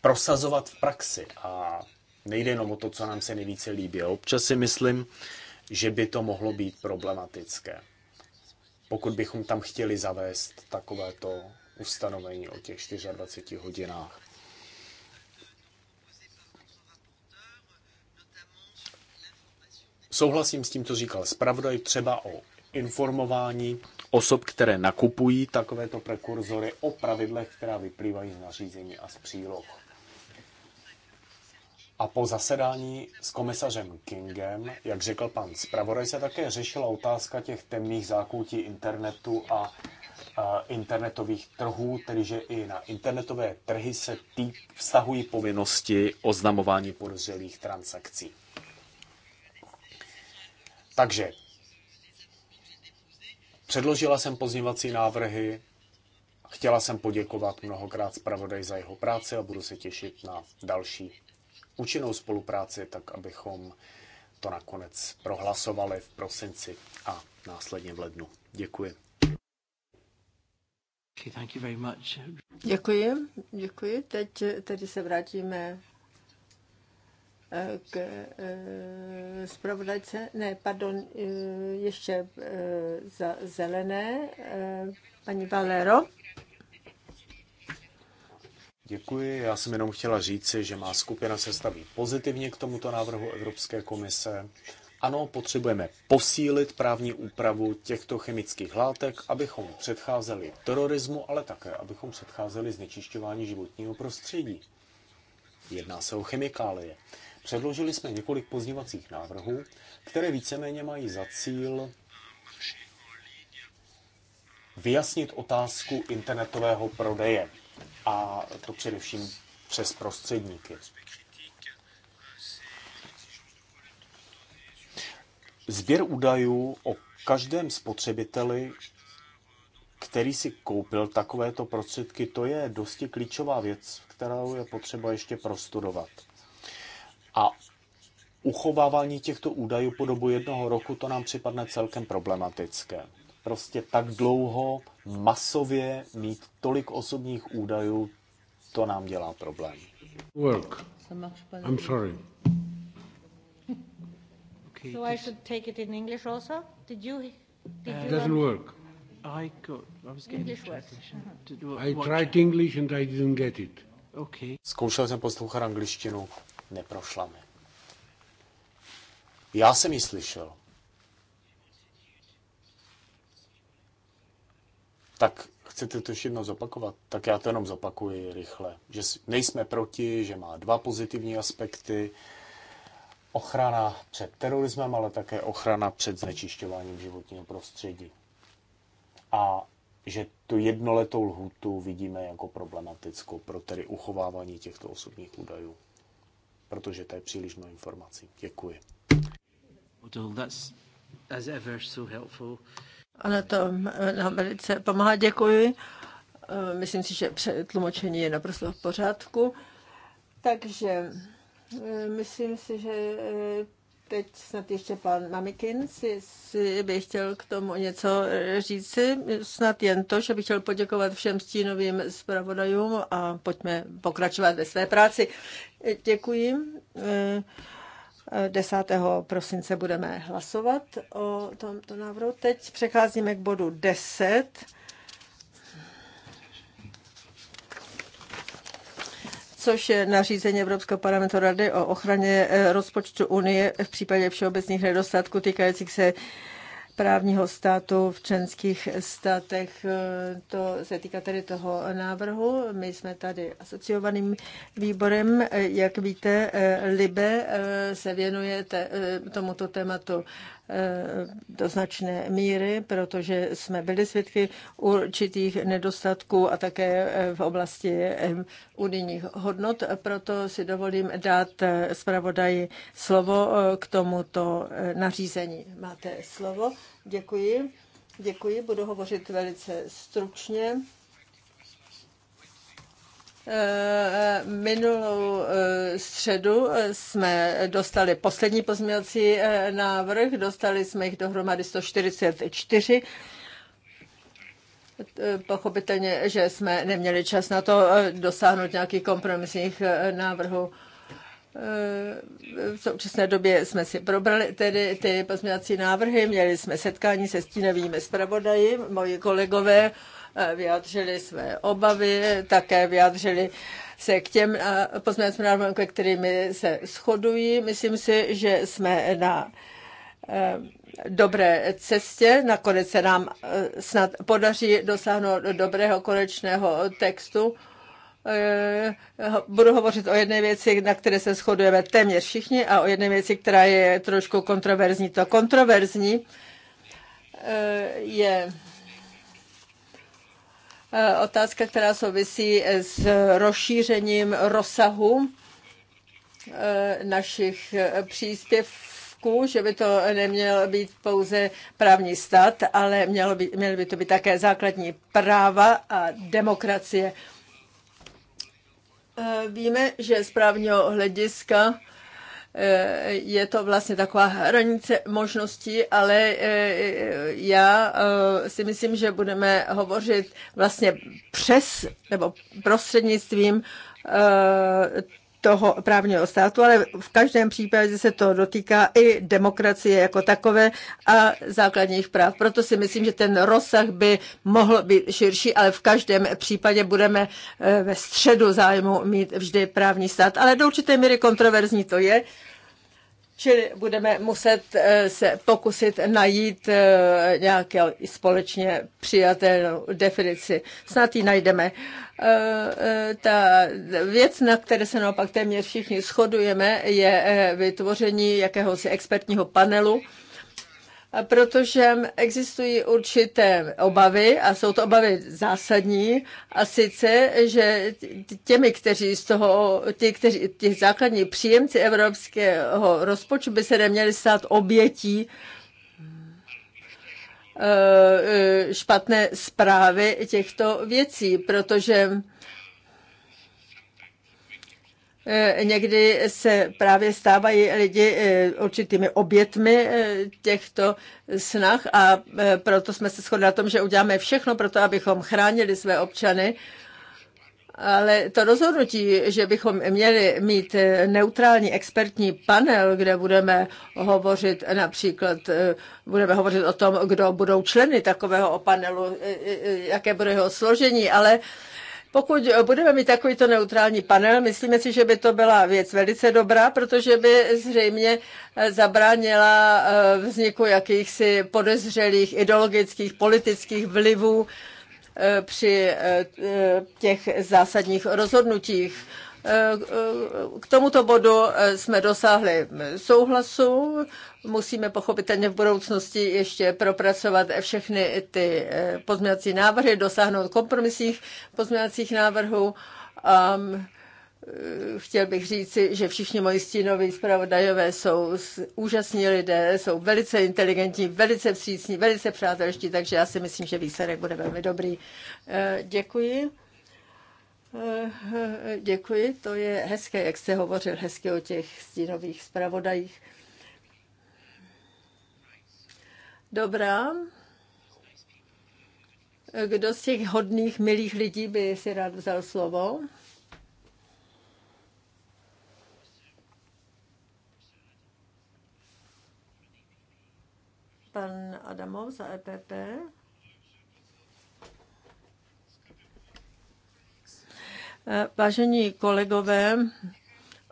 prosazovat v praxi. A nejde jenom o to, co nám se nejvíce líbí. Občas si myslím, že by to mohlo být problematické, pokud bychom tam chtěli zavést takovéto ustanovení o těch 24 hodinách. Souhlasím s tím, co říkal zpravodaj, třeba o informování osob, které nakupují takovéto prekurzory o pravidlech, která vyplývají z nařízení a z příloh. A po zasedání s komisařem Kingem, jak řekl pan zpravodaj, se také řešila otázka těch temných zákoutí internetu a, a internetových trhů, tedy že i na internetové trhy se tý, vztahují povinnosti oznamování podezřelých transakcí. Takže předložila jsem pozněvací návrhy, Chtěla jsem poděkovat mnohokrát zpravodaj za jeho práci a budu se těšit na další účinnou spolupráci, tak abychom to nakonec prohlasovali v prosinci a následně v lednu. Děkuji. Děkuji, děkuji. Teď tedy se vrátíme eh, k eh, zpravodajce, ne, pardon, eh, ještě za zelené, paní Valero. Děkuji. Já jsem jenom chtěla říci, že má skupina se staví pozitivně k tomuto návrhu Evropské komise. Ano, potřebujeme posílit právní úpravu těchto chemických látek, abychom předcházeli terorismu, ale také abychom předcházeli znečišťování životního prostředí. Jedná se o chemikálie. Předložili jsme několik pozněvacích návrhů, které víceméně mají za cíl vyjasnit otázku internetového prodeje a to především přes prostředníky. Sběr údajů o každém spotřebiteli, který si koupil takovéto prostředky, to je dosti klíčová věc, kterou je potřeba ještě prostudovat. A uchovávání těchto údajů po dobu jednoho roku, to nám připadne celkem problematické. Prostě tak dlouho, masově mít tolik osobních údajů, to nám dělá problém. Work. I'm sorry. So I should take it in English also? Did you? Did you uh, doesn't work. I got. I was getting English Uh-huh. I tried English and I didn't get it. Okay. Zkoušel jsem poslouchat angličtinu, neprošla mi. Já jsem ji slyšel. tak chcete to ještě jednou zopakovat? Tak já to jenom zopakuji rychle. Že nejsme proti, že má dva pozitivní aspekty. Ochrana před terorismem, ale také ochrana před znečišťováním životního prostředí. A že tu jednoletou lhutu vidíme jako problematickou pro tedy uchovávání těchto osobních údajů. Protože to je příliš mnoho informací. Děkuji. Well, that's, as ever, so helpful. Ano, to eh, nám no, velice pomáhá, děkuji. Eh, myslím si, že tlumočení je naprosto v pořádku. Takže eh, myslím si, že teď snad ještě pan Mamikin si, si by chtěl k tomu něco říci. Snad jen to, že bych chtěl poděkovat všem stínovým zpravodajům a pojďme pokračovat ve své práci. Děkuji. 10. prosince budeme hlasovat o tomto návrhu. Teď přecházíme k bodu 10. což je nařízení Evropského parlamentu Rady o ochraně eh, rozpočtu Unie v případě všeobecných nedostatků týkajících se právního státu v členských státech. Eh, to se týká tedy toho návrhu. My jsme tady asociovaným výborem. Eh, Jak víte, eh, Libe se věnuje tomuto tématu do značné míry, protože jsme byli svědky určitých nedostatků a také v oblasti unijních hodnot. Proto si dovolím dát zpravodaji slovo k tomuto nařízení. Máte slovo. Děkuji. Děkuji, budu hovořit velice stručně. Eh, minulou eh, středu jsme dostali poslední pozměňovací eh, návrh, dostali jsme jich dohromady 144. Pochopitelně, že jsme neměli čas na to dosáhnout nějakých kompromisních návrhů. Eh, v současné době jsme si probrali tedy ty pozměňovací návrhy, měli jsme setkání se stínovými zpravodaji, moji kolegové eh, vyjádřili své obavy, také vyjádřili se k těm eh, pozměňovacím návrhům, ke kterými se shodují. Myslím si, že jsme na dobré cestě. Nakonec se nám snad podaří dosáhnout dobrého konečného textu Eh, budu hovořit o jedné věci, na které se shodujeme téměř všichni a o jedné věci, která je trošku kontroverzní. To kontroverzní eh, je eh, otázka, která souvisí s rozšířením rozsahu našich příspěvků, že by to neměl být pouze právní stát, ale mělo by, měly by to být také základní práva a demokracie. Eh, víme, že z právního hlediska eh, je to vlastně taková hranice možností, ale eh, já si myslím, že budeme hovořit vlastně přes nebo prostřednictvím toho právního státu, ale v každém případě se to dotýká i demokracie jako takové a základních práv. Proto si myslím, že ten rozsah by mohl být širší, ale v každém případě budeme eh, ve středu zájmu mít vždy právní stát. Ale do určité míry kontroverzní to je, Čili budeme muset eh, se pokusit najít eh, nějaké společně přijatelnou definici. Snad ji najdeme. Eh, ta věc, na které se naopak téměř všichni shodujeme, je vytvoření jakéhosi expertního panelu, protože existují určité obavy a jsou to obavy zásadní a sice, že těmi, kteří z toho, ti, kteří, těch základní příjemci evropského rozpočtu by se neměli stát obětí eh, eh, špatné zprávy těchto věcí, protože E, někdy se právě stávají lidi e, určitými obětmi e, těchto snah a proto jsme se shodli na tom, že uděláme všechno pro to, abychom chránili své občany. Ale to rozhodnutí, že bychom měli mít neutrální expertní panel, kde budeme hovořit například, budeme hovořit o tom, kdo budou členy takového panelu, jaké bude jeho složení, ale pokud eh, budeme mít takovýto neutrální panel, myslíme si, že by to byla věc velice dobrá, protože by zřejmě eh, zabránila eh, vzniku jakýchsi podezřelých ideologických, politických vlivů při těch zásadních rozhodnutích. K tomuto bodu e, jsme dosáhli souhlasu. Musíme pochopitelně v budoucnosti ještě propracovat všechny ty e, pozměňovací návrhy, dosáhnout kompromisních pozměňovacích návrhů. E, chtěl bych říci, že všichni moji stínoví zpravodajové jsou úžasní lidé, jsou velice inteligentní, velice vstřícní, velice přátelští, takže já si myslím, že výsledek bude velmi dobrý. Děkuji. Eh, děkuji, to je hezké, jak jste hovořil hezky o těch stínových zpravodajích. Dobrá. Kdo z těch hodných, milých lidí by si rád vzal slovo? Pan Adamov za EPP. Vážení kolegové,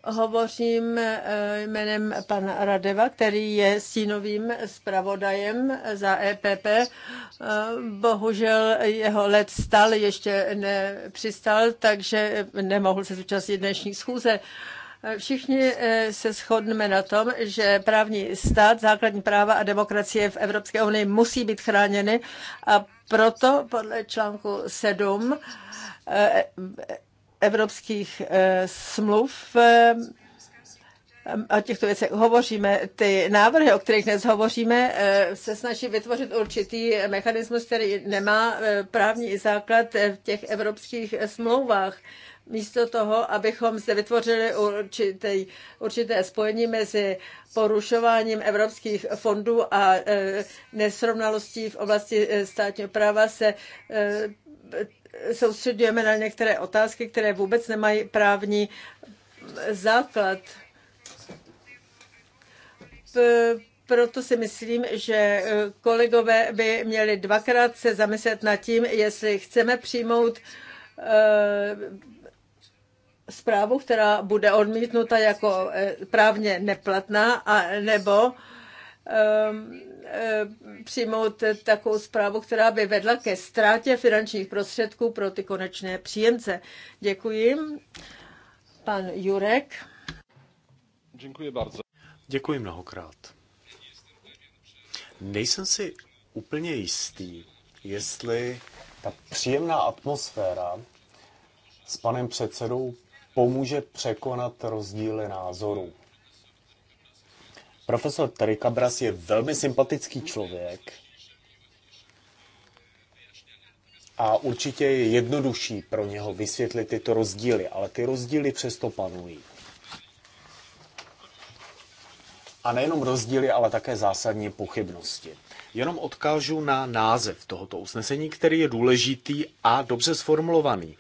hovořím eh, jménem pana Radeva, který je stínovým zpravodajem za EPP. Eh, bohužel jeho let stal, ještě nepřistal, takže nemohl se zúčastnit dnešní schůze. Eh, všichni se shodneme na tom, že právní stát, základní práva a demokracie v Evropské unii musí být chráněny a proto podle článku 7 evropských eh, smluv o eh, těchto věcech hovoříme, ty návrhy, o kterých dnes hovoříme, eh, se snaží vytvořit určitý mechanismus, který nemá právní základ v těch evropských smlouvách. Místo toho, abychom se vytvořili určité, určité spojení mezi porušováním evropských fondů a nesrovnalostí v oblasti státního práva, se soustředujeme na některé otázky, které vůbec nemají právní základ. P- proto si myslím, že e, kolegové by měli dvakrát se zamyslet nad tím, jestli chceme přijmout e, zprávu, která bude odmítnuta jako e, právně neplatná, a nebo Eh, přijmout takovou zprávu, která by vedla ke ztrátě finančních prostředků pro ty konečné příjemce. Děkuji. Pan Jurek. Děkuji bardzo. Děkuji mnohokrát. Nejsem si úplně jistý, jestli ta příjemná atmosféra s panem předsedou pomůže překonat rozdíly názorů. Profesor Terikabras je velmi sympatický člověk a určitě je jednodušší pro něho vysvětlit tyto rozdíly, ale ty rozdíly přesto panují. A nejenom rozdíly, ale také zásadní pochybnosti. Jenom odkážu na název tohoto usnesení, který je důležitý a dobře sformulovaný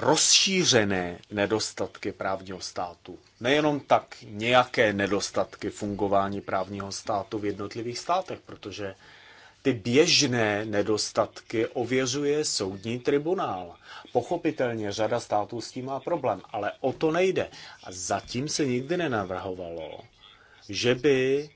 rozšířené nedostatky právního státu. Nejenom tak nějaké nedostatky fungování právního státu v jednotlivých státech, protože ty běžné nedostatky ověřuje soudní tribunál. Pochopitelně řada států s tím má problém, ale o to nejde. A zatím se nikdy nenavrhovalo, že by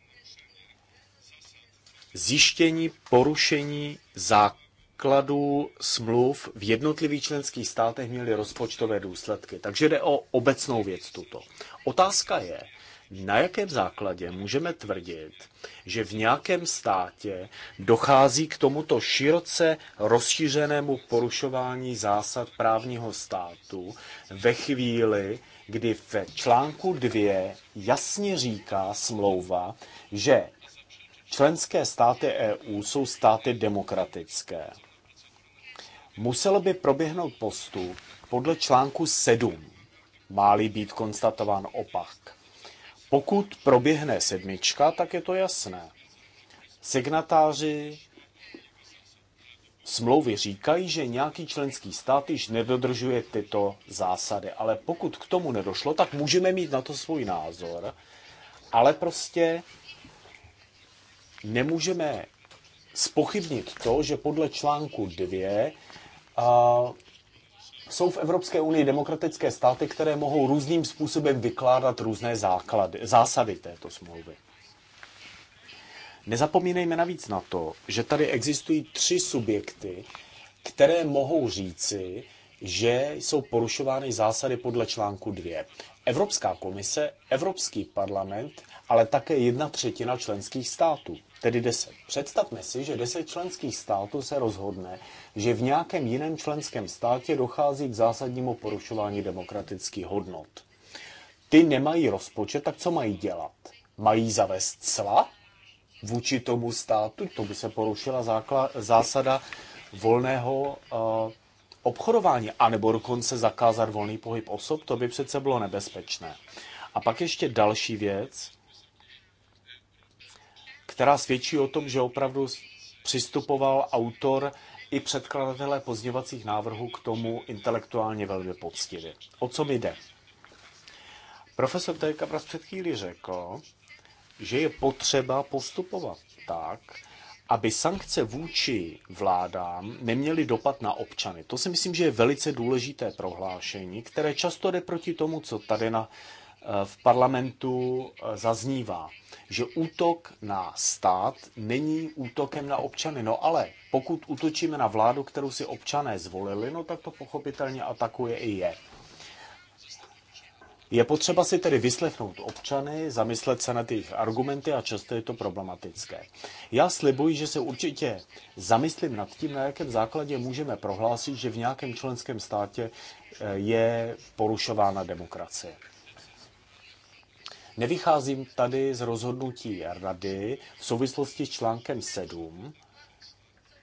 zjištění porušení zákonů výkladů smluv v jednotlivých členských státech měly rozpočtové důsledky. Takže jde o obecnou věc tuto. Otázka je, na jakém základě můžeme tvrdit, že v nějakém státě dochází k tomuto široce rozšířenému porušování zásad právního státu ve chvíli, kdy v článku 2 jasně říká smlouva, že členské státy EU jsou státy demokratické muselo by proběhnout postup podle článku 7, má-li být konstatován opak. Pokud proběhne sedmička, tak je to jasné. Signatáři smlouvy říkají, že nějaký členský stát již nedodržuje tyto zásady, ale pokud k tomu nedošlo, tak můžeme mít na to svůj názor, ale prostě nemůžeme spochybnit to, že podle článku 2 a jsou v Evropské unii demokratické státy, které mohou různým způsobem vykládat různé základy, zásady této smlouvy. Nezapomínejme navíc na to, že tady existují tři subjekty, které mohou říci, že jsou porušovány zásady podle článku 2. Evropská komise, Evropský parlament, ale také jedna třetina členských států. Tedy deset. Představme si, že deset členských států se rozhodne, že v nějakém jiném členském státě dochází k zásadnímu porušování demokratických hodnot. Ty nemají rozpočet, tak co mají dělat? Mají zavést cla vůči tomu státu? To by se porušila základ, zásada volného uh, obchodování, anebo dokonce zakázat volný pohyb osob, to by přece bylo nebezpečné. A pak ještě další věc, která svědčí o tom, že opravdu přistupoval autor i předkladatelé pozněvacích návrhů k tomu intelektuálně velmi poctivě. O co mi jde? Profesor Tejka Kabras před chvíli řekl, že je potřeba postupovat tak, aby sankce vůči vládám neměly dopad na občany. To si myslím, že je velice důležité prohlášení, které často jde proti tomu, co tady na v parlamentu eh, zaznívá, že útok na stát není útokem na občany. No ale pokud útočíme na vládu, kterou si občané zvolili, no tak to pochopitelně atakuje i je. Je potřeba si tedy vyslechnout občany, zamyslet se nad jejich argumenty a často je to problematické. Já slibuji, že se určitě zamyslím nad tím, na jakém základě můžeme prohlásit, že v nějakém členském státě eh, je porušována demokracie. Nevycházím tady z rozhodnutí rady v souvislosti s článkem 7,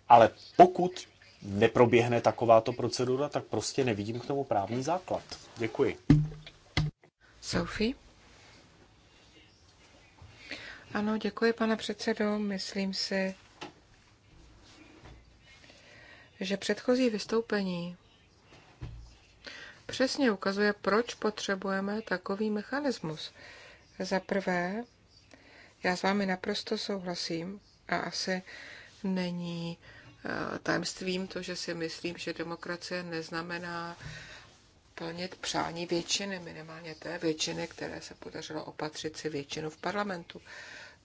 ale pokud neproběhne takováto procedura, tak prostě nevidím k tomu právní základ. Děkuji. Sophie? Ano, děkuji, pane předsedo. Myslím si, že předchozí vystoupení přesně ukazuje, proč potřebujeme takový mechanismus. Za prvé, já s vámi naprosto souhlasím a asi není eh, tajemstvím to, že si myslím, že demokracie neznamená plnit přání většiny, minimálně té většiny, které se podařilo opatřit si většinu v parlamentu.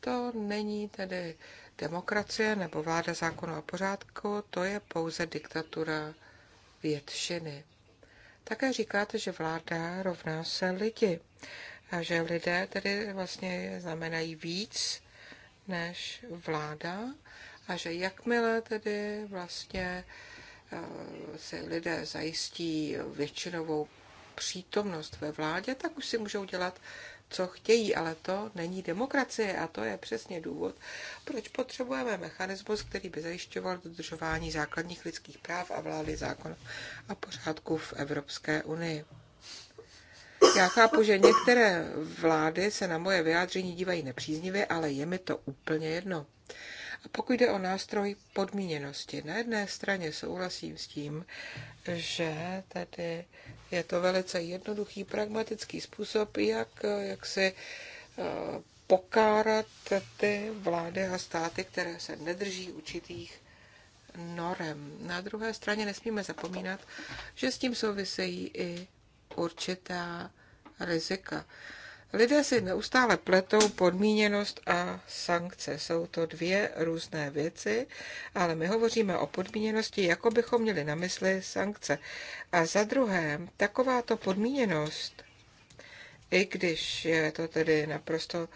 To není tedy demokracie nebo vláda zákonu a pořádku, to je pouze diktatura většiny. Také říkáte, že vláda rovná se lidi a že lidé tedy vlastně znamenají víc než vláda a že jakmile tedy vlastně eh, si lidé zajistí většinovou přítomnost ve vládě, tak už si můžou dělat, co chtějí, ale to není demokracie a to je přesně důvod, proč potřebujeme mechanismus, který by zajišťoval dodržování základních lidských práv a vlády zákon a pořádku v Evropské unii. Já chápu, že některé vlády se na moje vyjádření dívají nepříznivě, ale je mi to úplně jedno. A pokud jde o nástroj podmíněnosti, na jedné straně souhlasím s tím, že tady je to velice jednoduchý, pragmatický způsob, jak, jak si eh, pokárat ty vlády a státy, které se nedrží určitých norem. Na druhé straně nesmíme zapomínat, že s tím souvisejí i určitá rizika. Lidé si neustále pletou podmíněnost a sankce. Jsou to dvě různé věci, ale my hovoříme o podmíněnosti, jako bychom měli na mysli sankce. A za druhé, takováto podmíněnost, i když je to tedy naprosto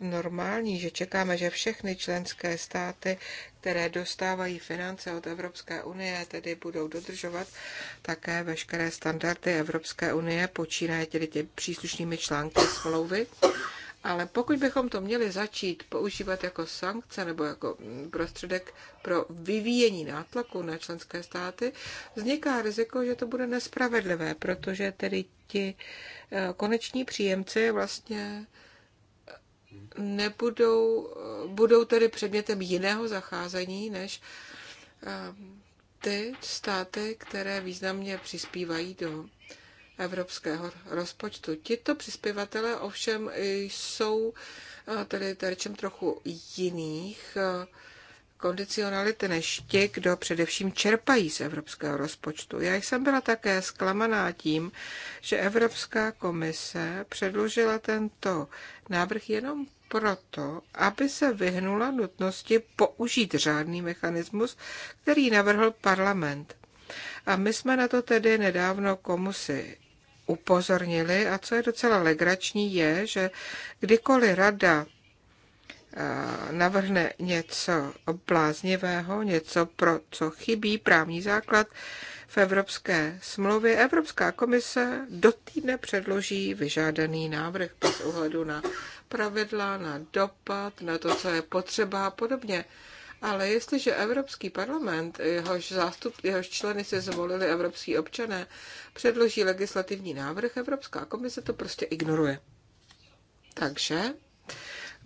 normální, že čekáme, že všechny členské státy, které dostávají finance od Evropské unie, tedy budou dodržovat také veškeré standardy Evropské unie, počínaje tedy těmi příslušnými články smlouvy. Ale pokud bychom to měli začít používat jako sankce nebo jako prostředek pro vyvíjení nátlaku na členské státy, vzniká riziko, že to bude nespravedlivé, protože tedy ti eh, koneční příjemci vlastně nebudou, budou tedy předmětem jiného zacházení než eh, ty státy, které významně přispívají do evropského rozpočtu. Tito přispěvatelé ovšem jsou eh, tedy terčem trochu jiných eh, kondicionality než ti, kdo především čerpají z evropského rozpočtu. Já jsem byla také zklamaná tím, že Evropská komise předložila tento návrh jenom proto, aby se vyhnula nutnosti použít řádný mechanismus, který navrhl parlament. A my jsme na to tedy nedávno komusi upozornili a co je docela legrační je, že kdykoliv rada navrhne něco obláznivého, něco, pro co chybí právní základ v Evropské smlouvě, Evropská komise do týdne předloží vyžádaný návrh bez ohledu na pravidla, na dopad, na to, co je potřeba a podobně. Ale jestliže Evropský parlament, jehož, zástup, jehož členy se zvolili evropský občané, předloží legislativní návrh, Evropská komise to prostě ignoruje. Takže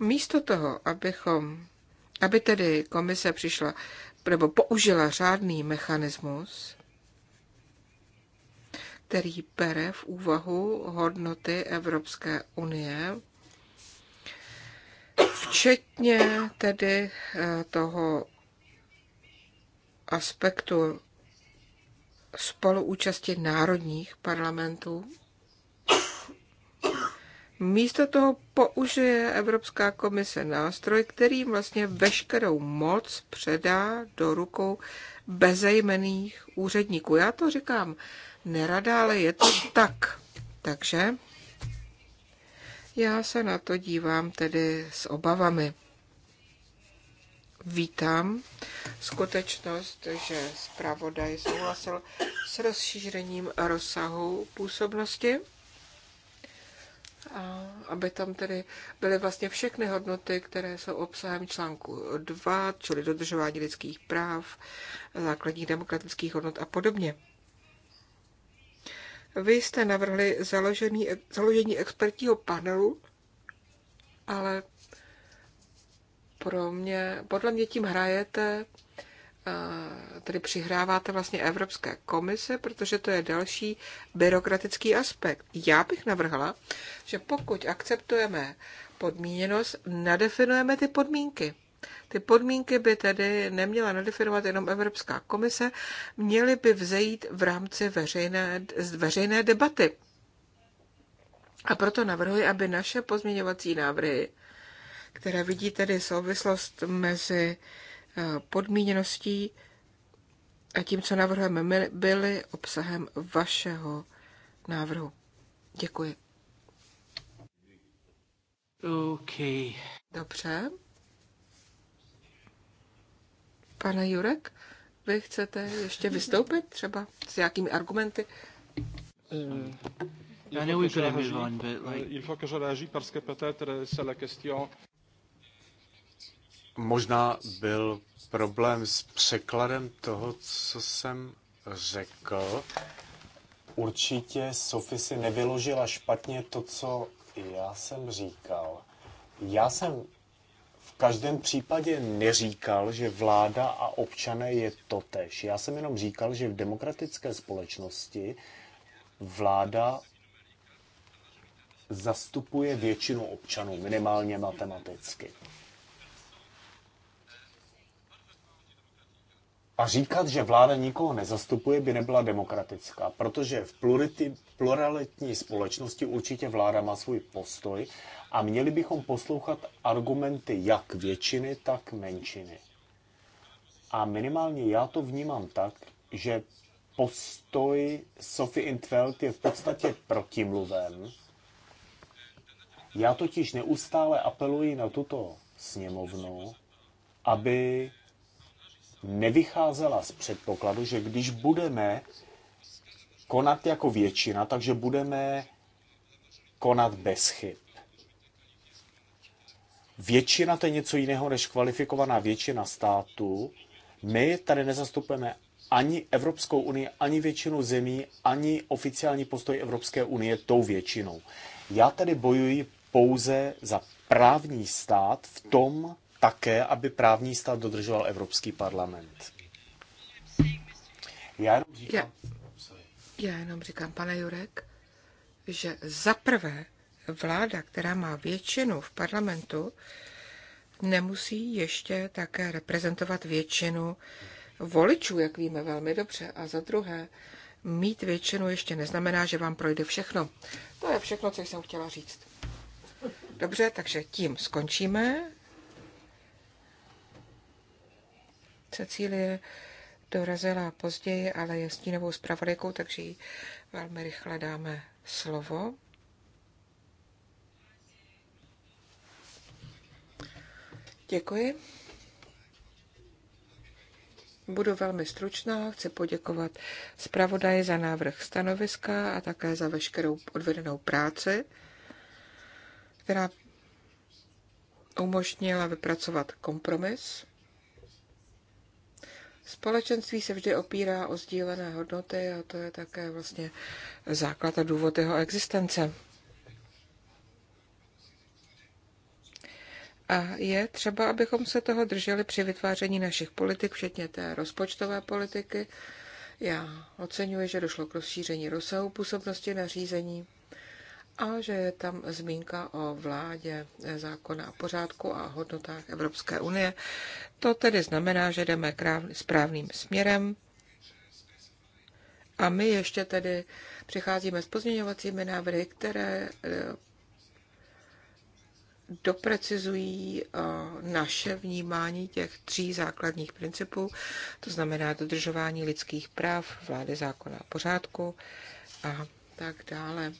Místo toho, abychom, aby tedy komise přišla nebo použila řádný mechanismus, který bere v úvahu hodnoty Evropské unie, včetně tedy eh, toho aspektu spoluúčasti národních parlamentů. Místo toho použije Evropská komise nástroj, který vlastně veškerou moc předá do rukou bezejmených úředníků. Já to říkám nerada, ale je to tak. Takže já se na to dívám tedy s obavami. Vítám skutečnost, že zpravodaj souhlasil s rozšířením rozsahu působnosti a aby tam tedy byly vlastně všechny hodnoty, které jsou obsahem článku 2, čili dodržování lidských práv, základních demokratických hodnot a podobně. Vy jste navrhli založený, založení expertního panelu, ale pro mě, podle mě tím hrajete Eh, tedy přihráváte vlastně Evropské komise, protože to je další byrokratický aspekt. Já bych navrhla, že pokud akceptujeme podmíněnost, nadefinujeme ty podmínky. Ty podmínky by tedy neměla nadefinovat jenom Evropská komise, měly by vzejít v rámci veřejné, veřejné debaty. A proto navrhuji, aby naše pozměňovací návrhy, které vidí tedy souvislost mezi uh, Eh, podmíněností a tím, co navrhujeme my, byly obsahem vašeho návrhu. Děkuji. Okay. Dobře. Pane Jurek, vy chcete ještě vystoupit třeba s jakými argumenty? Um, il faut que je réagisse parce que peut-être euh, c'est la question možná byl problém s překladem toho, co jsem řekl. Určitě Sophie si nevyložila špatně to, co já jsem říkal. Já jsem v každém případě neříkal, že vláda a občané je totež. Já jsem jenom říkal, že v demokratické společnosti vláda zastupuje většinu občanů, minimálně matematicky. A říkat, že vláda nikoho nezastupuje, by nebyla demokratická, protože v plurity, pluralitní společnosti určitě vláda má svůj postoj a měli bychom poslouchat argumenty jak většiny, tak menšiny. A minimálně já to vnímám tak, že postoj Sophie Intveld je v podstatě protimluvem. Já totiž neustále apeluji na tuto sněmovnu, aby nevycházela z předpokladu, že když budeme konat jako většina, takže budeme konat bez chyb. Většina to je něco jiného než kvalifikovaná většina států. My tady nezastupujeme ani Evropskou unii, ani většinu zemí, ani oficiální postoj Evropské unie tou většinou. Já tady bojuji pouze za právní stát v tom také, aby právní stát dodržoval Evropský parlament. Já jenom říkám, já, já jenom říkám pane Jurek, že za prvé vláda, která má většinu v parlamentu, nemusí ještě také reprezentovat většinu voličů, jak víme velmi dobře. A za druhé, mít většinu ještě neznamená, že vám projde všechno. To je všechno, co jsem chtěla říct. Dobře, takže tím skončíme. Cecílie dorazila později, ale je stínovou zpravodajkou, takže jí velmi rychle dáme slovo. Děkuji. Budu velmi stručná, chci poděkovat zpravodaji za návrh stanoviska a také za veškerou odvedenou práci, která umožnila vypracovat kompromis. Společenství se vždy opírá o sdílené hodnoty a to je také vlastně základ a důvod jeho existence. A je třeba, abychom se toho drželi při vytváření našich politik, včetně té rozpočtové politiky. Já oceňuji, že došlo k rozšíření rozsahu působnosti nařízení a že je tam zmínka o vládě eh, zákona a pořádku a hodnotách Evropské unie. To tedy znamená, že jdeme správným směrem. A my ještě tedy přicházíme s pozměňovacími návrhy, které eh, doprecizují eh, naše vnímání těch tří základních principů, to znamená dodržování lidských práv, vlády zákona a pořádku a tak dále.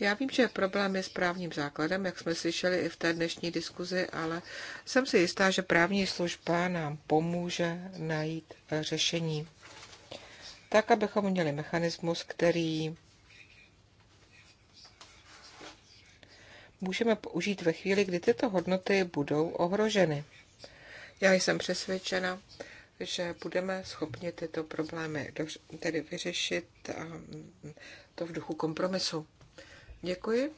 Já vím, že problém je s právním základem, jak jsme slyšeli i v té dnešní diskuzi, ale jsem si jistá, že právní služba nám pomůže najít eh, řešení. Tak, abychom měli mechanismus, který můžeme použít ve chvíli, kdy tyto hodnoty budou ohroženy. Já jsem přesvědčena, že budeme schopni tyto problémy tedy vyřešit a mm, to v duchu kompromisu. Děkuji.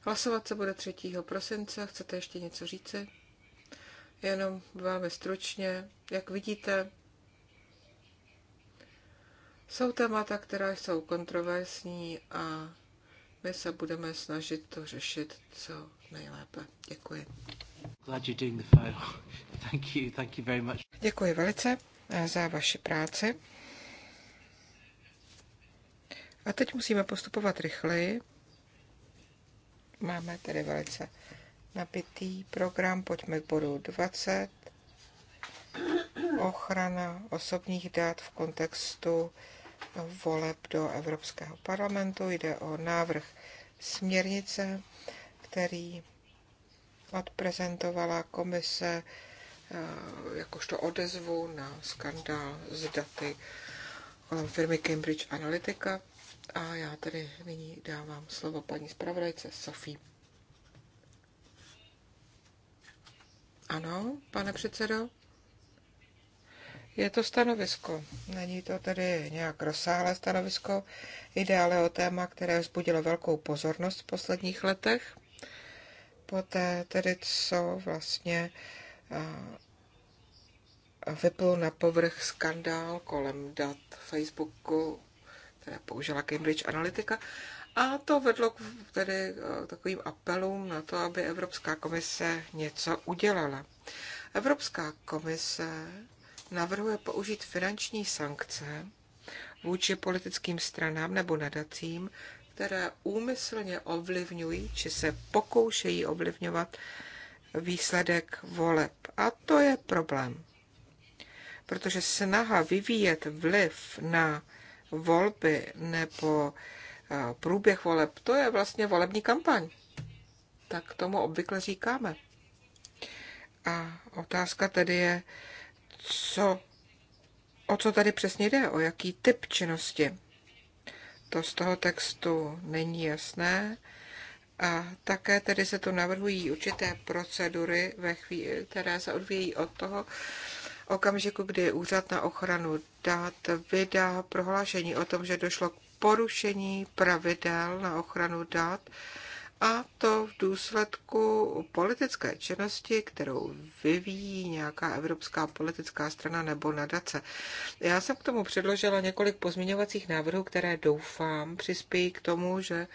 Hlasovat se bude 3. prosince. Chcete ještě něco říci? Jenom velmi stručně. Jak vidíte, jsou témata, která jsou kontroverzní a my se budeme snažit to řešit co nejlépe. Děkuji. Děkuji velice eh, za vaši práci. A teď musíme postupovat rychleji. Máme tedy velice napitý program. Pojďme k bodu 20. Ochrana osobních dat v kontextu voleb do Evropského parlamentu. Jde o návrh směrnice, který odprezentovala komise eh, jakožto odezvu na skandál z daty firmy Cambridge Analytica. A já tedy nyní dávám slovo paní zpravodajce Sofii. Ano, pane předsedo? Je to stanovisko. Není to tedy nějak rozsáhlé stanovisko. Jde ale o téma, které vzbudilo velkou pozornost v posledních letech. Poté tedy, co vlastně vyplul na povrch skandál kolem dat Facebooku které použila Cambridge Analytica. A to vedlo k tedy k eh, takovým apelům na to, aby Evropská komise něco udělala. Evropská komise navrhuje použít finanční sankce vůči politickým stranám nebo nadacím, které úmyslně ovlivňují či se pokoušejí ovlivňovat výsledek voleb. A to je problém. Protože snaha vyvíjet vliv na volby nebo eh, průběh voleb, to je vlastně volební kampaň. Tak tomu obvykle říkáme. A otázka tedy je, co, o co tady přesně jde, o jaký typ činnosti. To z toho textu není jasné. A také tedy se tu navrhují určité procedury, ve chvíli, které se odvíjí od toho, okamžiku, kdy Úřad na ochranu dat vydá prohlášení o tom, že došlo k porušení pravidel na ochranu dat, a to v důsledku politické činnosti, kterou vyvíjí nějaká evropská politická strana nebo nadace. Já jsem k tomu předložila několik pozměňovacích návrhů, které doufám přispějí k tomu, že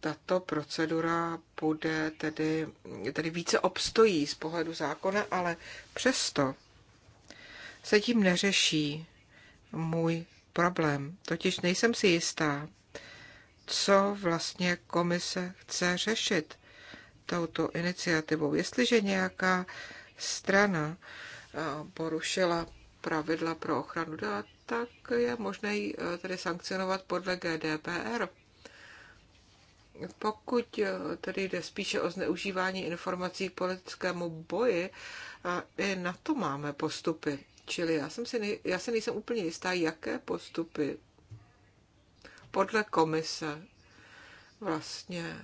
tato procedura bude tedy, tedy více obstojí z pohledu zákona, ale přesto se tím neřeší můj problém. Totiž nejsem si jistá, co vlastně komise chce řešit touto iniciativou. Jestliže nějaká strana eh, porušila pravidla pro ochranu dat, tak je možné ji eh, tedy sankcionovat podle GDPR. Pokud eh, tedy jde spíše o zneužívání informací k politickému boji, i na to máme postupy. Čili já, jsem si nej, já se nejsem úplně jistá, jaké postupy podle komise vlastně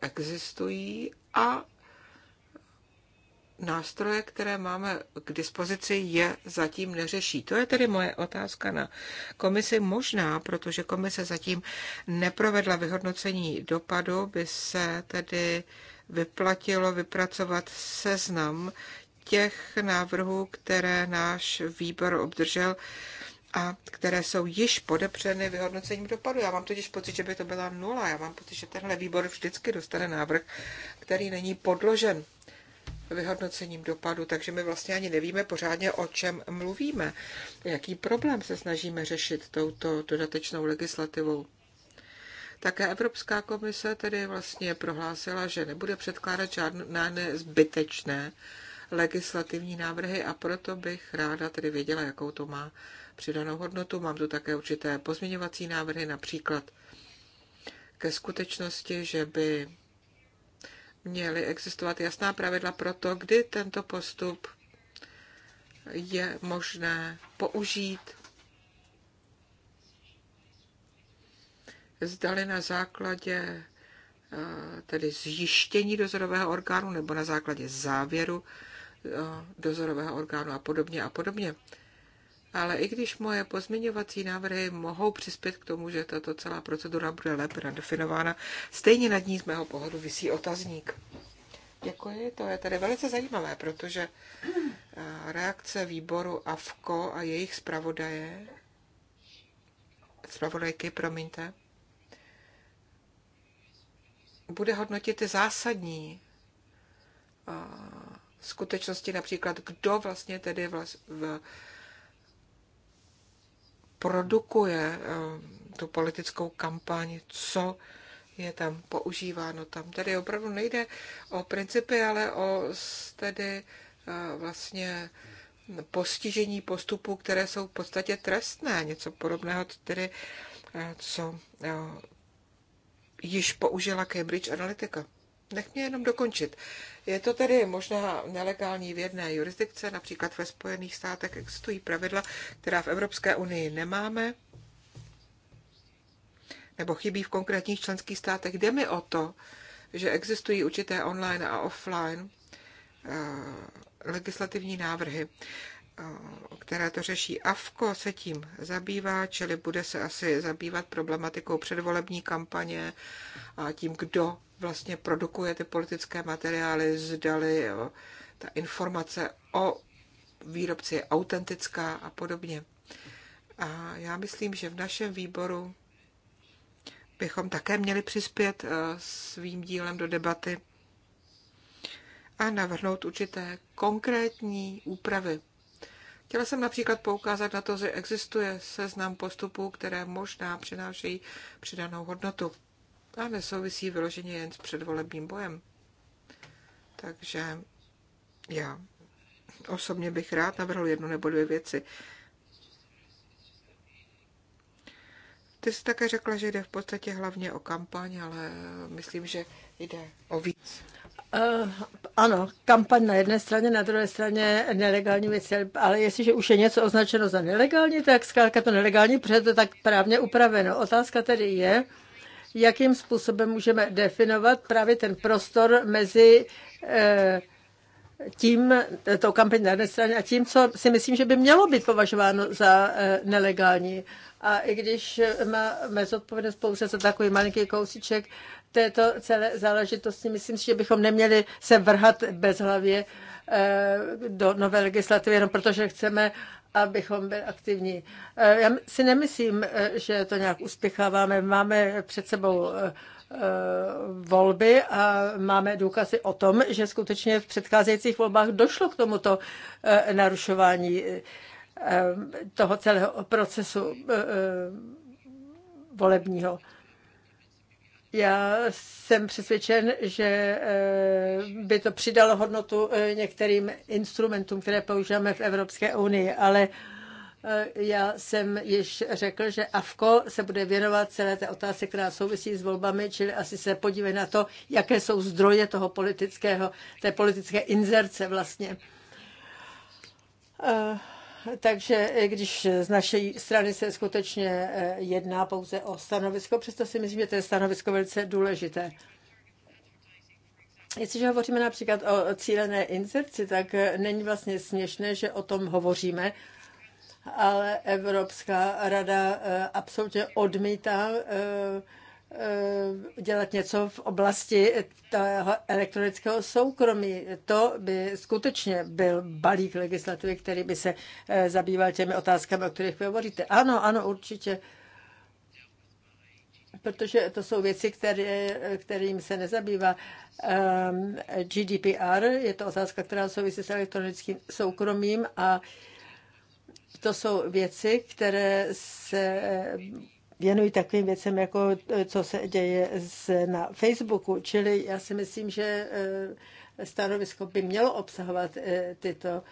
existují a nástroje, které máme k dispozici, je zatím neřeší. To je tedy moje otázka na komisi. Možná, protože komise zatím neprovedla vyhodnocení dopadu, by se tedy vyplatilo vypracovat seznam těch návrhů, které náš výbor obdržel a které jsou již podepřeny vyhodnocením dopadu. Já mám totiž pocit, že by to byla nula. Já mám pocit, že tenhle výbor vždycky dostane návrh, který není podložen vyhodnocením dopadu, takže my vlastně ani nevíme pořádně, o čem mluvíme, jaký problém se snažíme řešit touto dodatečnou legislativou. Také Evropská komise tedy vlastně prohlásila, že nebude předkládat žádné zbytečné legislativní návrhy a proto bych ráda tedy věděla, jakou to má přidanou hodnotu. Mám tu také určité pozměňovací návrhy, například ke skutečnosti, že by měly existovat jasná pravidla pro to, kdy tento postup je možné použít, zdali na základě eh, tedy zjištění dozorového orgánu nebo na základě závěru Eh, dozorového orgánu a podobně a podobně. Ale i když moje pozměňovací návrhy mohou přispět k tomu, že tato celá procedura bude lépe nadefinována, stejně nad ní z mého pohledu vysí otazník. Děkuji, to je tady velice zajímavé, protože eh, reakce výboru Afko a jejich zpravodaje, zpravodajky, promiňte, bude hodnotit ty zásadní eh, skutečnosti, například kdo vlastně tedy vlast, v, produkuje eh, tu politickou kampaň, co je tam používáno. Tam tedy opravdu nejde o principy, ale o tedy eh, vlastně postižení postupů, které jsou v podstatě trestné. Něco podobného tedy, eh, co již použila Cambridge Analytica. Nech mě jenom dokončit. Je to tedy možná nelegální v jedné jurisdikce, například ve Spojených státech existují pravidla, která v Evropské unii nemáme, nebo chybí v konkrétních členských státech. Jde mi o to, že existují určité online a offline eh, legislativní návrhy, eh, které to řeší. AFKO se tím zabývá, čili bude se asi zabývat problematikou předvolební kampaně a tím, kdo vlastně produkuje ty politické materiály, zdali jo, ta informace o výrobci je autentická a podobně. A já myslím, že v našem výboru bychom také měli přispět eh, svým dílem do debaty a navrhnout určité konkrétní úpravy. Chtěla jsem například poukázat na to, že existuje seznam postupů, které možná přinášejí přidanou hodnotu a nesouvisí vyloženě jen s předvolebním bojem. Takže já osobně bych rád navrhl jednu nebo dvě věci. Ty jsi také řekla, že jde v podstatě hlavně o kampaň, ale myslím, že jde o víc. Uh, ano, kampaň na jedné straně, na druhé straně nelegální věci, ale jestliže už je něco označeno za nelegální, tak zkrátka to nelegální, protože to tak právně upraveno. Otázka tedy je, uh, jakým způsobem můžeme definovat právě ten prostor mezi eh, tím, to kampaň na jedné straně a tím, co si myslím, že by mělo být považováno za eh, nelegální. A i když máme zodpovědnost pouze za takový malinký kousíček této celé záležitosti, myslím si, že bychom neměli se vrhat bezhlavě eh, do nové legislativy, jenom protože chceme abychom byli aktivní. Eh, já si nemyslím, eh, že to nějak uspěcháváme. Máme před sebou eh, volby a máme důkazy o tom, že skutečně v předcházejících volbách došlo k tomuto narušování toho celého procesu volebního. Já jsem přesvědčen, že eh, by to přidalo hodnotu eh, některým instrumentům, které používáme v Evropské unii, ale eh, já jsem již řekl, že AFKO se bude věnovat celé té otázce, která souvisí s volbami, čili asi se podívej na to, jaké jsou zdroje toho politického, té politické inzerce vlastně. Uh takže eh, když z naší strany se skutečně eh, jedná pouze o stanovisko, přesto si myslím, že to je stanovisko velice důležité. Jestliže hovoříme například o cílené inzerci, tak eh, není vlastně směšné, že o tom hovoříme, ale Evropská rada absolutně odmítá Eh, dělat něco v oblasti toho elektronického soukromí. To by skutečně byl balík legislativy, který by se eh, zabýval těmi otázkami, o kterých hovoříte. Ano, ano, určitě. Protože to jsou věci, které, kterým se nezabývá eh, GDPR. Je to otázka, která souvisí s elektronickým soukromím a to jsou věci, které se věnují takovým věcem, jako e, co se děje na Facebooku. Čili já si myslím, že e, stanovisko by mělo obsahovat e, tyto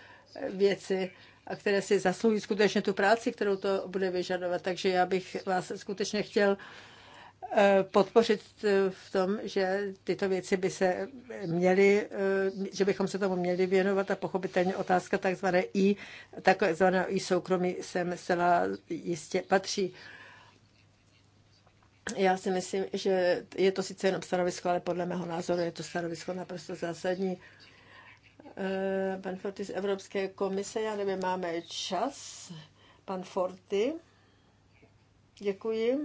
věci a které si zaslouží skutečně tu práci, kterou to bude vyžadovat. Takže já bych vás skutečně chtěl podpořit v tom, že tyto věci by se měly, že bychom se tomu měli věnovat a pochopitelně otázka takzvané i, takzvané i soukromí sem zcela jistě patří. Já si myslím, že je to sice jenom stanovisko, ale podle mého názoru je to stanovisko naprosto zásadní. Eh, pan Forty z Evropské komise, já nevím, máme čas. Pan Forty, děkuji.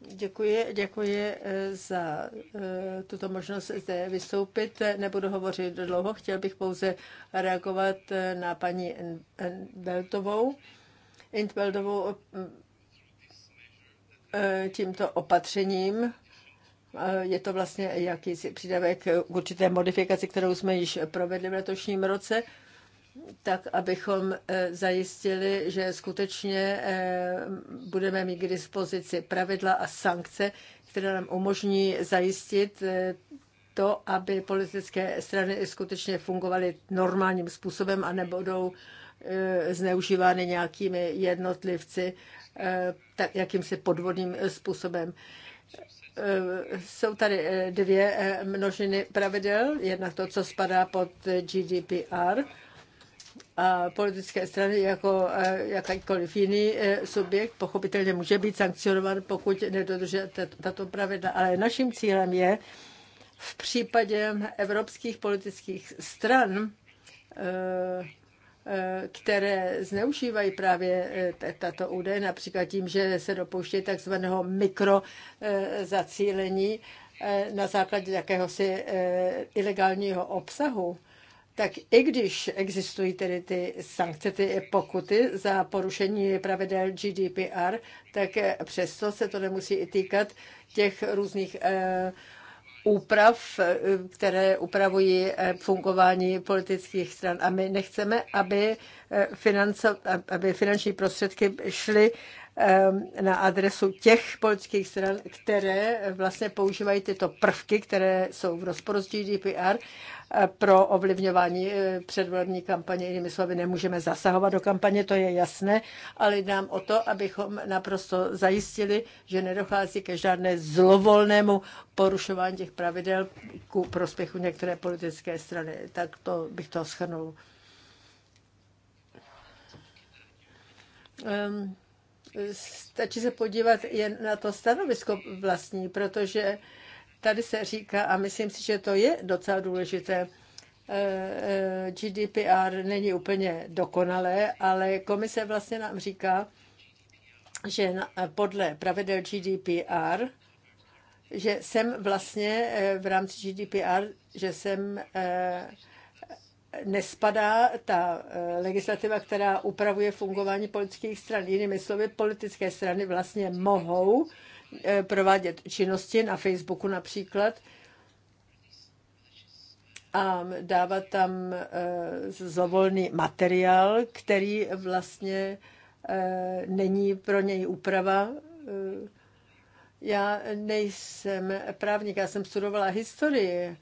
Děkuji, děkuji eh, za eh, tuto možnost zde vystoupit. Nebudu hovořit dlouho, chtěl bych pouze reagovat na paní Beltovou. Intveldovou Eh, tímto opatřením. Eh, je to vlastně jakýsi přídavek k určité modifikaci, kterou jsme již provedli v letošním roce, tak abychom eh, zajistili, že skutečně budeme mít k dispozici pravidla a sankce, které nám umožní zajistit to, aby politické strany skutečně fungovaly normálním způsobem a nebudou zneužívány nějakými jednotlivci Eh, tak jakýmsi podvodným eh, způsobem. Eh, jsou tady dvě množiny pravidel, jedna to, co spadá pod GDPR, a politické strany jako jakýkoliv jiný subjekt pochopitelně může být sankcionovan, pokud nedodržuje tato pravidla. Ale naším cílem je v případě evropských politických stran které zneužívají právě eh, tato údaje, například tím, že se dopouštějí takzvaného mikrozacílení eh, eh, na základě jakéhosi ilegálního obsahu, tak i když existují tedy ty sankce, ty pokuty za porušení pravidel GDPR, tak přesto se to nemusí i týkat těch různých eh, úprav, které upravují eh, fungování politických stran. A my nechceme, aby, eh, financo, aby finanční prostředky šly Ehm, na adresu těch politických stran, které vlastně používají tyto prvky, které jsou v rozporu s GDPR eh, pro ovlivňování eh, předvolební kampaně. Jinými slovy, nemůžeme zasahovat do kampaně, to je jasné, ale nám o to, abychom naprosto zajistili, že nedochází ke žádné zlovolnému porušování těch pravidel ku prospěchu některé politické strany. Tak to bych to schrnul. Um, ehm, Stačí se podívat jen na to stanovisko vlastní, protože tady se říká, a myslím si, že to je docela důležité, eh, eh, GDPR není úplně dokonalé, ale komise vlastně nám říká, že podle pravidel GDPR, že jsem vlastně eh, v rámci GDPR, že jsem nespadá ta eh, legislativa, která upravuje fungování politických stran. Jinými slovy, politické strany vlastně mohou eh, provádět činnosti na Facebooku například a dávat tam eh, zlovolný materiál, který vlastně není pro něj úprava. Já nejsem právník, já jsem studovala historii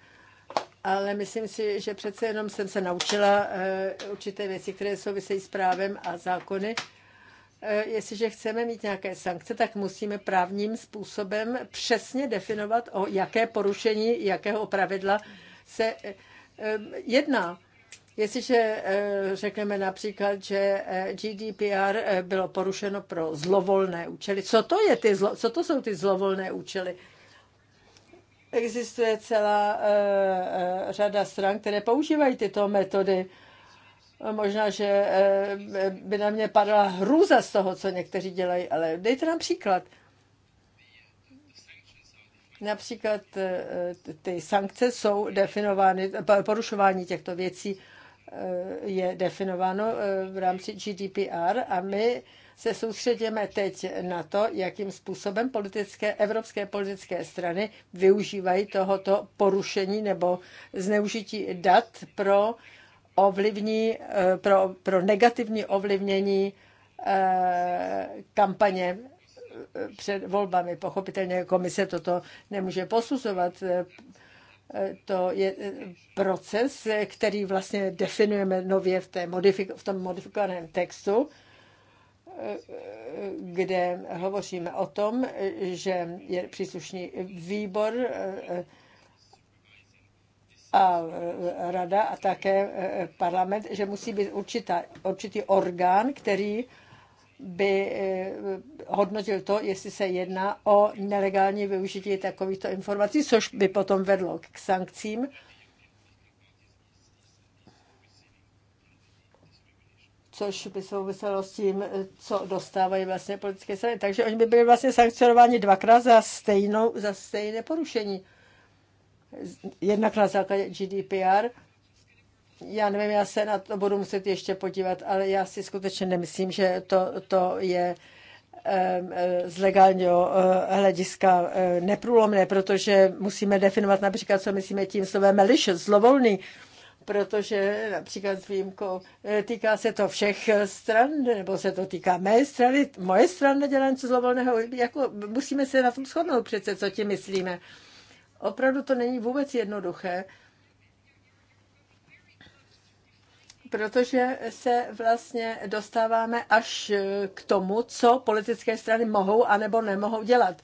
ale myslím si, že přece jenom jsem se naučila eh, určité věci, které souvisejí s právem a zákony. Eh, jestliže chceme mít nějaké sankce, tak musíme právním způsobem přesně definovat, o jaké porušení, jakého pravidla se eh, jedná. Jestliže řekneme například, že GDPR bylo porušeno pro zlovolné účely, co to, je ty zlo, co to jsou ty zlovolné účely? Existuje celá eh, eh, řada stran, které používají tyto metody. Možná, že eh, by na mě padala hrůza z toho, co někteří dělají, ale dejte nám příklad. Například ty sankce jsou definovány, porušování těchto věcí je definováno v rámci GDPR a my se soustředíme teď na to, jakým způsobem politické, evropské politické strany využívají tohoto porušení nebo zneužití dat pro, ovlivní, eh, pro, pro negativní ovlivnění eh, kampaně eh, před volbami. Pochopitelně komise toto nemůže posuzovat. To je proces, který vlastně definujeme nově v, té modifik- v tom modifikovaném textu kde hovoříme o tom, že je příslušný výbor a rada a také parlament, že musí být určitá, určitý orgán, který by eh, hodnotil to, jestli se jedná o nelegální využití takovýchto informací, což by potom vedlo k sankcím což by souviselo s tím, eh, co dostávají vlastně politické strany. Takže oni by byli vlastně sankcionováni dvakrát za, stejnou, za stejné porušení. Jednak na základě GDPR. Já nevím, já se na to budu muset ještě podívat, ale já si skutečně nemyslím, že to, to je eh, z legálního eh, hlediska neprůlomné, protože musíme definovat například, co myslíme tím slovem malicious, zlovolný protože například s výjimkou eh, týká se to všech stran, nebo se to týká mé strany, moje strany nedělá něco zlovolného, jako musíme se na tom shodnout přece, co ti myslíme. Opravdu to není vůbec jednoduché, protože se vlastně dostáváme až eh, k tomu, co politické strany mohou anebo nemohou dělat.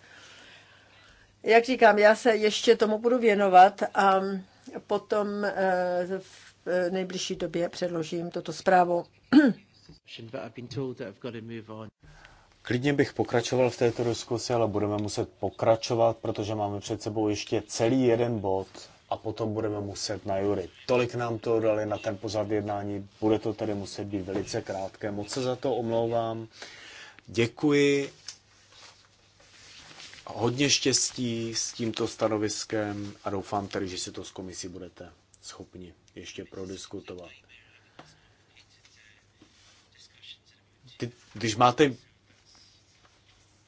Jak říkám, já se ještě tomu budu věnovat a potom eh, v eh, nejbližší době předložím tuto zprávu. Klidně bych pokračoval v této diskusi, ale budeme muset pokračovat, protože máme před sebou ještě celý jeden bod a potom budeme muset na Jury. Tolik nám to dali na ten pozad jednání, bude to tedy muset být velice krátké. Moc se za to omlouvám. Děkuji hodně štěstí s tímto stanoviskem a doufám tedy, že si to s komisí budete schopni ještě prodiskutovat. Ty, když máte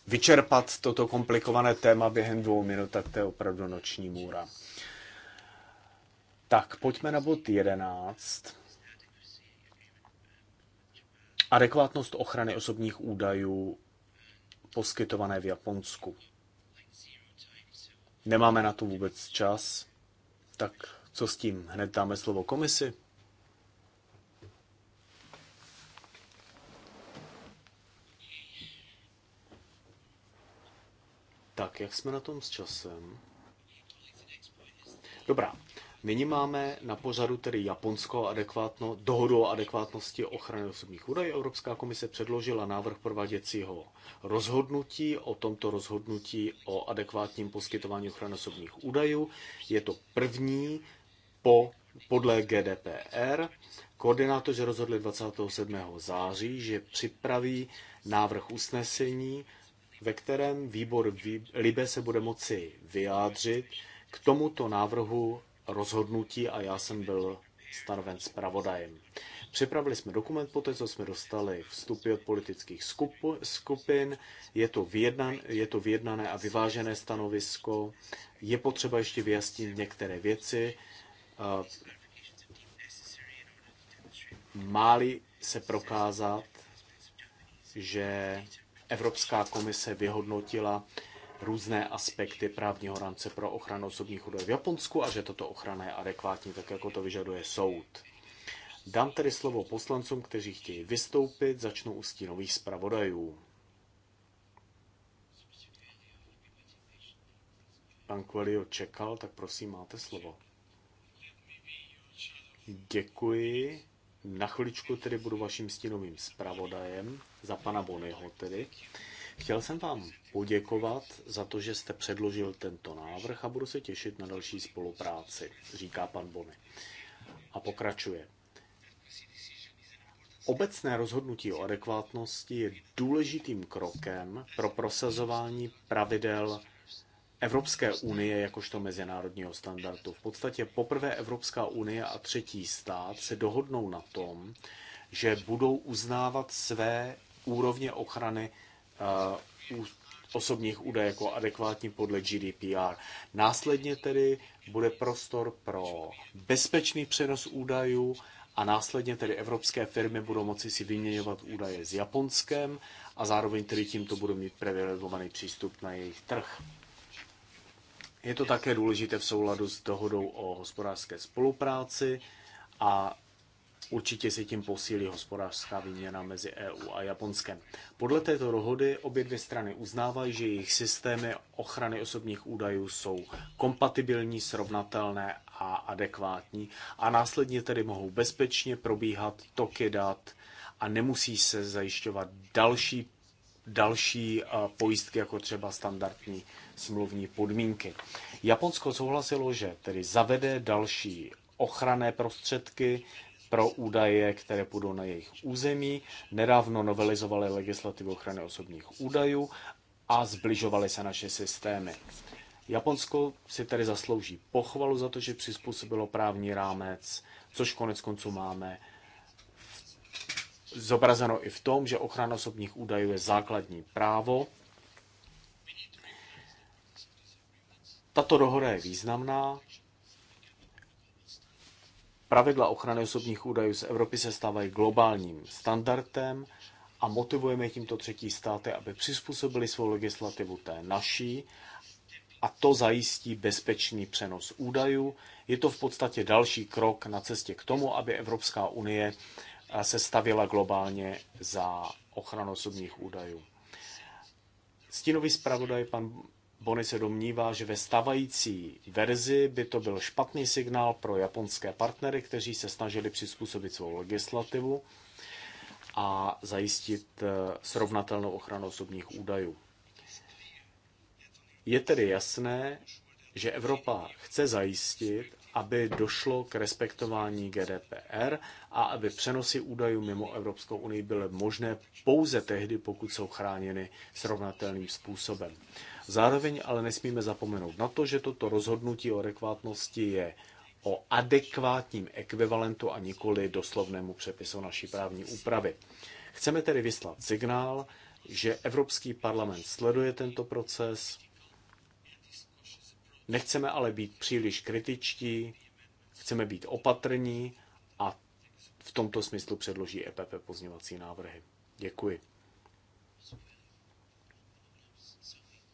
vyčerpat toto komplikované téma během dvou minut, tak to je opravdu noční můra. Tak, pojďme na bod 11. Adekvátnost ochrany osobních údajů poskytované v Japonsku. Nemáme na to vůbec čas, tak co s tím? Hned dáme slovo komisi? Tak, jak jsme na tom s časem? Dobrá, Nyní máme na pořadu tedy Japonsko adekvátno, dohodu o adekvátnosti ochrany osobních údajů. Evropská komise předložila návrh prováděcího rozhodnutí o tomto rozhodnutí o adekvátním poskytování ochrany osobních údajů. Je to první po podle GDPR. Koordinátoři rozhodli 27. září, že připraví návrh usnesení, ve kterém výbor Libe se bude moci vyjádřit k tomuto návrhu rozhodnutí a já jsem byl stanoven zpravodajem. Připravili jsme dokument po té, co jsme dostali vstupy od politických skupu, skupin. Je to, vyjednan, je to vyjednané a vyvážené stanovisko. Je potřeba ještě vyjasnit některé věci. Eh, máli se prokázat, že Evropská komise vyhodnotila různé aspekty právního rámce pro ochranu osobních údajů v Japonsku a že tato ochrana je adekvátní, tak jako to vyžaduje soud. Dám tedy slovo poslancům, kteří chtějí vystoupit, začnu u stínových zpravodajů. Pan Quelio čekal, tak prosím, máte slovo. Děkuji. Na chviličku tedy budu vaším stínovým zpravodajem, za pana Bonyho tedy. Chtěl jsem vám poděkovat za to, že jste předložil tento návrh a budu se těšit na další spolupráci, říká pan Bony. A pokračuje. Obecné rozhodnutí o adekvátnosti je důležitým krokem pro prosazování pravidel Evropské unie jakožto mezinárodního standardu. V podstatě poprvé Evropská unie a třetí stát se dohodnou na tom, že budou uznávat své úrovně ochrany osobních údajů jako adekvátní podle GDPR. Následně tedy bude prostor pro bezpečný přenos údajů a následně tedy evropské firmy budou moci si vyměňovat údaje s Japonskem a zároveň tedy tímto budou mít privilegovaný přístup na jejich trh. Je to také důležité v souladu s dohodou o hospodářské spolupráci a Určitě se tím posílí hospodářská výměna mezi EU a Japonskem. Podle této dohody obě dvě strany uznávají, že jejich systémy ochrany osobních údajů jsou kompatibilní, srovnatelné a adekvátní a následně tedy mohou bezpečně probíhat toky dat a nemusí se zajišťovat další, další pojistky, jako třeba standardní smluvní podmínky. Japonsko souhlasilo, že tedy zavede další ochranné prostředky pro údaje, které půjdou na jejich území. Nedávno novelizovali legislativu ochrany osobních údajů a zbližovali se naše systémy. Japonsko si tedy zaslouží pochvalu za to, že přizpůsobilo právní rámec, což konec konců máme zobrazeno i v tom, že ochrana osobních údajů je základní právo. Tato dohoda je významná, Pravidla ochrany osobních údajů z Evropy se stávají globálním standardem a motivujeme tímto třetí státy, aby přizpůsobili svou legislativu té naší a to zajistí bezpečný přenos údajů. Je to v podstatě další krok na cestě k tomu, aby Evropská unie eh, se stavila globálně za ochranu osobních údajů. Stínový zpravodaj pan Bony se domnívá, že ve stávající verzi by to byl špatný signál pro japonské partnery, kteří se snažili přizpůsobit svou legislativu a zajistit eh, srovnatelnou ochranu osobních údajů. Je tedy jasné, že Evropa chce zajistit, aby došlo k respektování GDPR a aby přenosy údajů mimo Evropskou unii byly možné pouze tehdy, pokud jsou chráněny srovnatelným způsobem. Zároveň ale nesmíme zapomenout na to, že toto rozhodnutí o adekvátnosti je o adekvátním ekvivalentu a nikoli doslovnému přepisu naší právní úpravy. Chceme tedy vyslat signál, že Evropský parlament sleduje tento proces, Nechceme ale být příliš kritičtí, chceme být opatrní a v tomto smyslu předloží EPP pozněvací návrhy. Děkuji.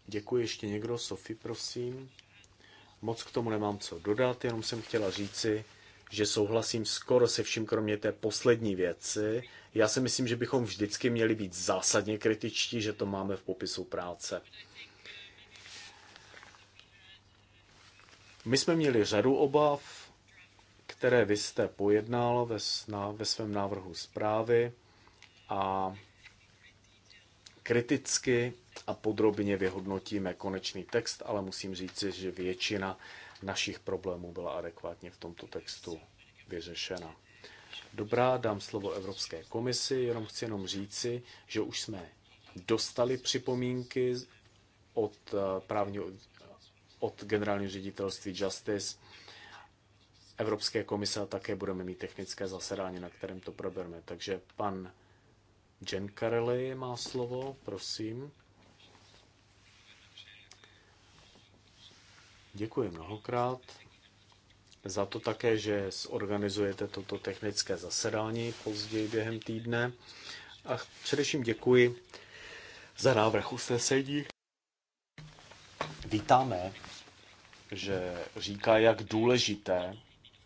Děkuji ještě někdo, Sofie, prosím. Moc k tomu nemám co dodat, jenom jsem chtěla říci, že souhlasím skoro se vším, kromě té poslední věci. Já si myslím, že bychom vždycky měli být zásadně kritičtí, že to máme v popisu práce. My jsme měli řadu obav, které vy jste pojednal ve, na, ve svém návrhu zprávy a kriticky a podrobně vyhodnotíme konečný text, ale musím říci, že většina našich problémů byla adekvátně v tomto textu vyřešena. Dobrá, dám slovo Evropské komisi, jenom chci jenom říci, že už jsme dostali připomínky od eh, právního od generálního ředitelství Justice, Evropské komise a také budeme mít technické zasedání, na kterém to probereme. Takže pan Gencarelli má slovo, prosím. Děkuji mnohokrát za to také, že zorganizujete toto technické zasedání později během týdne. A především děkuji za návrh usnesení. Vítáme že říká, jak důležité,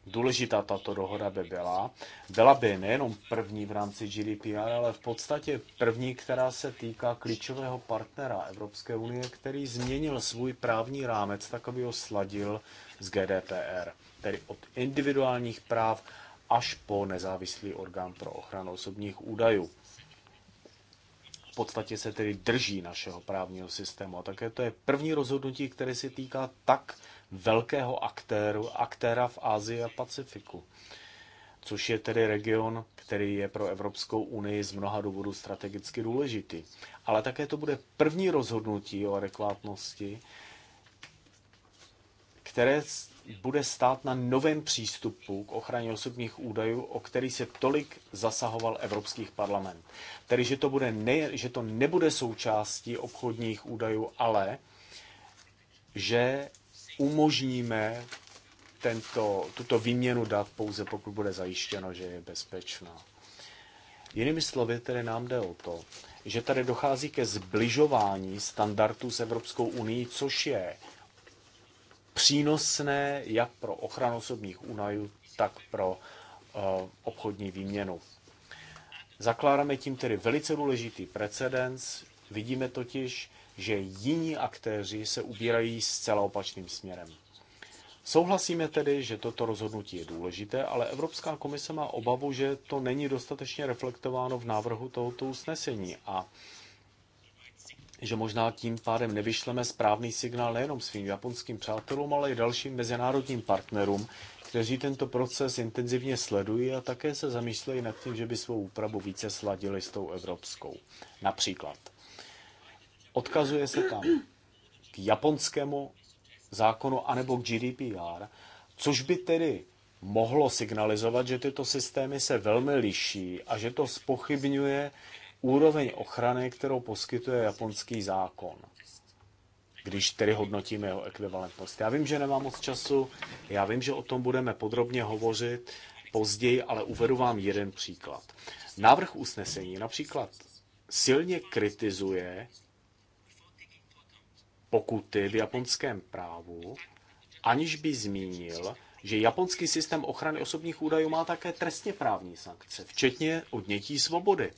důležitá tato dohoda by byla. Byla by nejenom první v rámci GDPR, ale v podstatě první, která se týká klíčového partnera Evropské unie, který změnil svůj právní rámec tak, aby ho sladil s GDPR, tedy od individuálních práv až po nezávislý orgán pro ochranu osobních údajů podstatě se tedy drží našeho právního systému. A také to je první rozhodnutí, které se týká tak velkého aktéru, aktéra v Ázii a Pacifiku, což je tedy region, který je pro Evropskou unii z mnoha důvodů strategicky důležitý. Ale také to bude první rozhodnutí o adekvátnosti, které bude stát na novém přístupu k ochraně osobních údajů, o který se tolik zasahoval Evropský parlament. Tedy, že to, bude ne, že to nebude součástí obchodních údajů, ale že umožníme tento, tuto výměnu dat pouze pokud bude zajištěno, že je bezpečná. Jinými slovy, tedy nám jde o to, že tady dochází ke zbližování standardů s Evropskou unii, což je přínosné jak pro ochranu osobních údajů, tak pro eh, obchodní výměnu. Zakládáme tím tedy velice důležitý precedens. Vidíme totiž, že jiní aktéři se ubírají zcela opačným směrem. Souhlasíme tedy, že toto rozhodnutí je důležité, ale Evropská komise má obavu, že to není dostatečně reflektováno v návrhu tohoto usnesení a že možná tím pádem nevyšleme správný signál nejenom svým japonským přátelům, ale i dalším mezinárodním partnerům, kteří tento proces intenzivně sledují a také se zamýšlejí nad tím, že by svou úpravu více sladili s tou evropskou. Například. Odkazuje se tam k japonskému zákonu anebo k GDPR, což by tedy mohlo signalizovat, že tyto systémy se velmi liší a že to spochybňuje úroveň ochrany, kterou poskytuje japonský zákon, když tedy hodnotíme jeho ekvivalentnost. Já vím, že nemám moc času, já vím, že o tom budeme podrobně hovořit později, ale uvedu vám jeden příklad. Návrh usnesení například silně kritizuje pokuty v japonském právu, aniž by zmínil, že japonský systém ochrany osobních údajů má také trestně právní sankce, včetně odnětí svobody.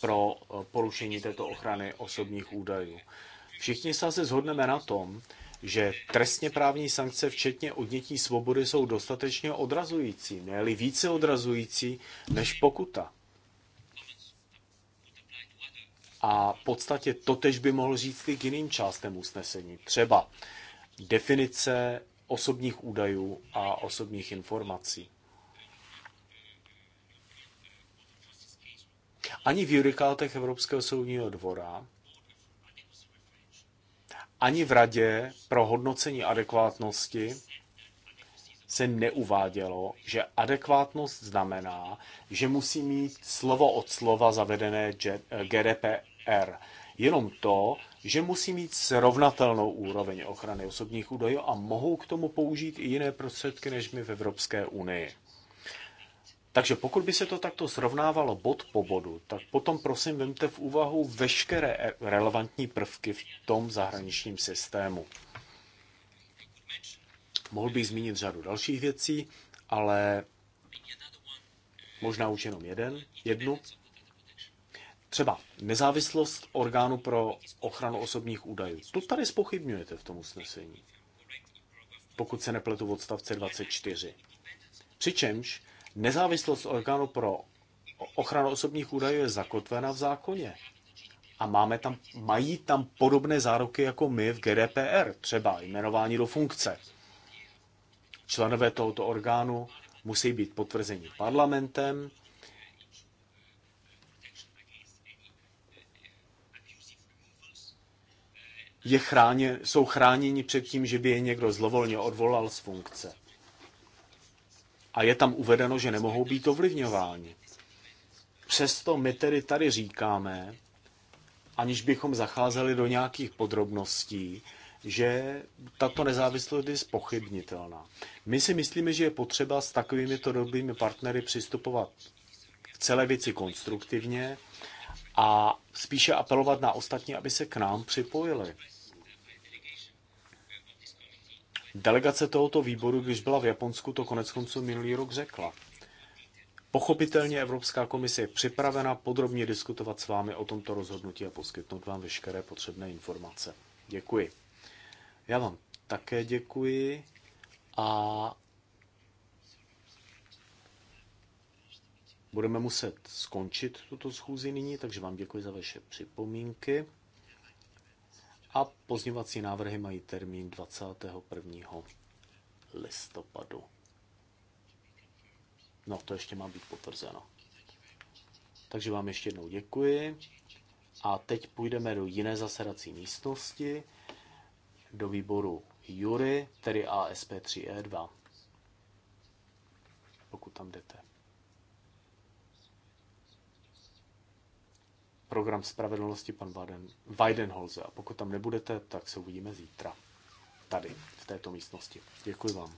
pro eh, porušení této ochrany osobních údajů. Všichni se asi zhodneme na tom, že trestně právní sankce, včetně odnětí svobody, jsou dostatečně odrazující, ne více odrazující než pokuta. A v podstatě totež by mohl říct i k jiným částem usnesení. Třeba definice osobních údajů a osobních informací. ani v judikátech Evropského soudního dvora, ani v Radě pro hodnocení adekvátnosti se neuvádělo, že adekvátnost znamená, že musí mít slovo od slova zavedené GDPR. Jenom to, že musí mít srovnatelnou úroveň ochrany osobních údajů a mohou k tomu použít i jiné prostředky než my v Evropské unii. Takže pokud by se to takto srovnávalo bod po bodu, tak potom prosím vemte v úvahu veškeré e- relevantní prvky v tom zahraničním systému. Mohl bych zmínit řadu dalších věcí, ale možná už jenom jeden, jednu. Třeba nezávislost orgánu pro ochranu osobních údajů. To tady spochybňujete v tom usnesení, pokud se nepletu v odstavce 24. Přičemž Nezávislost orgánu pro ochranu osobních údajů je zakotvena v zákoně. A máme tam, mají tam podobné záruky jako my v GDPR, třeba jmenování do funkce. Členové tohoto orgánu musí být potvrzeni parlamentem, je chráně, jsou chráněni před tím, že by je někdo zlovolně odvolal z funkce a je tam uvedeno, že nemohou být ovlivňováni. Přesto my tedy tady říkáme, aniž bychom zacházeli do nějakých podrobností, že tato nezávislost je spochybnitelná. My si myslíme, že je potřeba s takovými to dobrými partnery přistupovat k celé věci konstruktivně a spíše apelovat na ostatní, aby se k nám připojili. Delegace tohoto výboru, když byla v Japonsku, to konec konců minulý rok řekla. Pochopitelně Evropská komise je připravena podrobně diskutovat s vámi o tomto rozhodnutí a poskytnout vám veškeré potřebné informace. Děkuji. Já vám také děkuji a budeme muset skončit tuto schůzi nyní, takže vám děkuji za vaše připomínky a pozněvací návrhy mají termín 21. listopadu. No, to ještě má být potvrzeno. Takže vám ještě jednou děkuji. A teď půjdeme do jiné zasedací místnosti, do výboru Jury, tedy ASP3E2, pokud tam jdete. program spravedlnosti pan Biden, Weidenholze. A pokud tam nebudete, tak se uvidíme zítra. Tady, v této místnosti. Děkuji vám.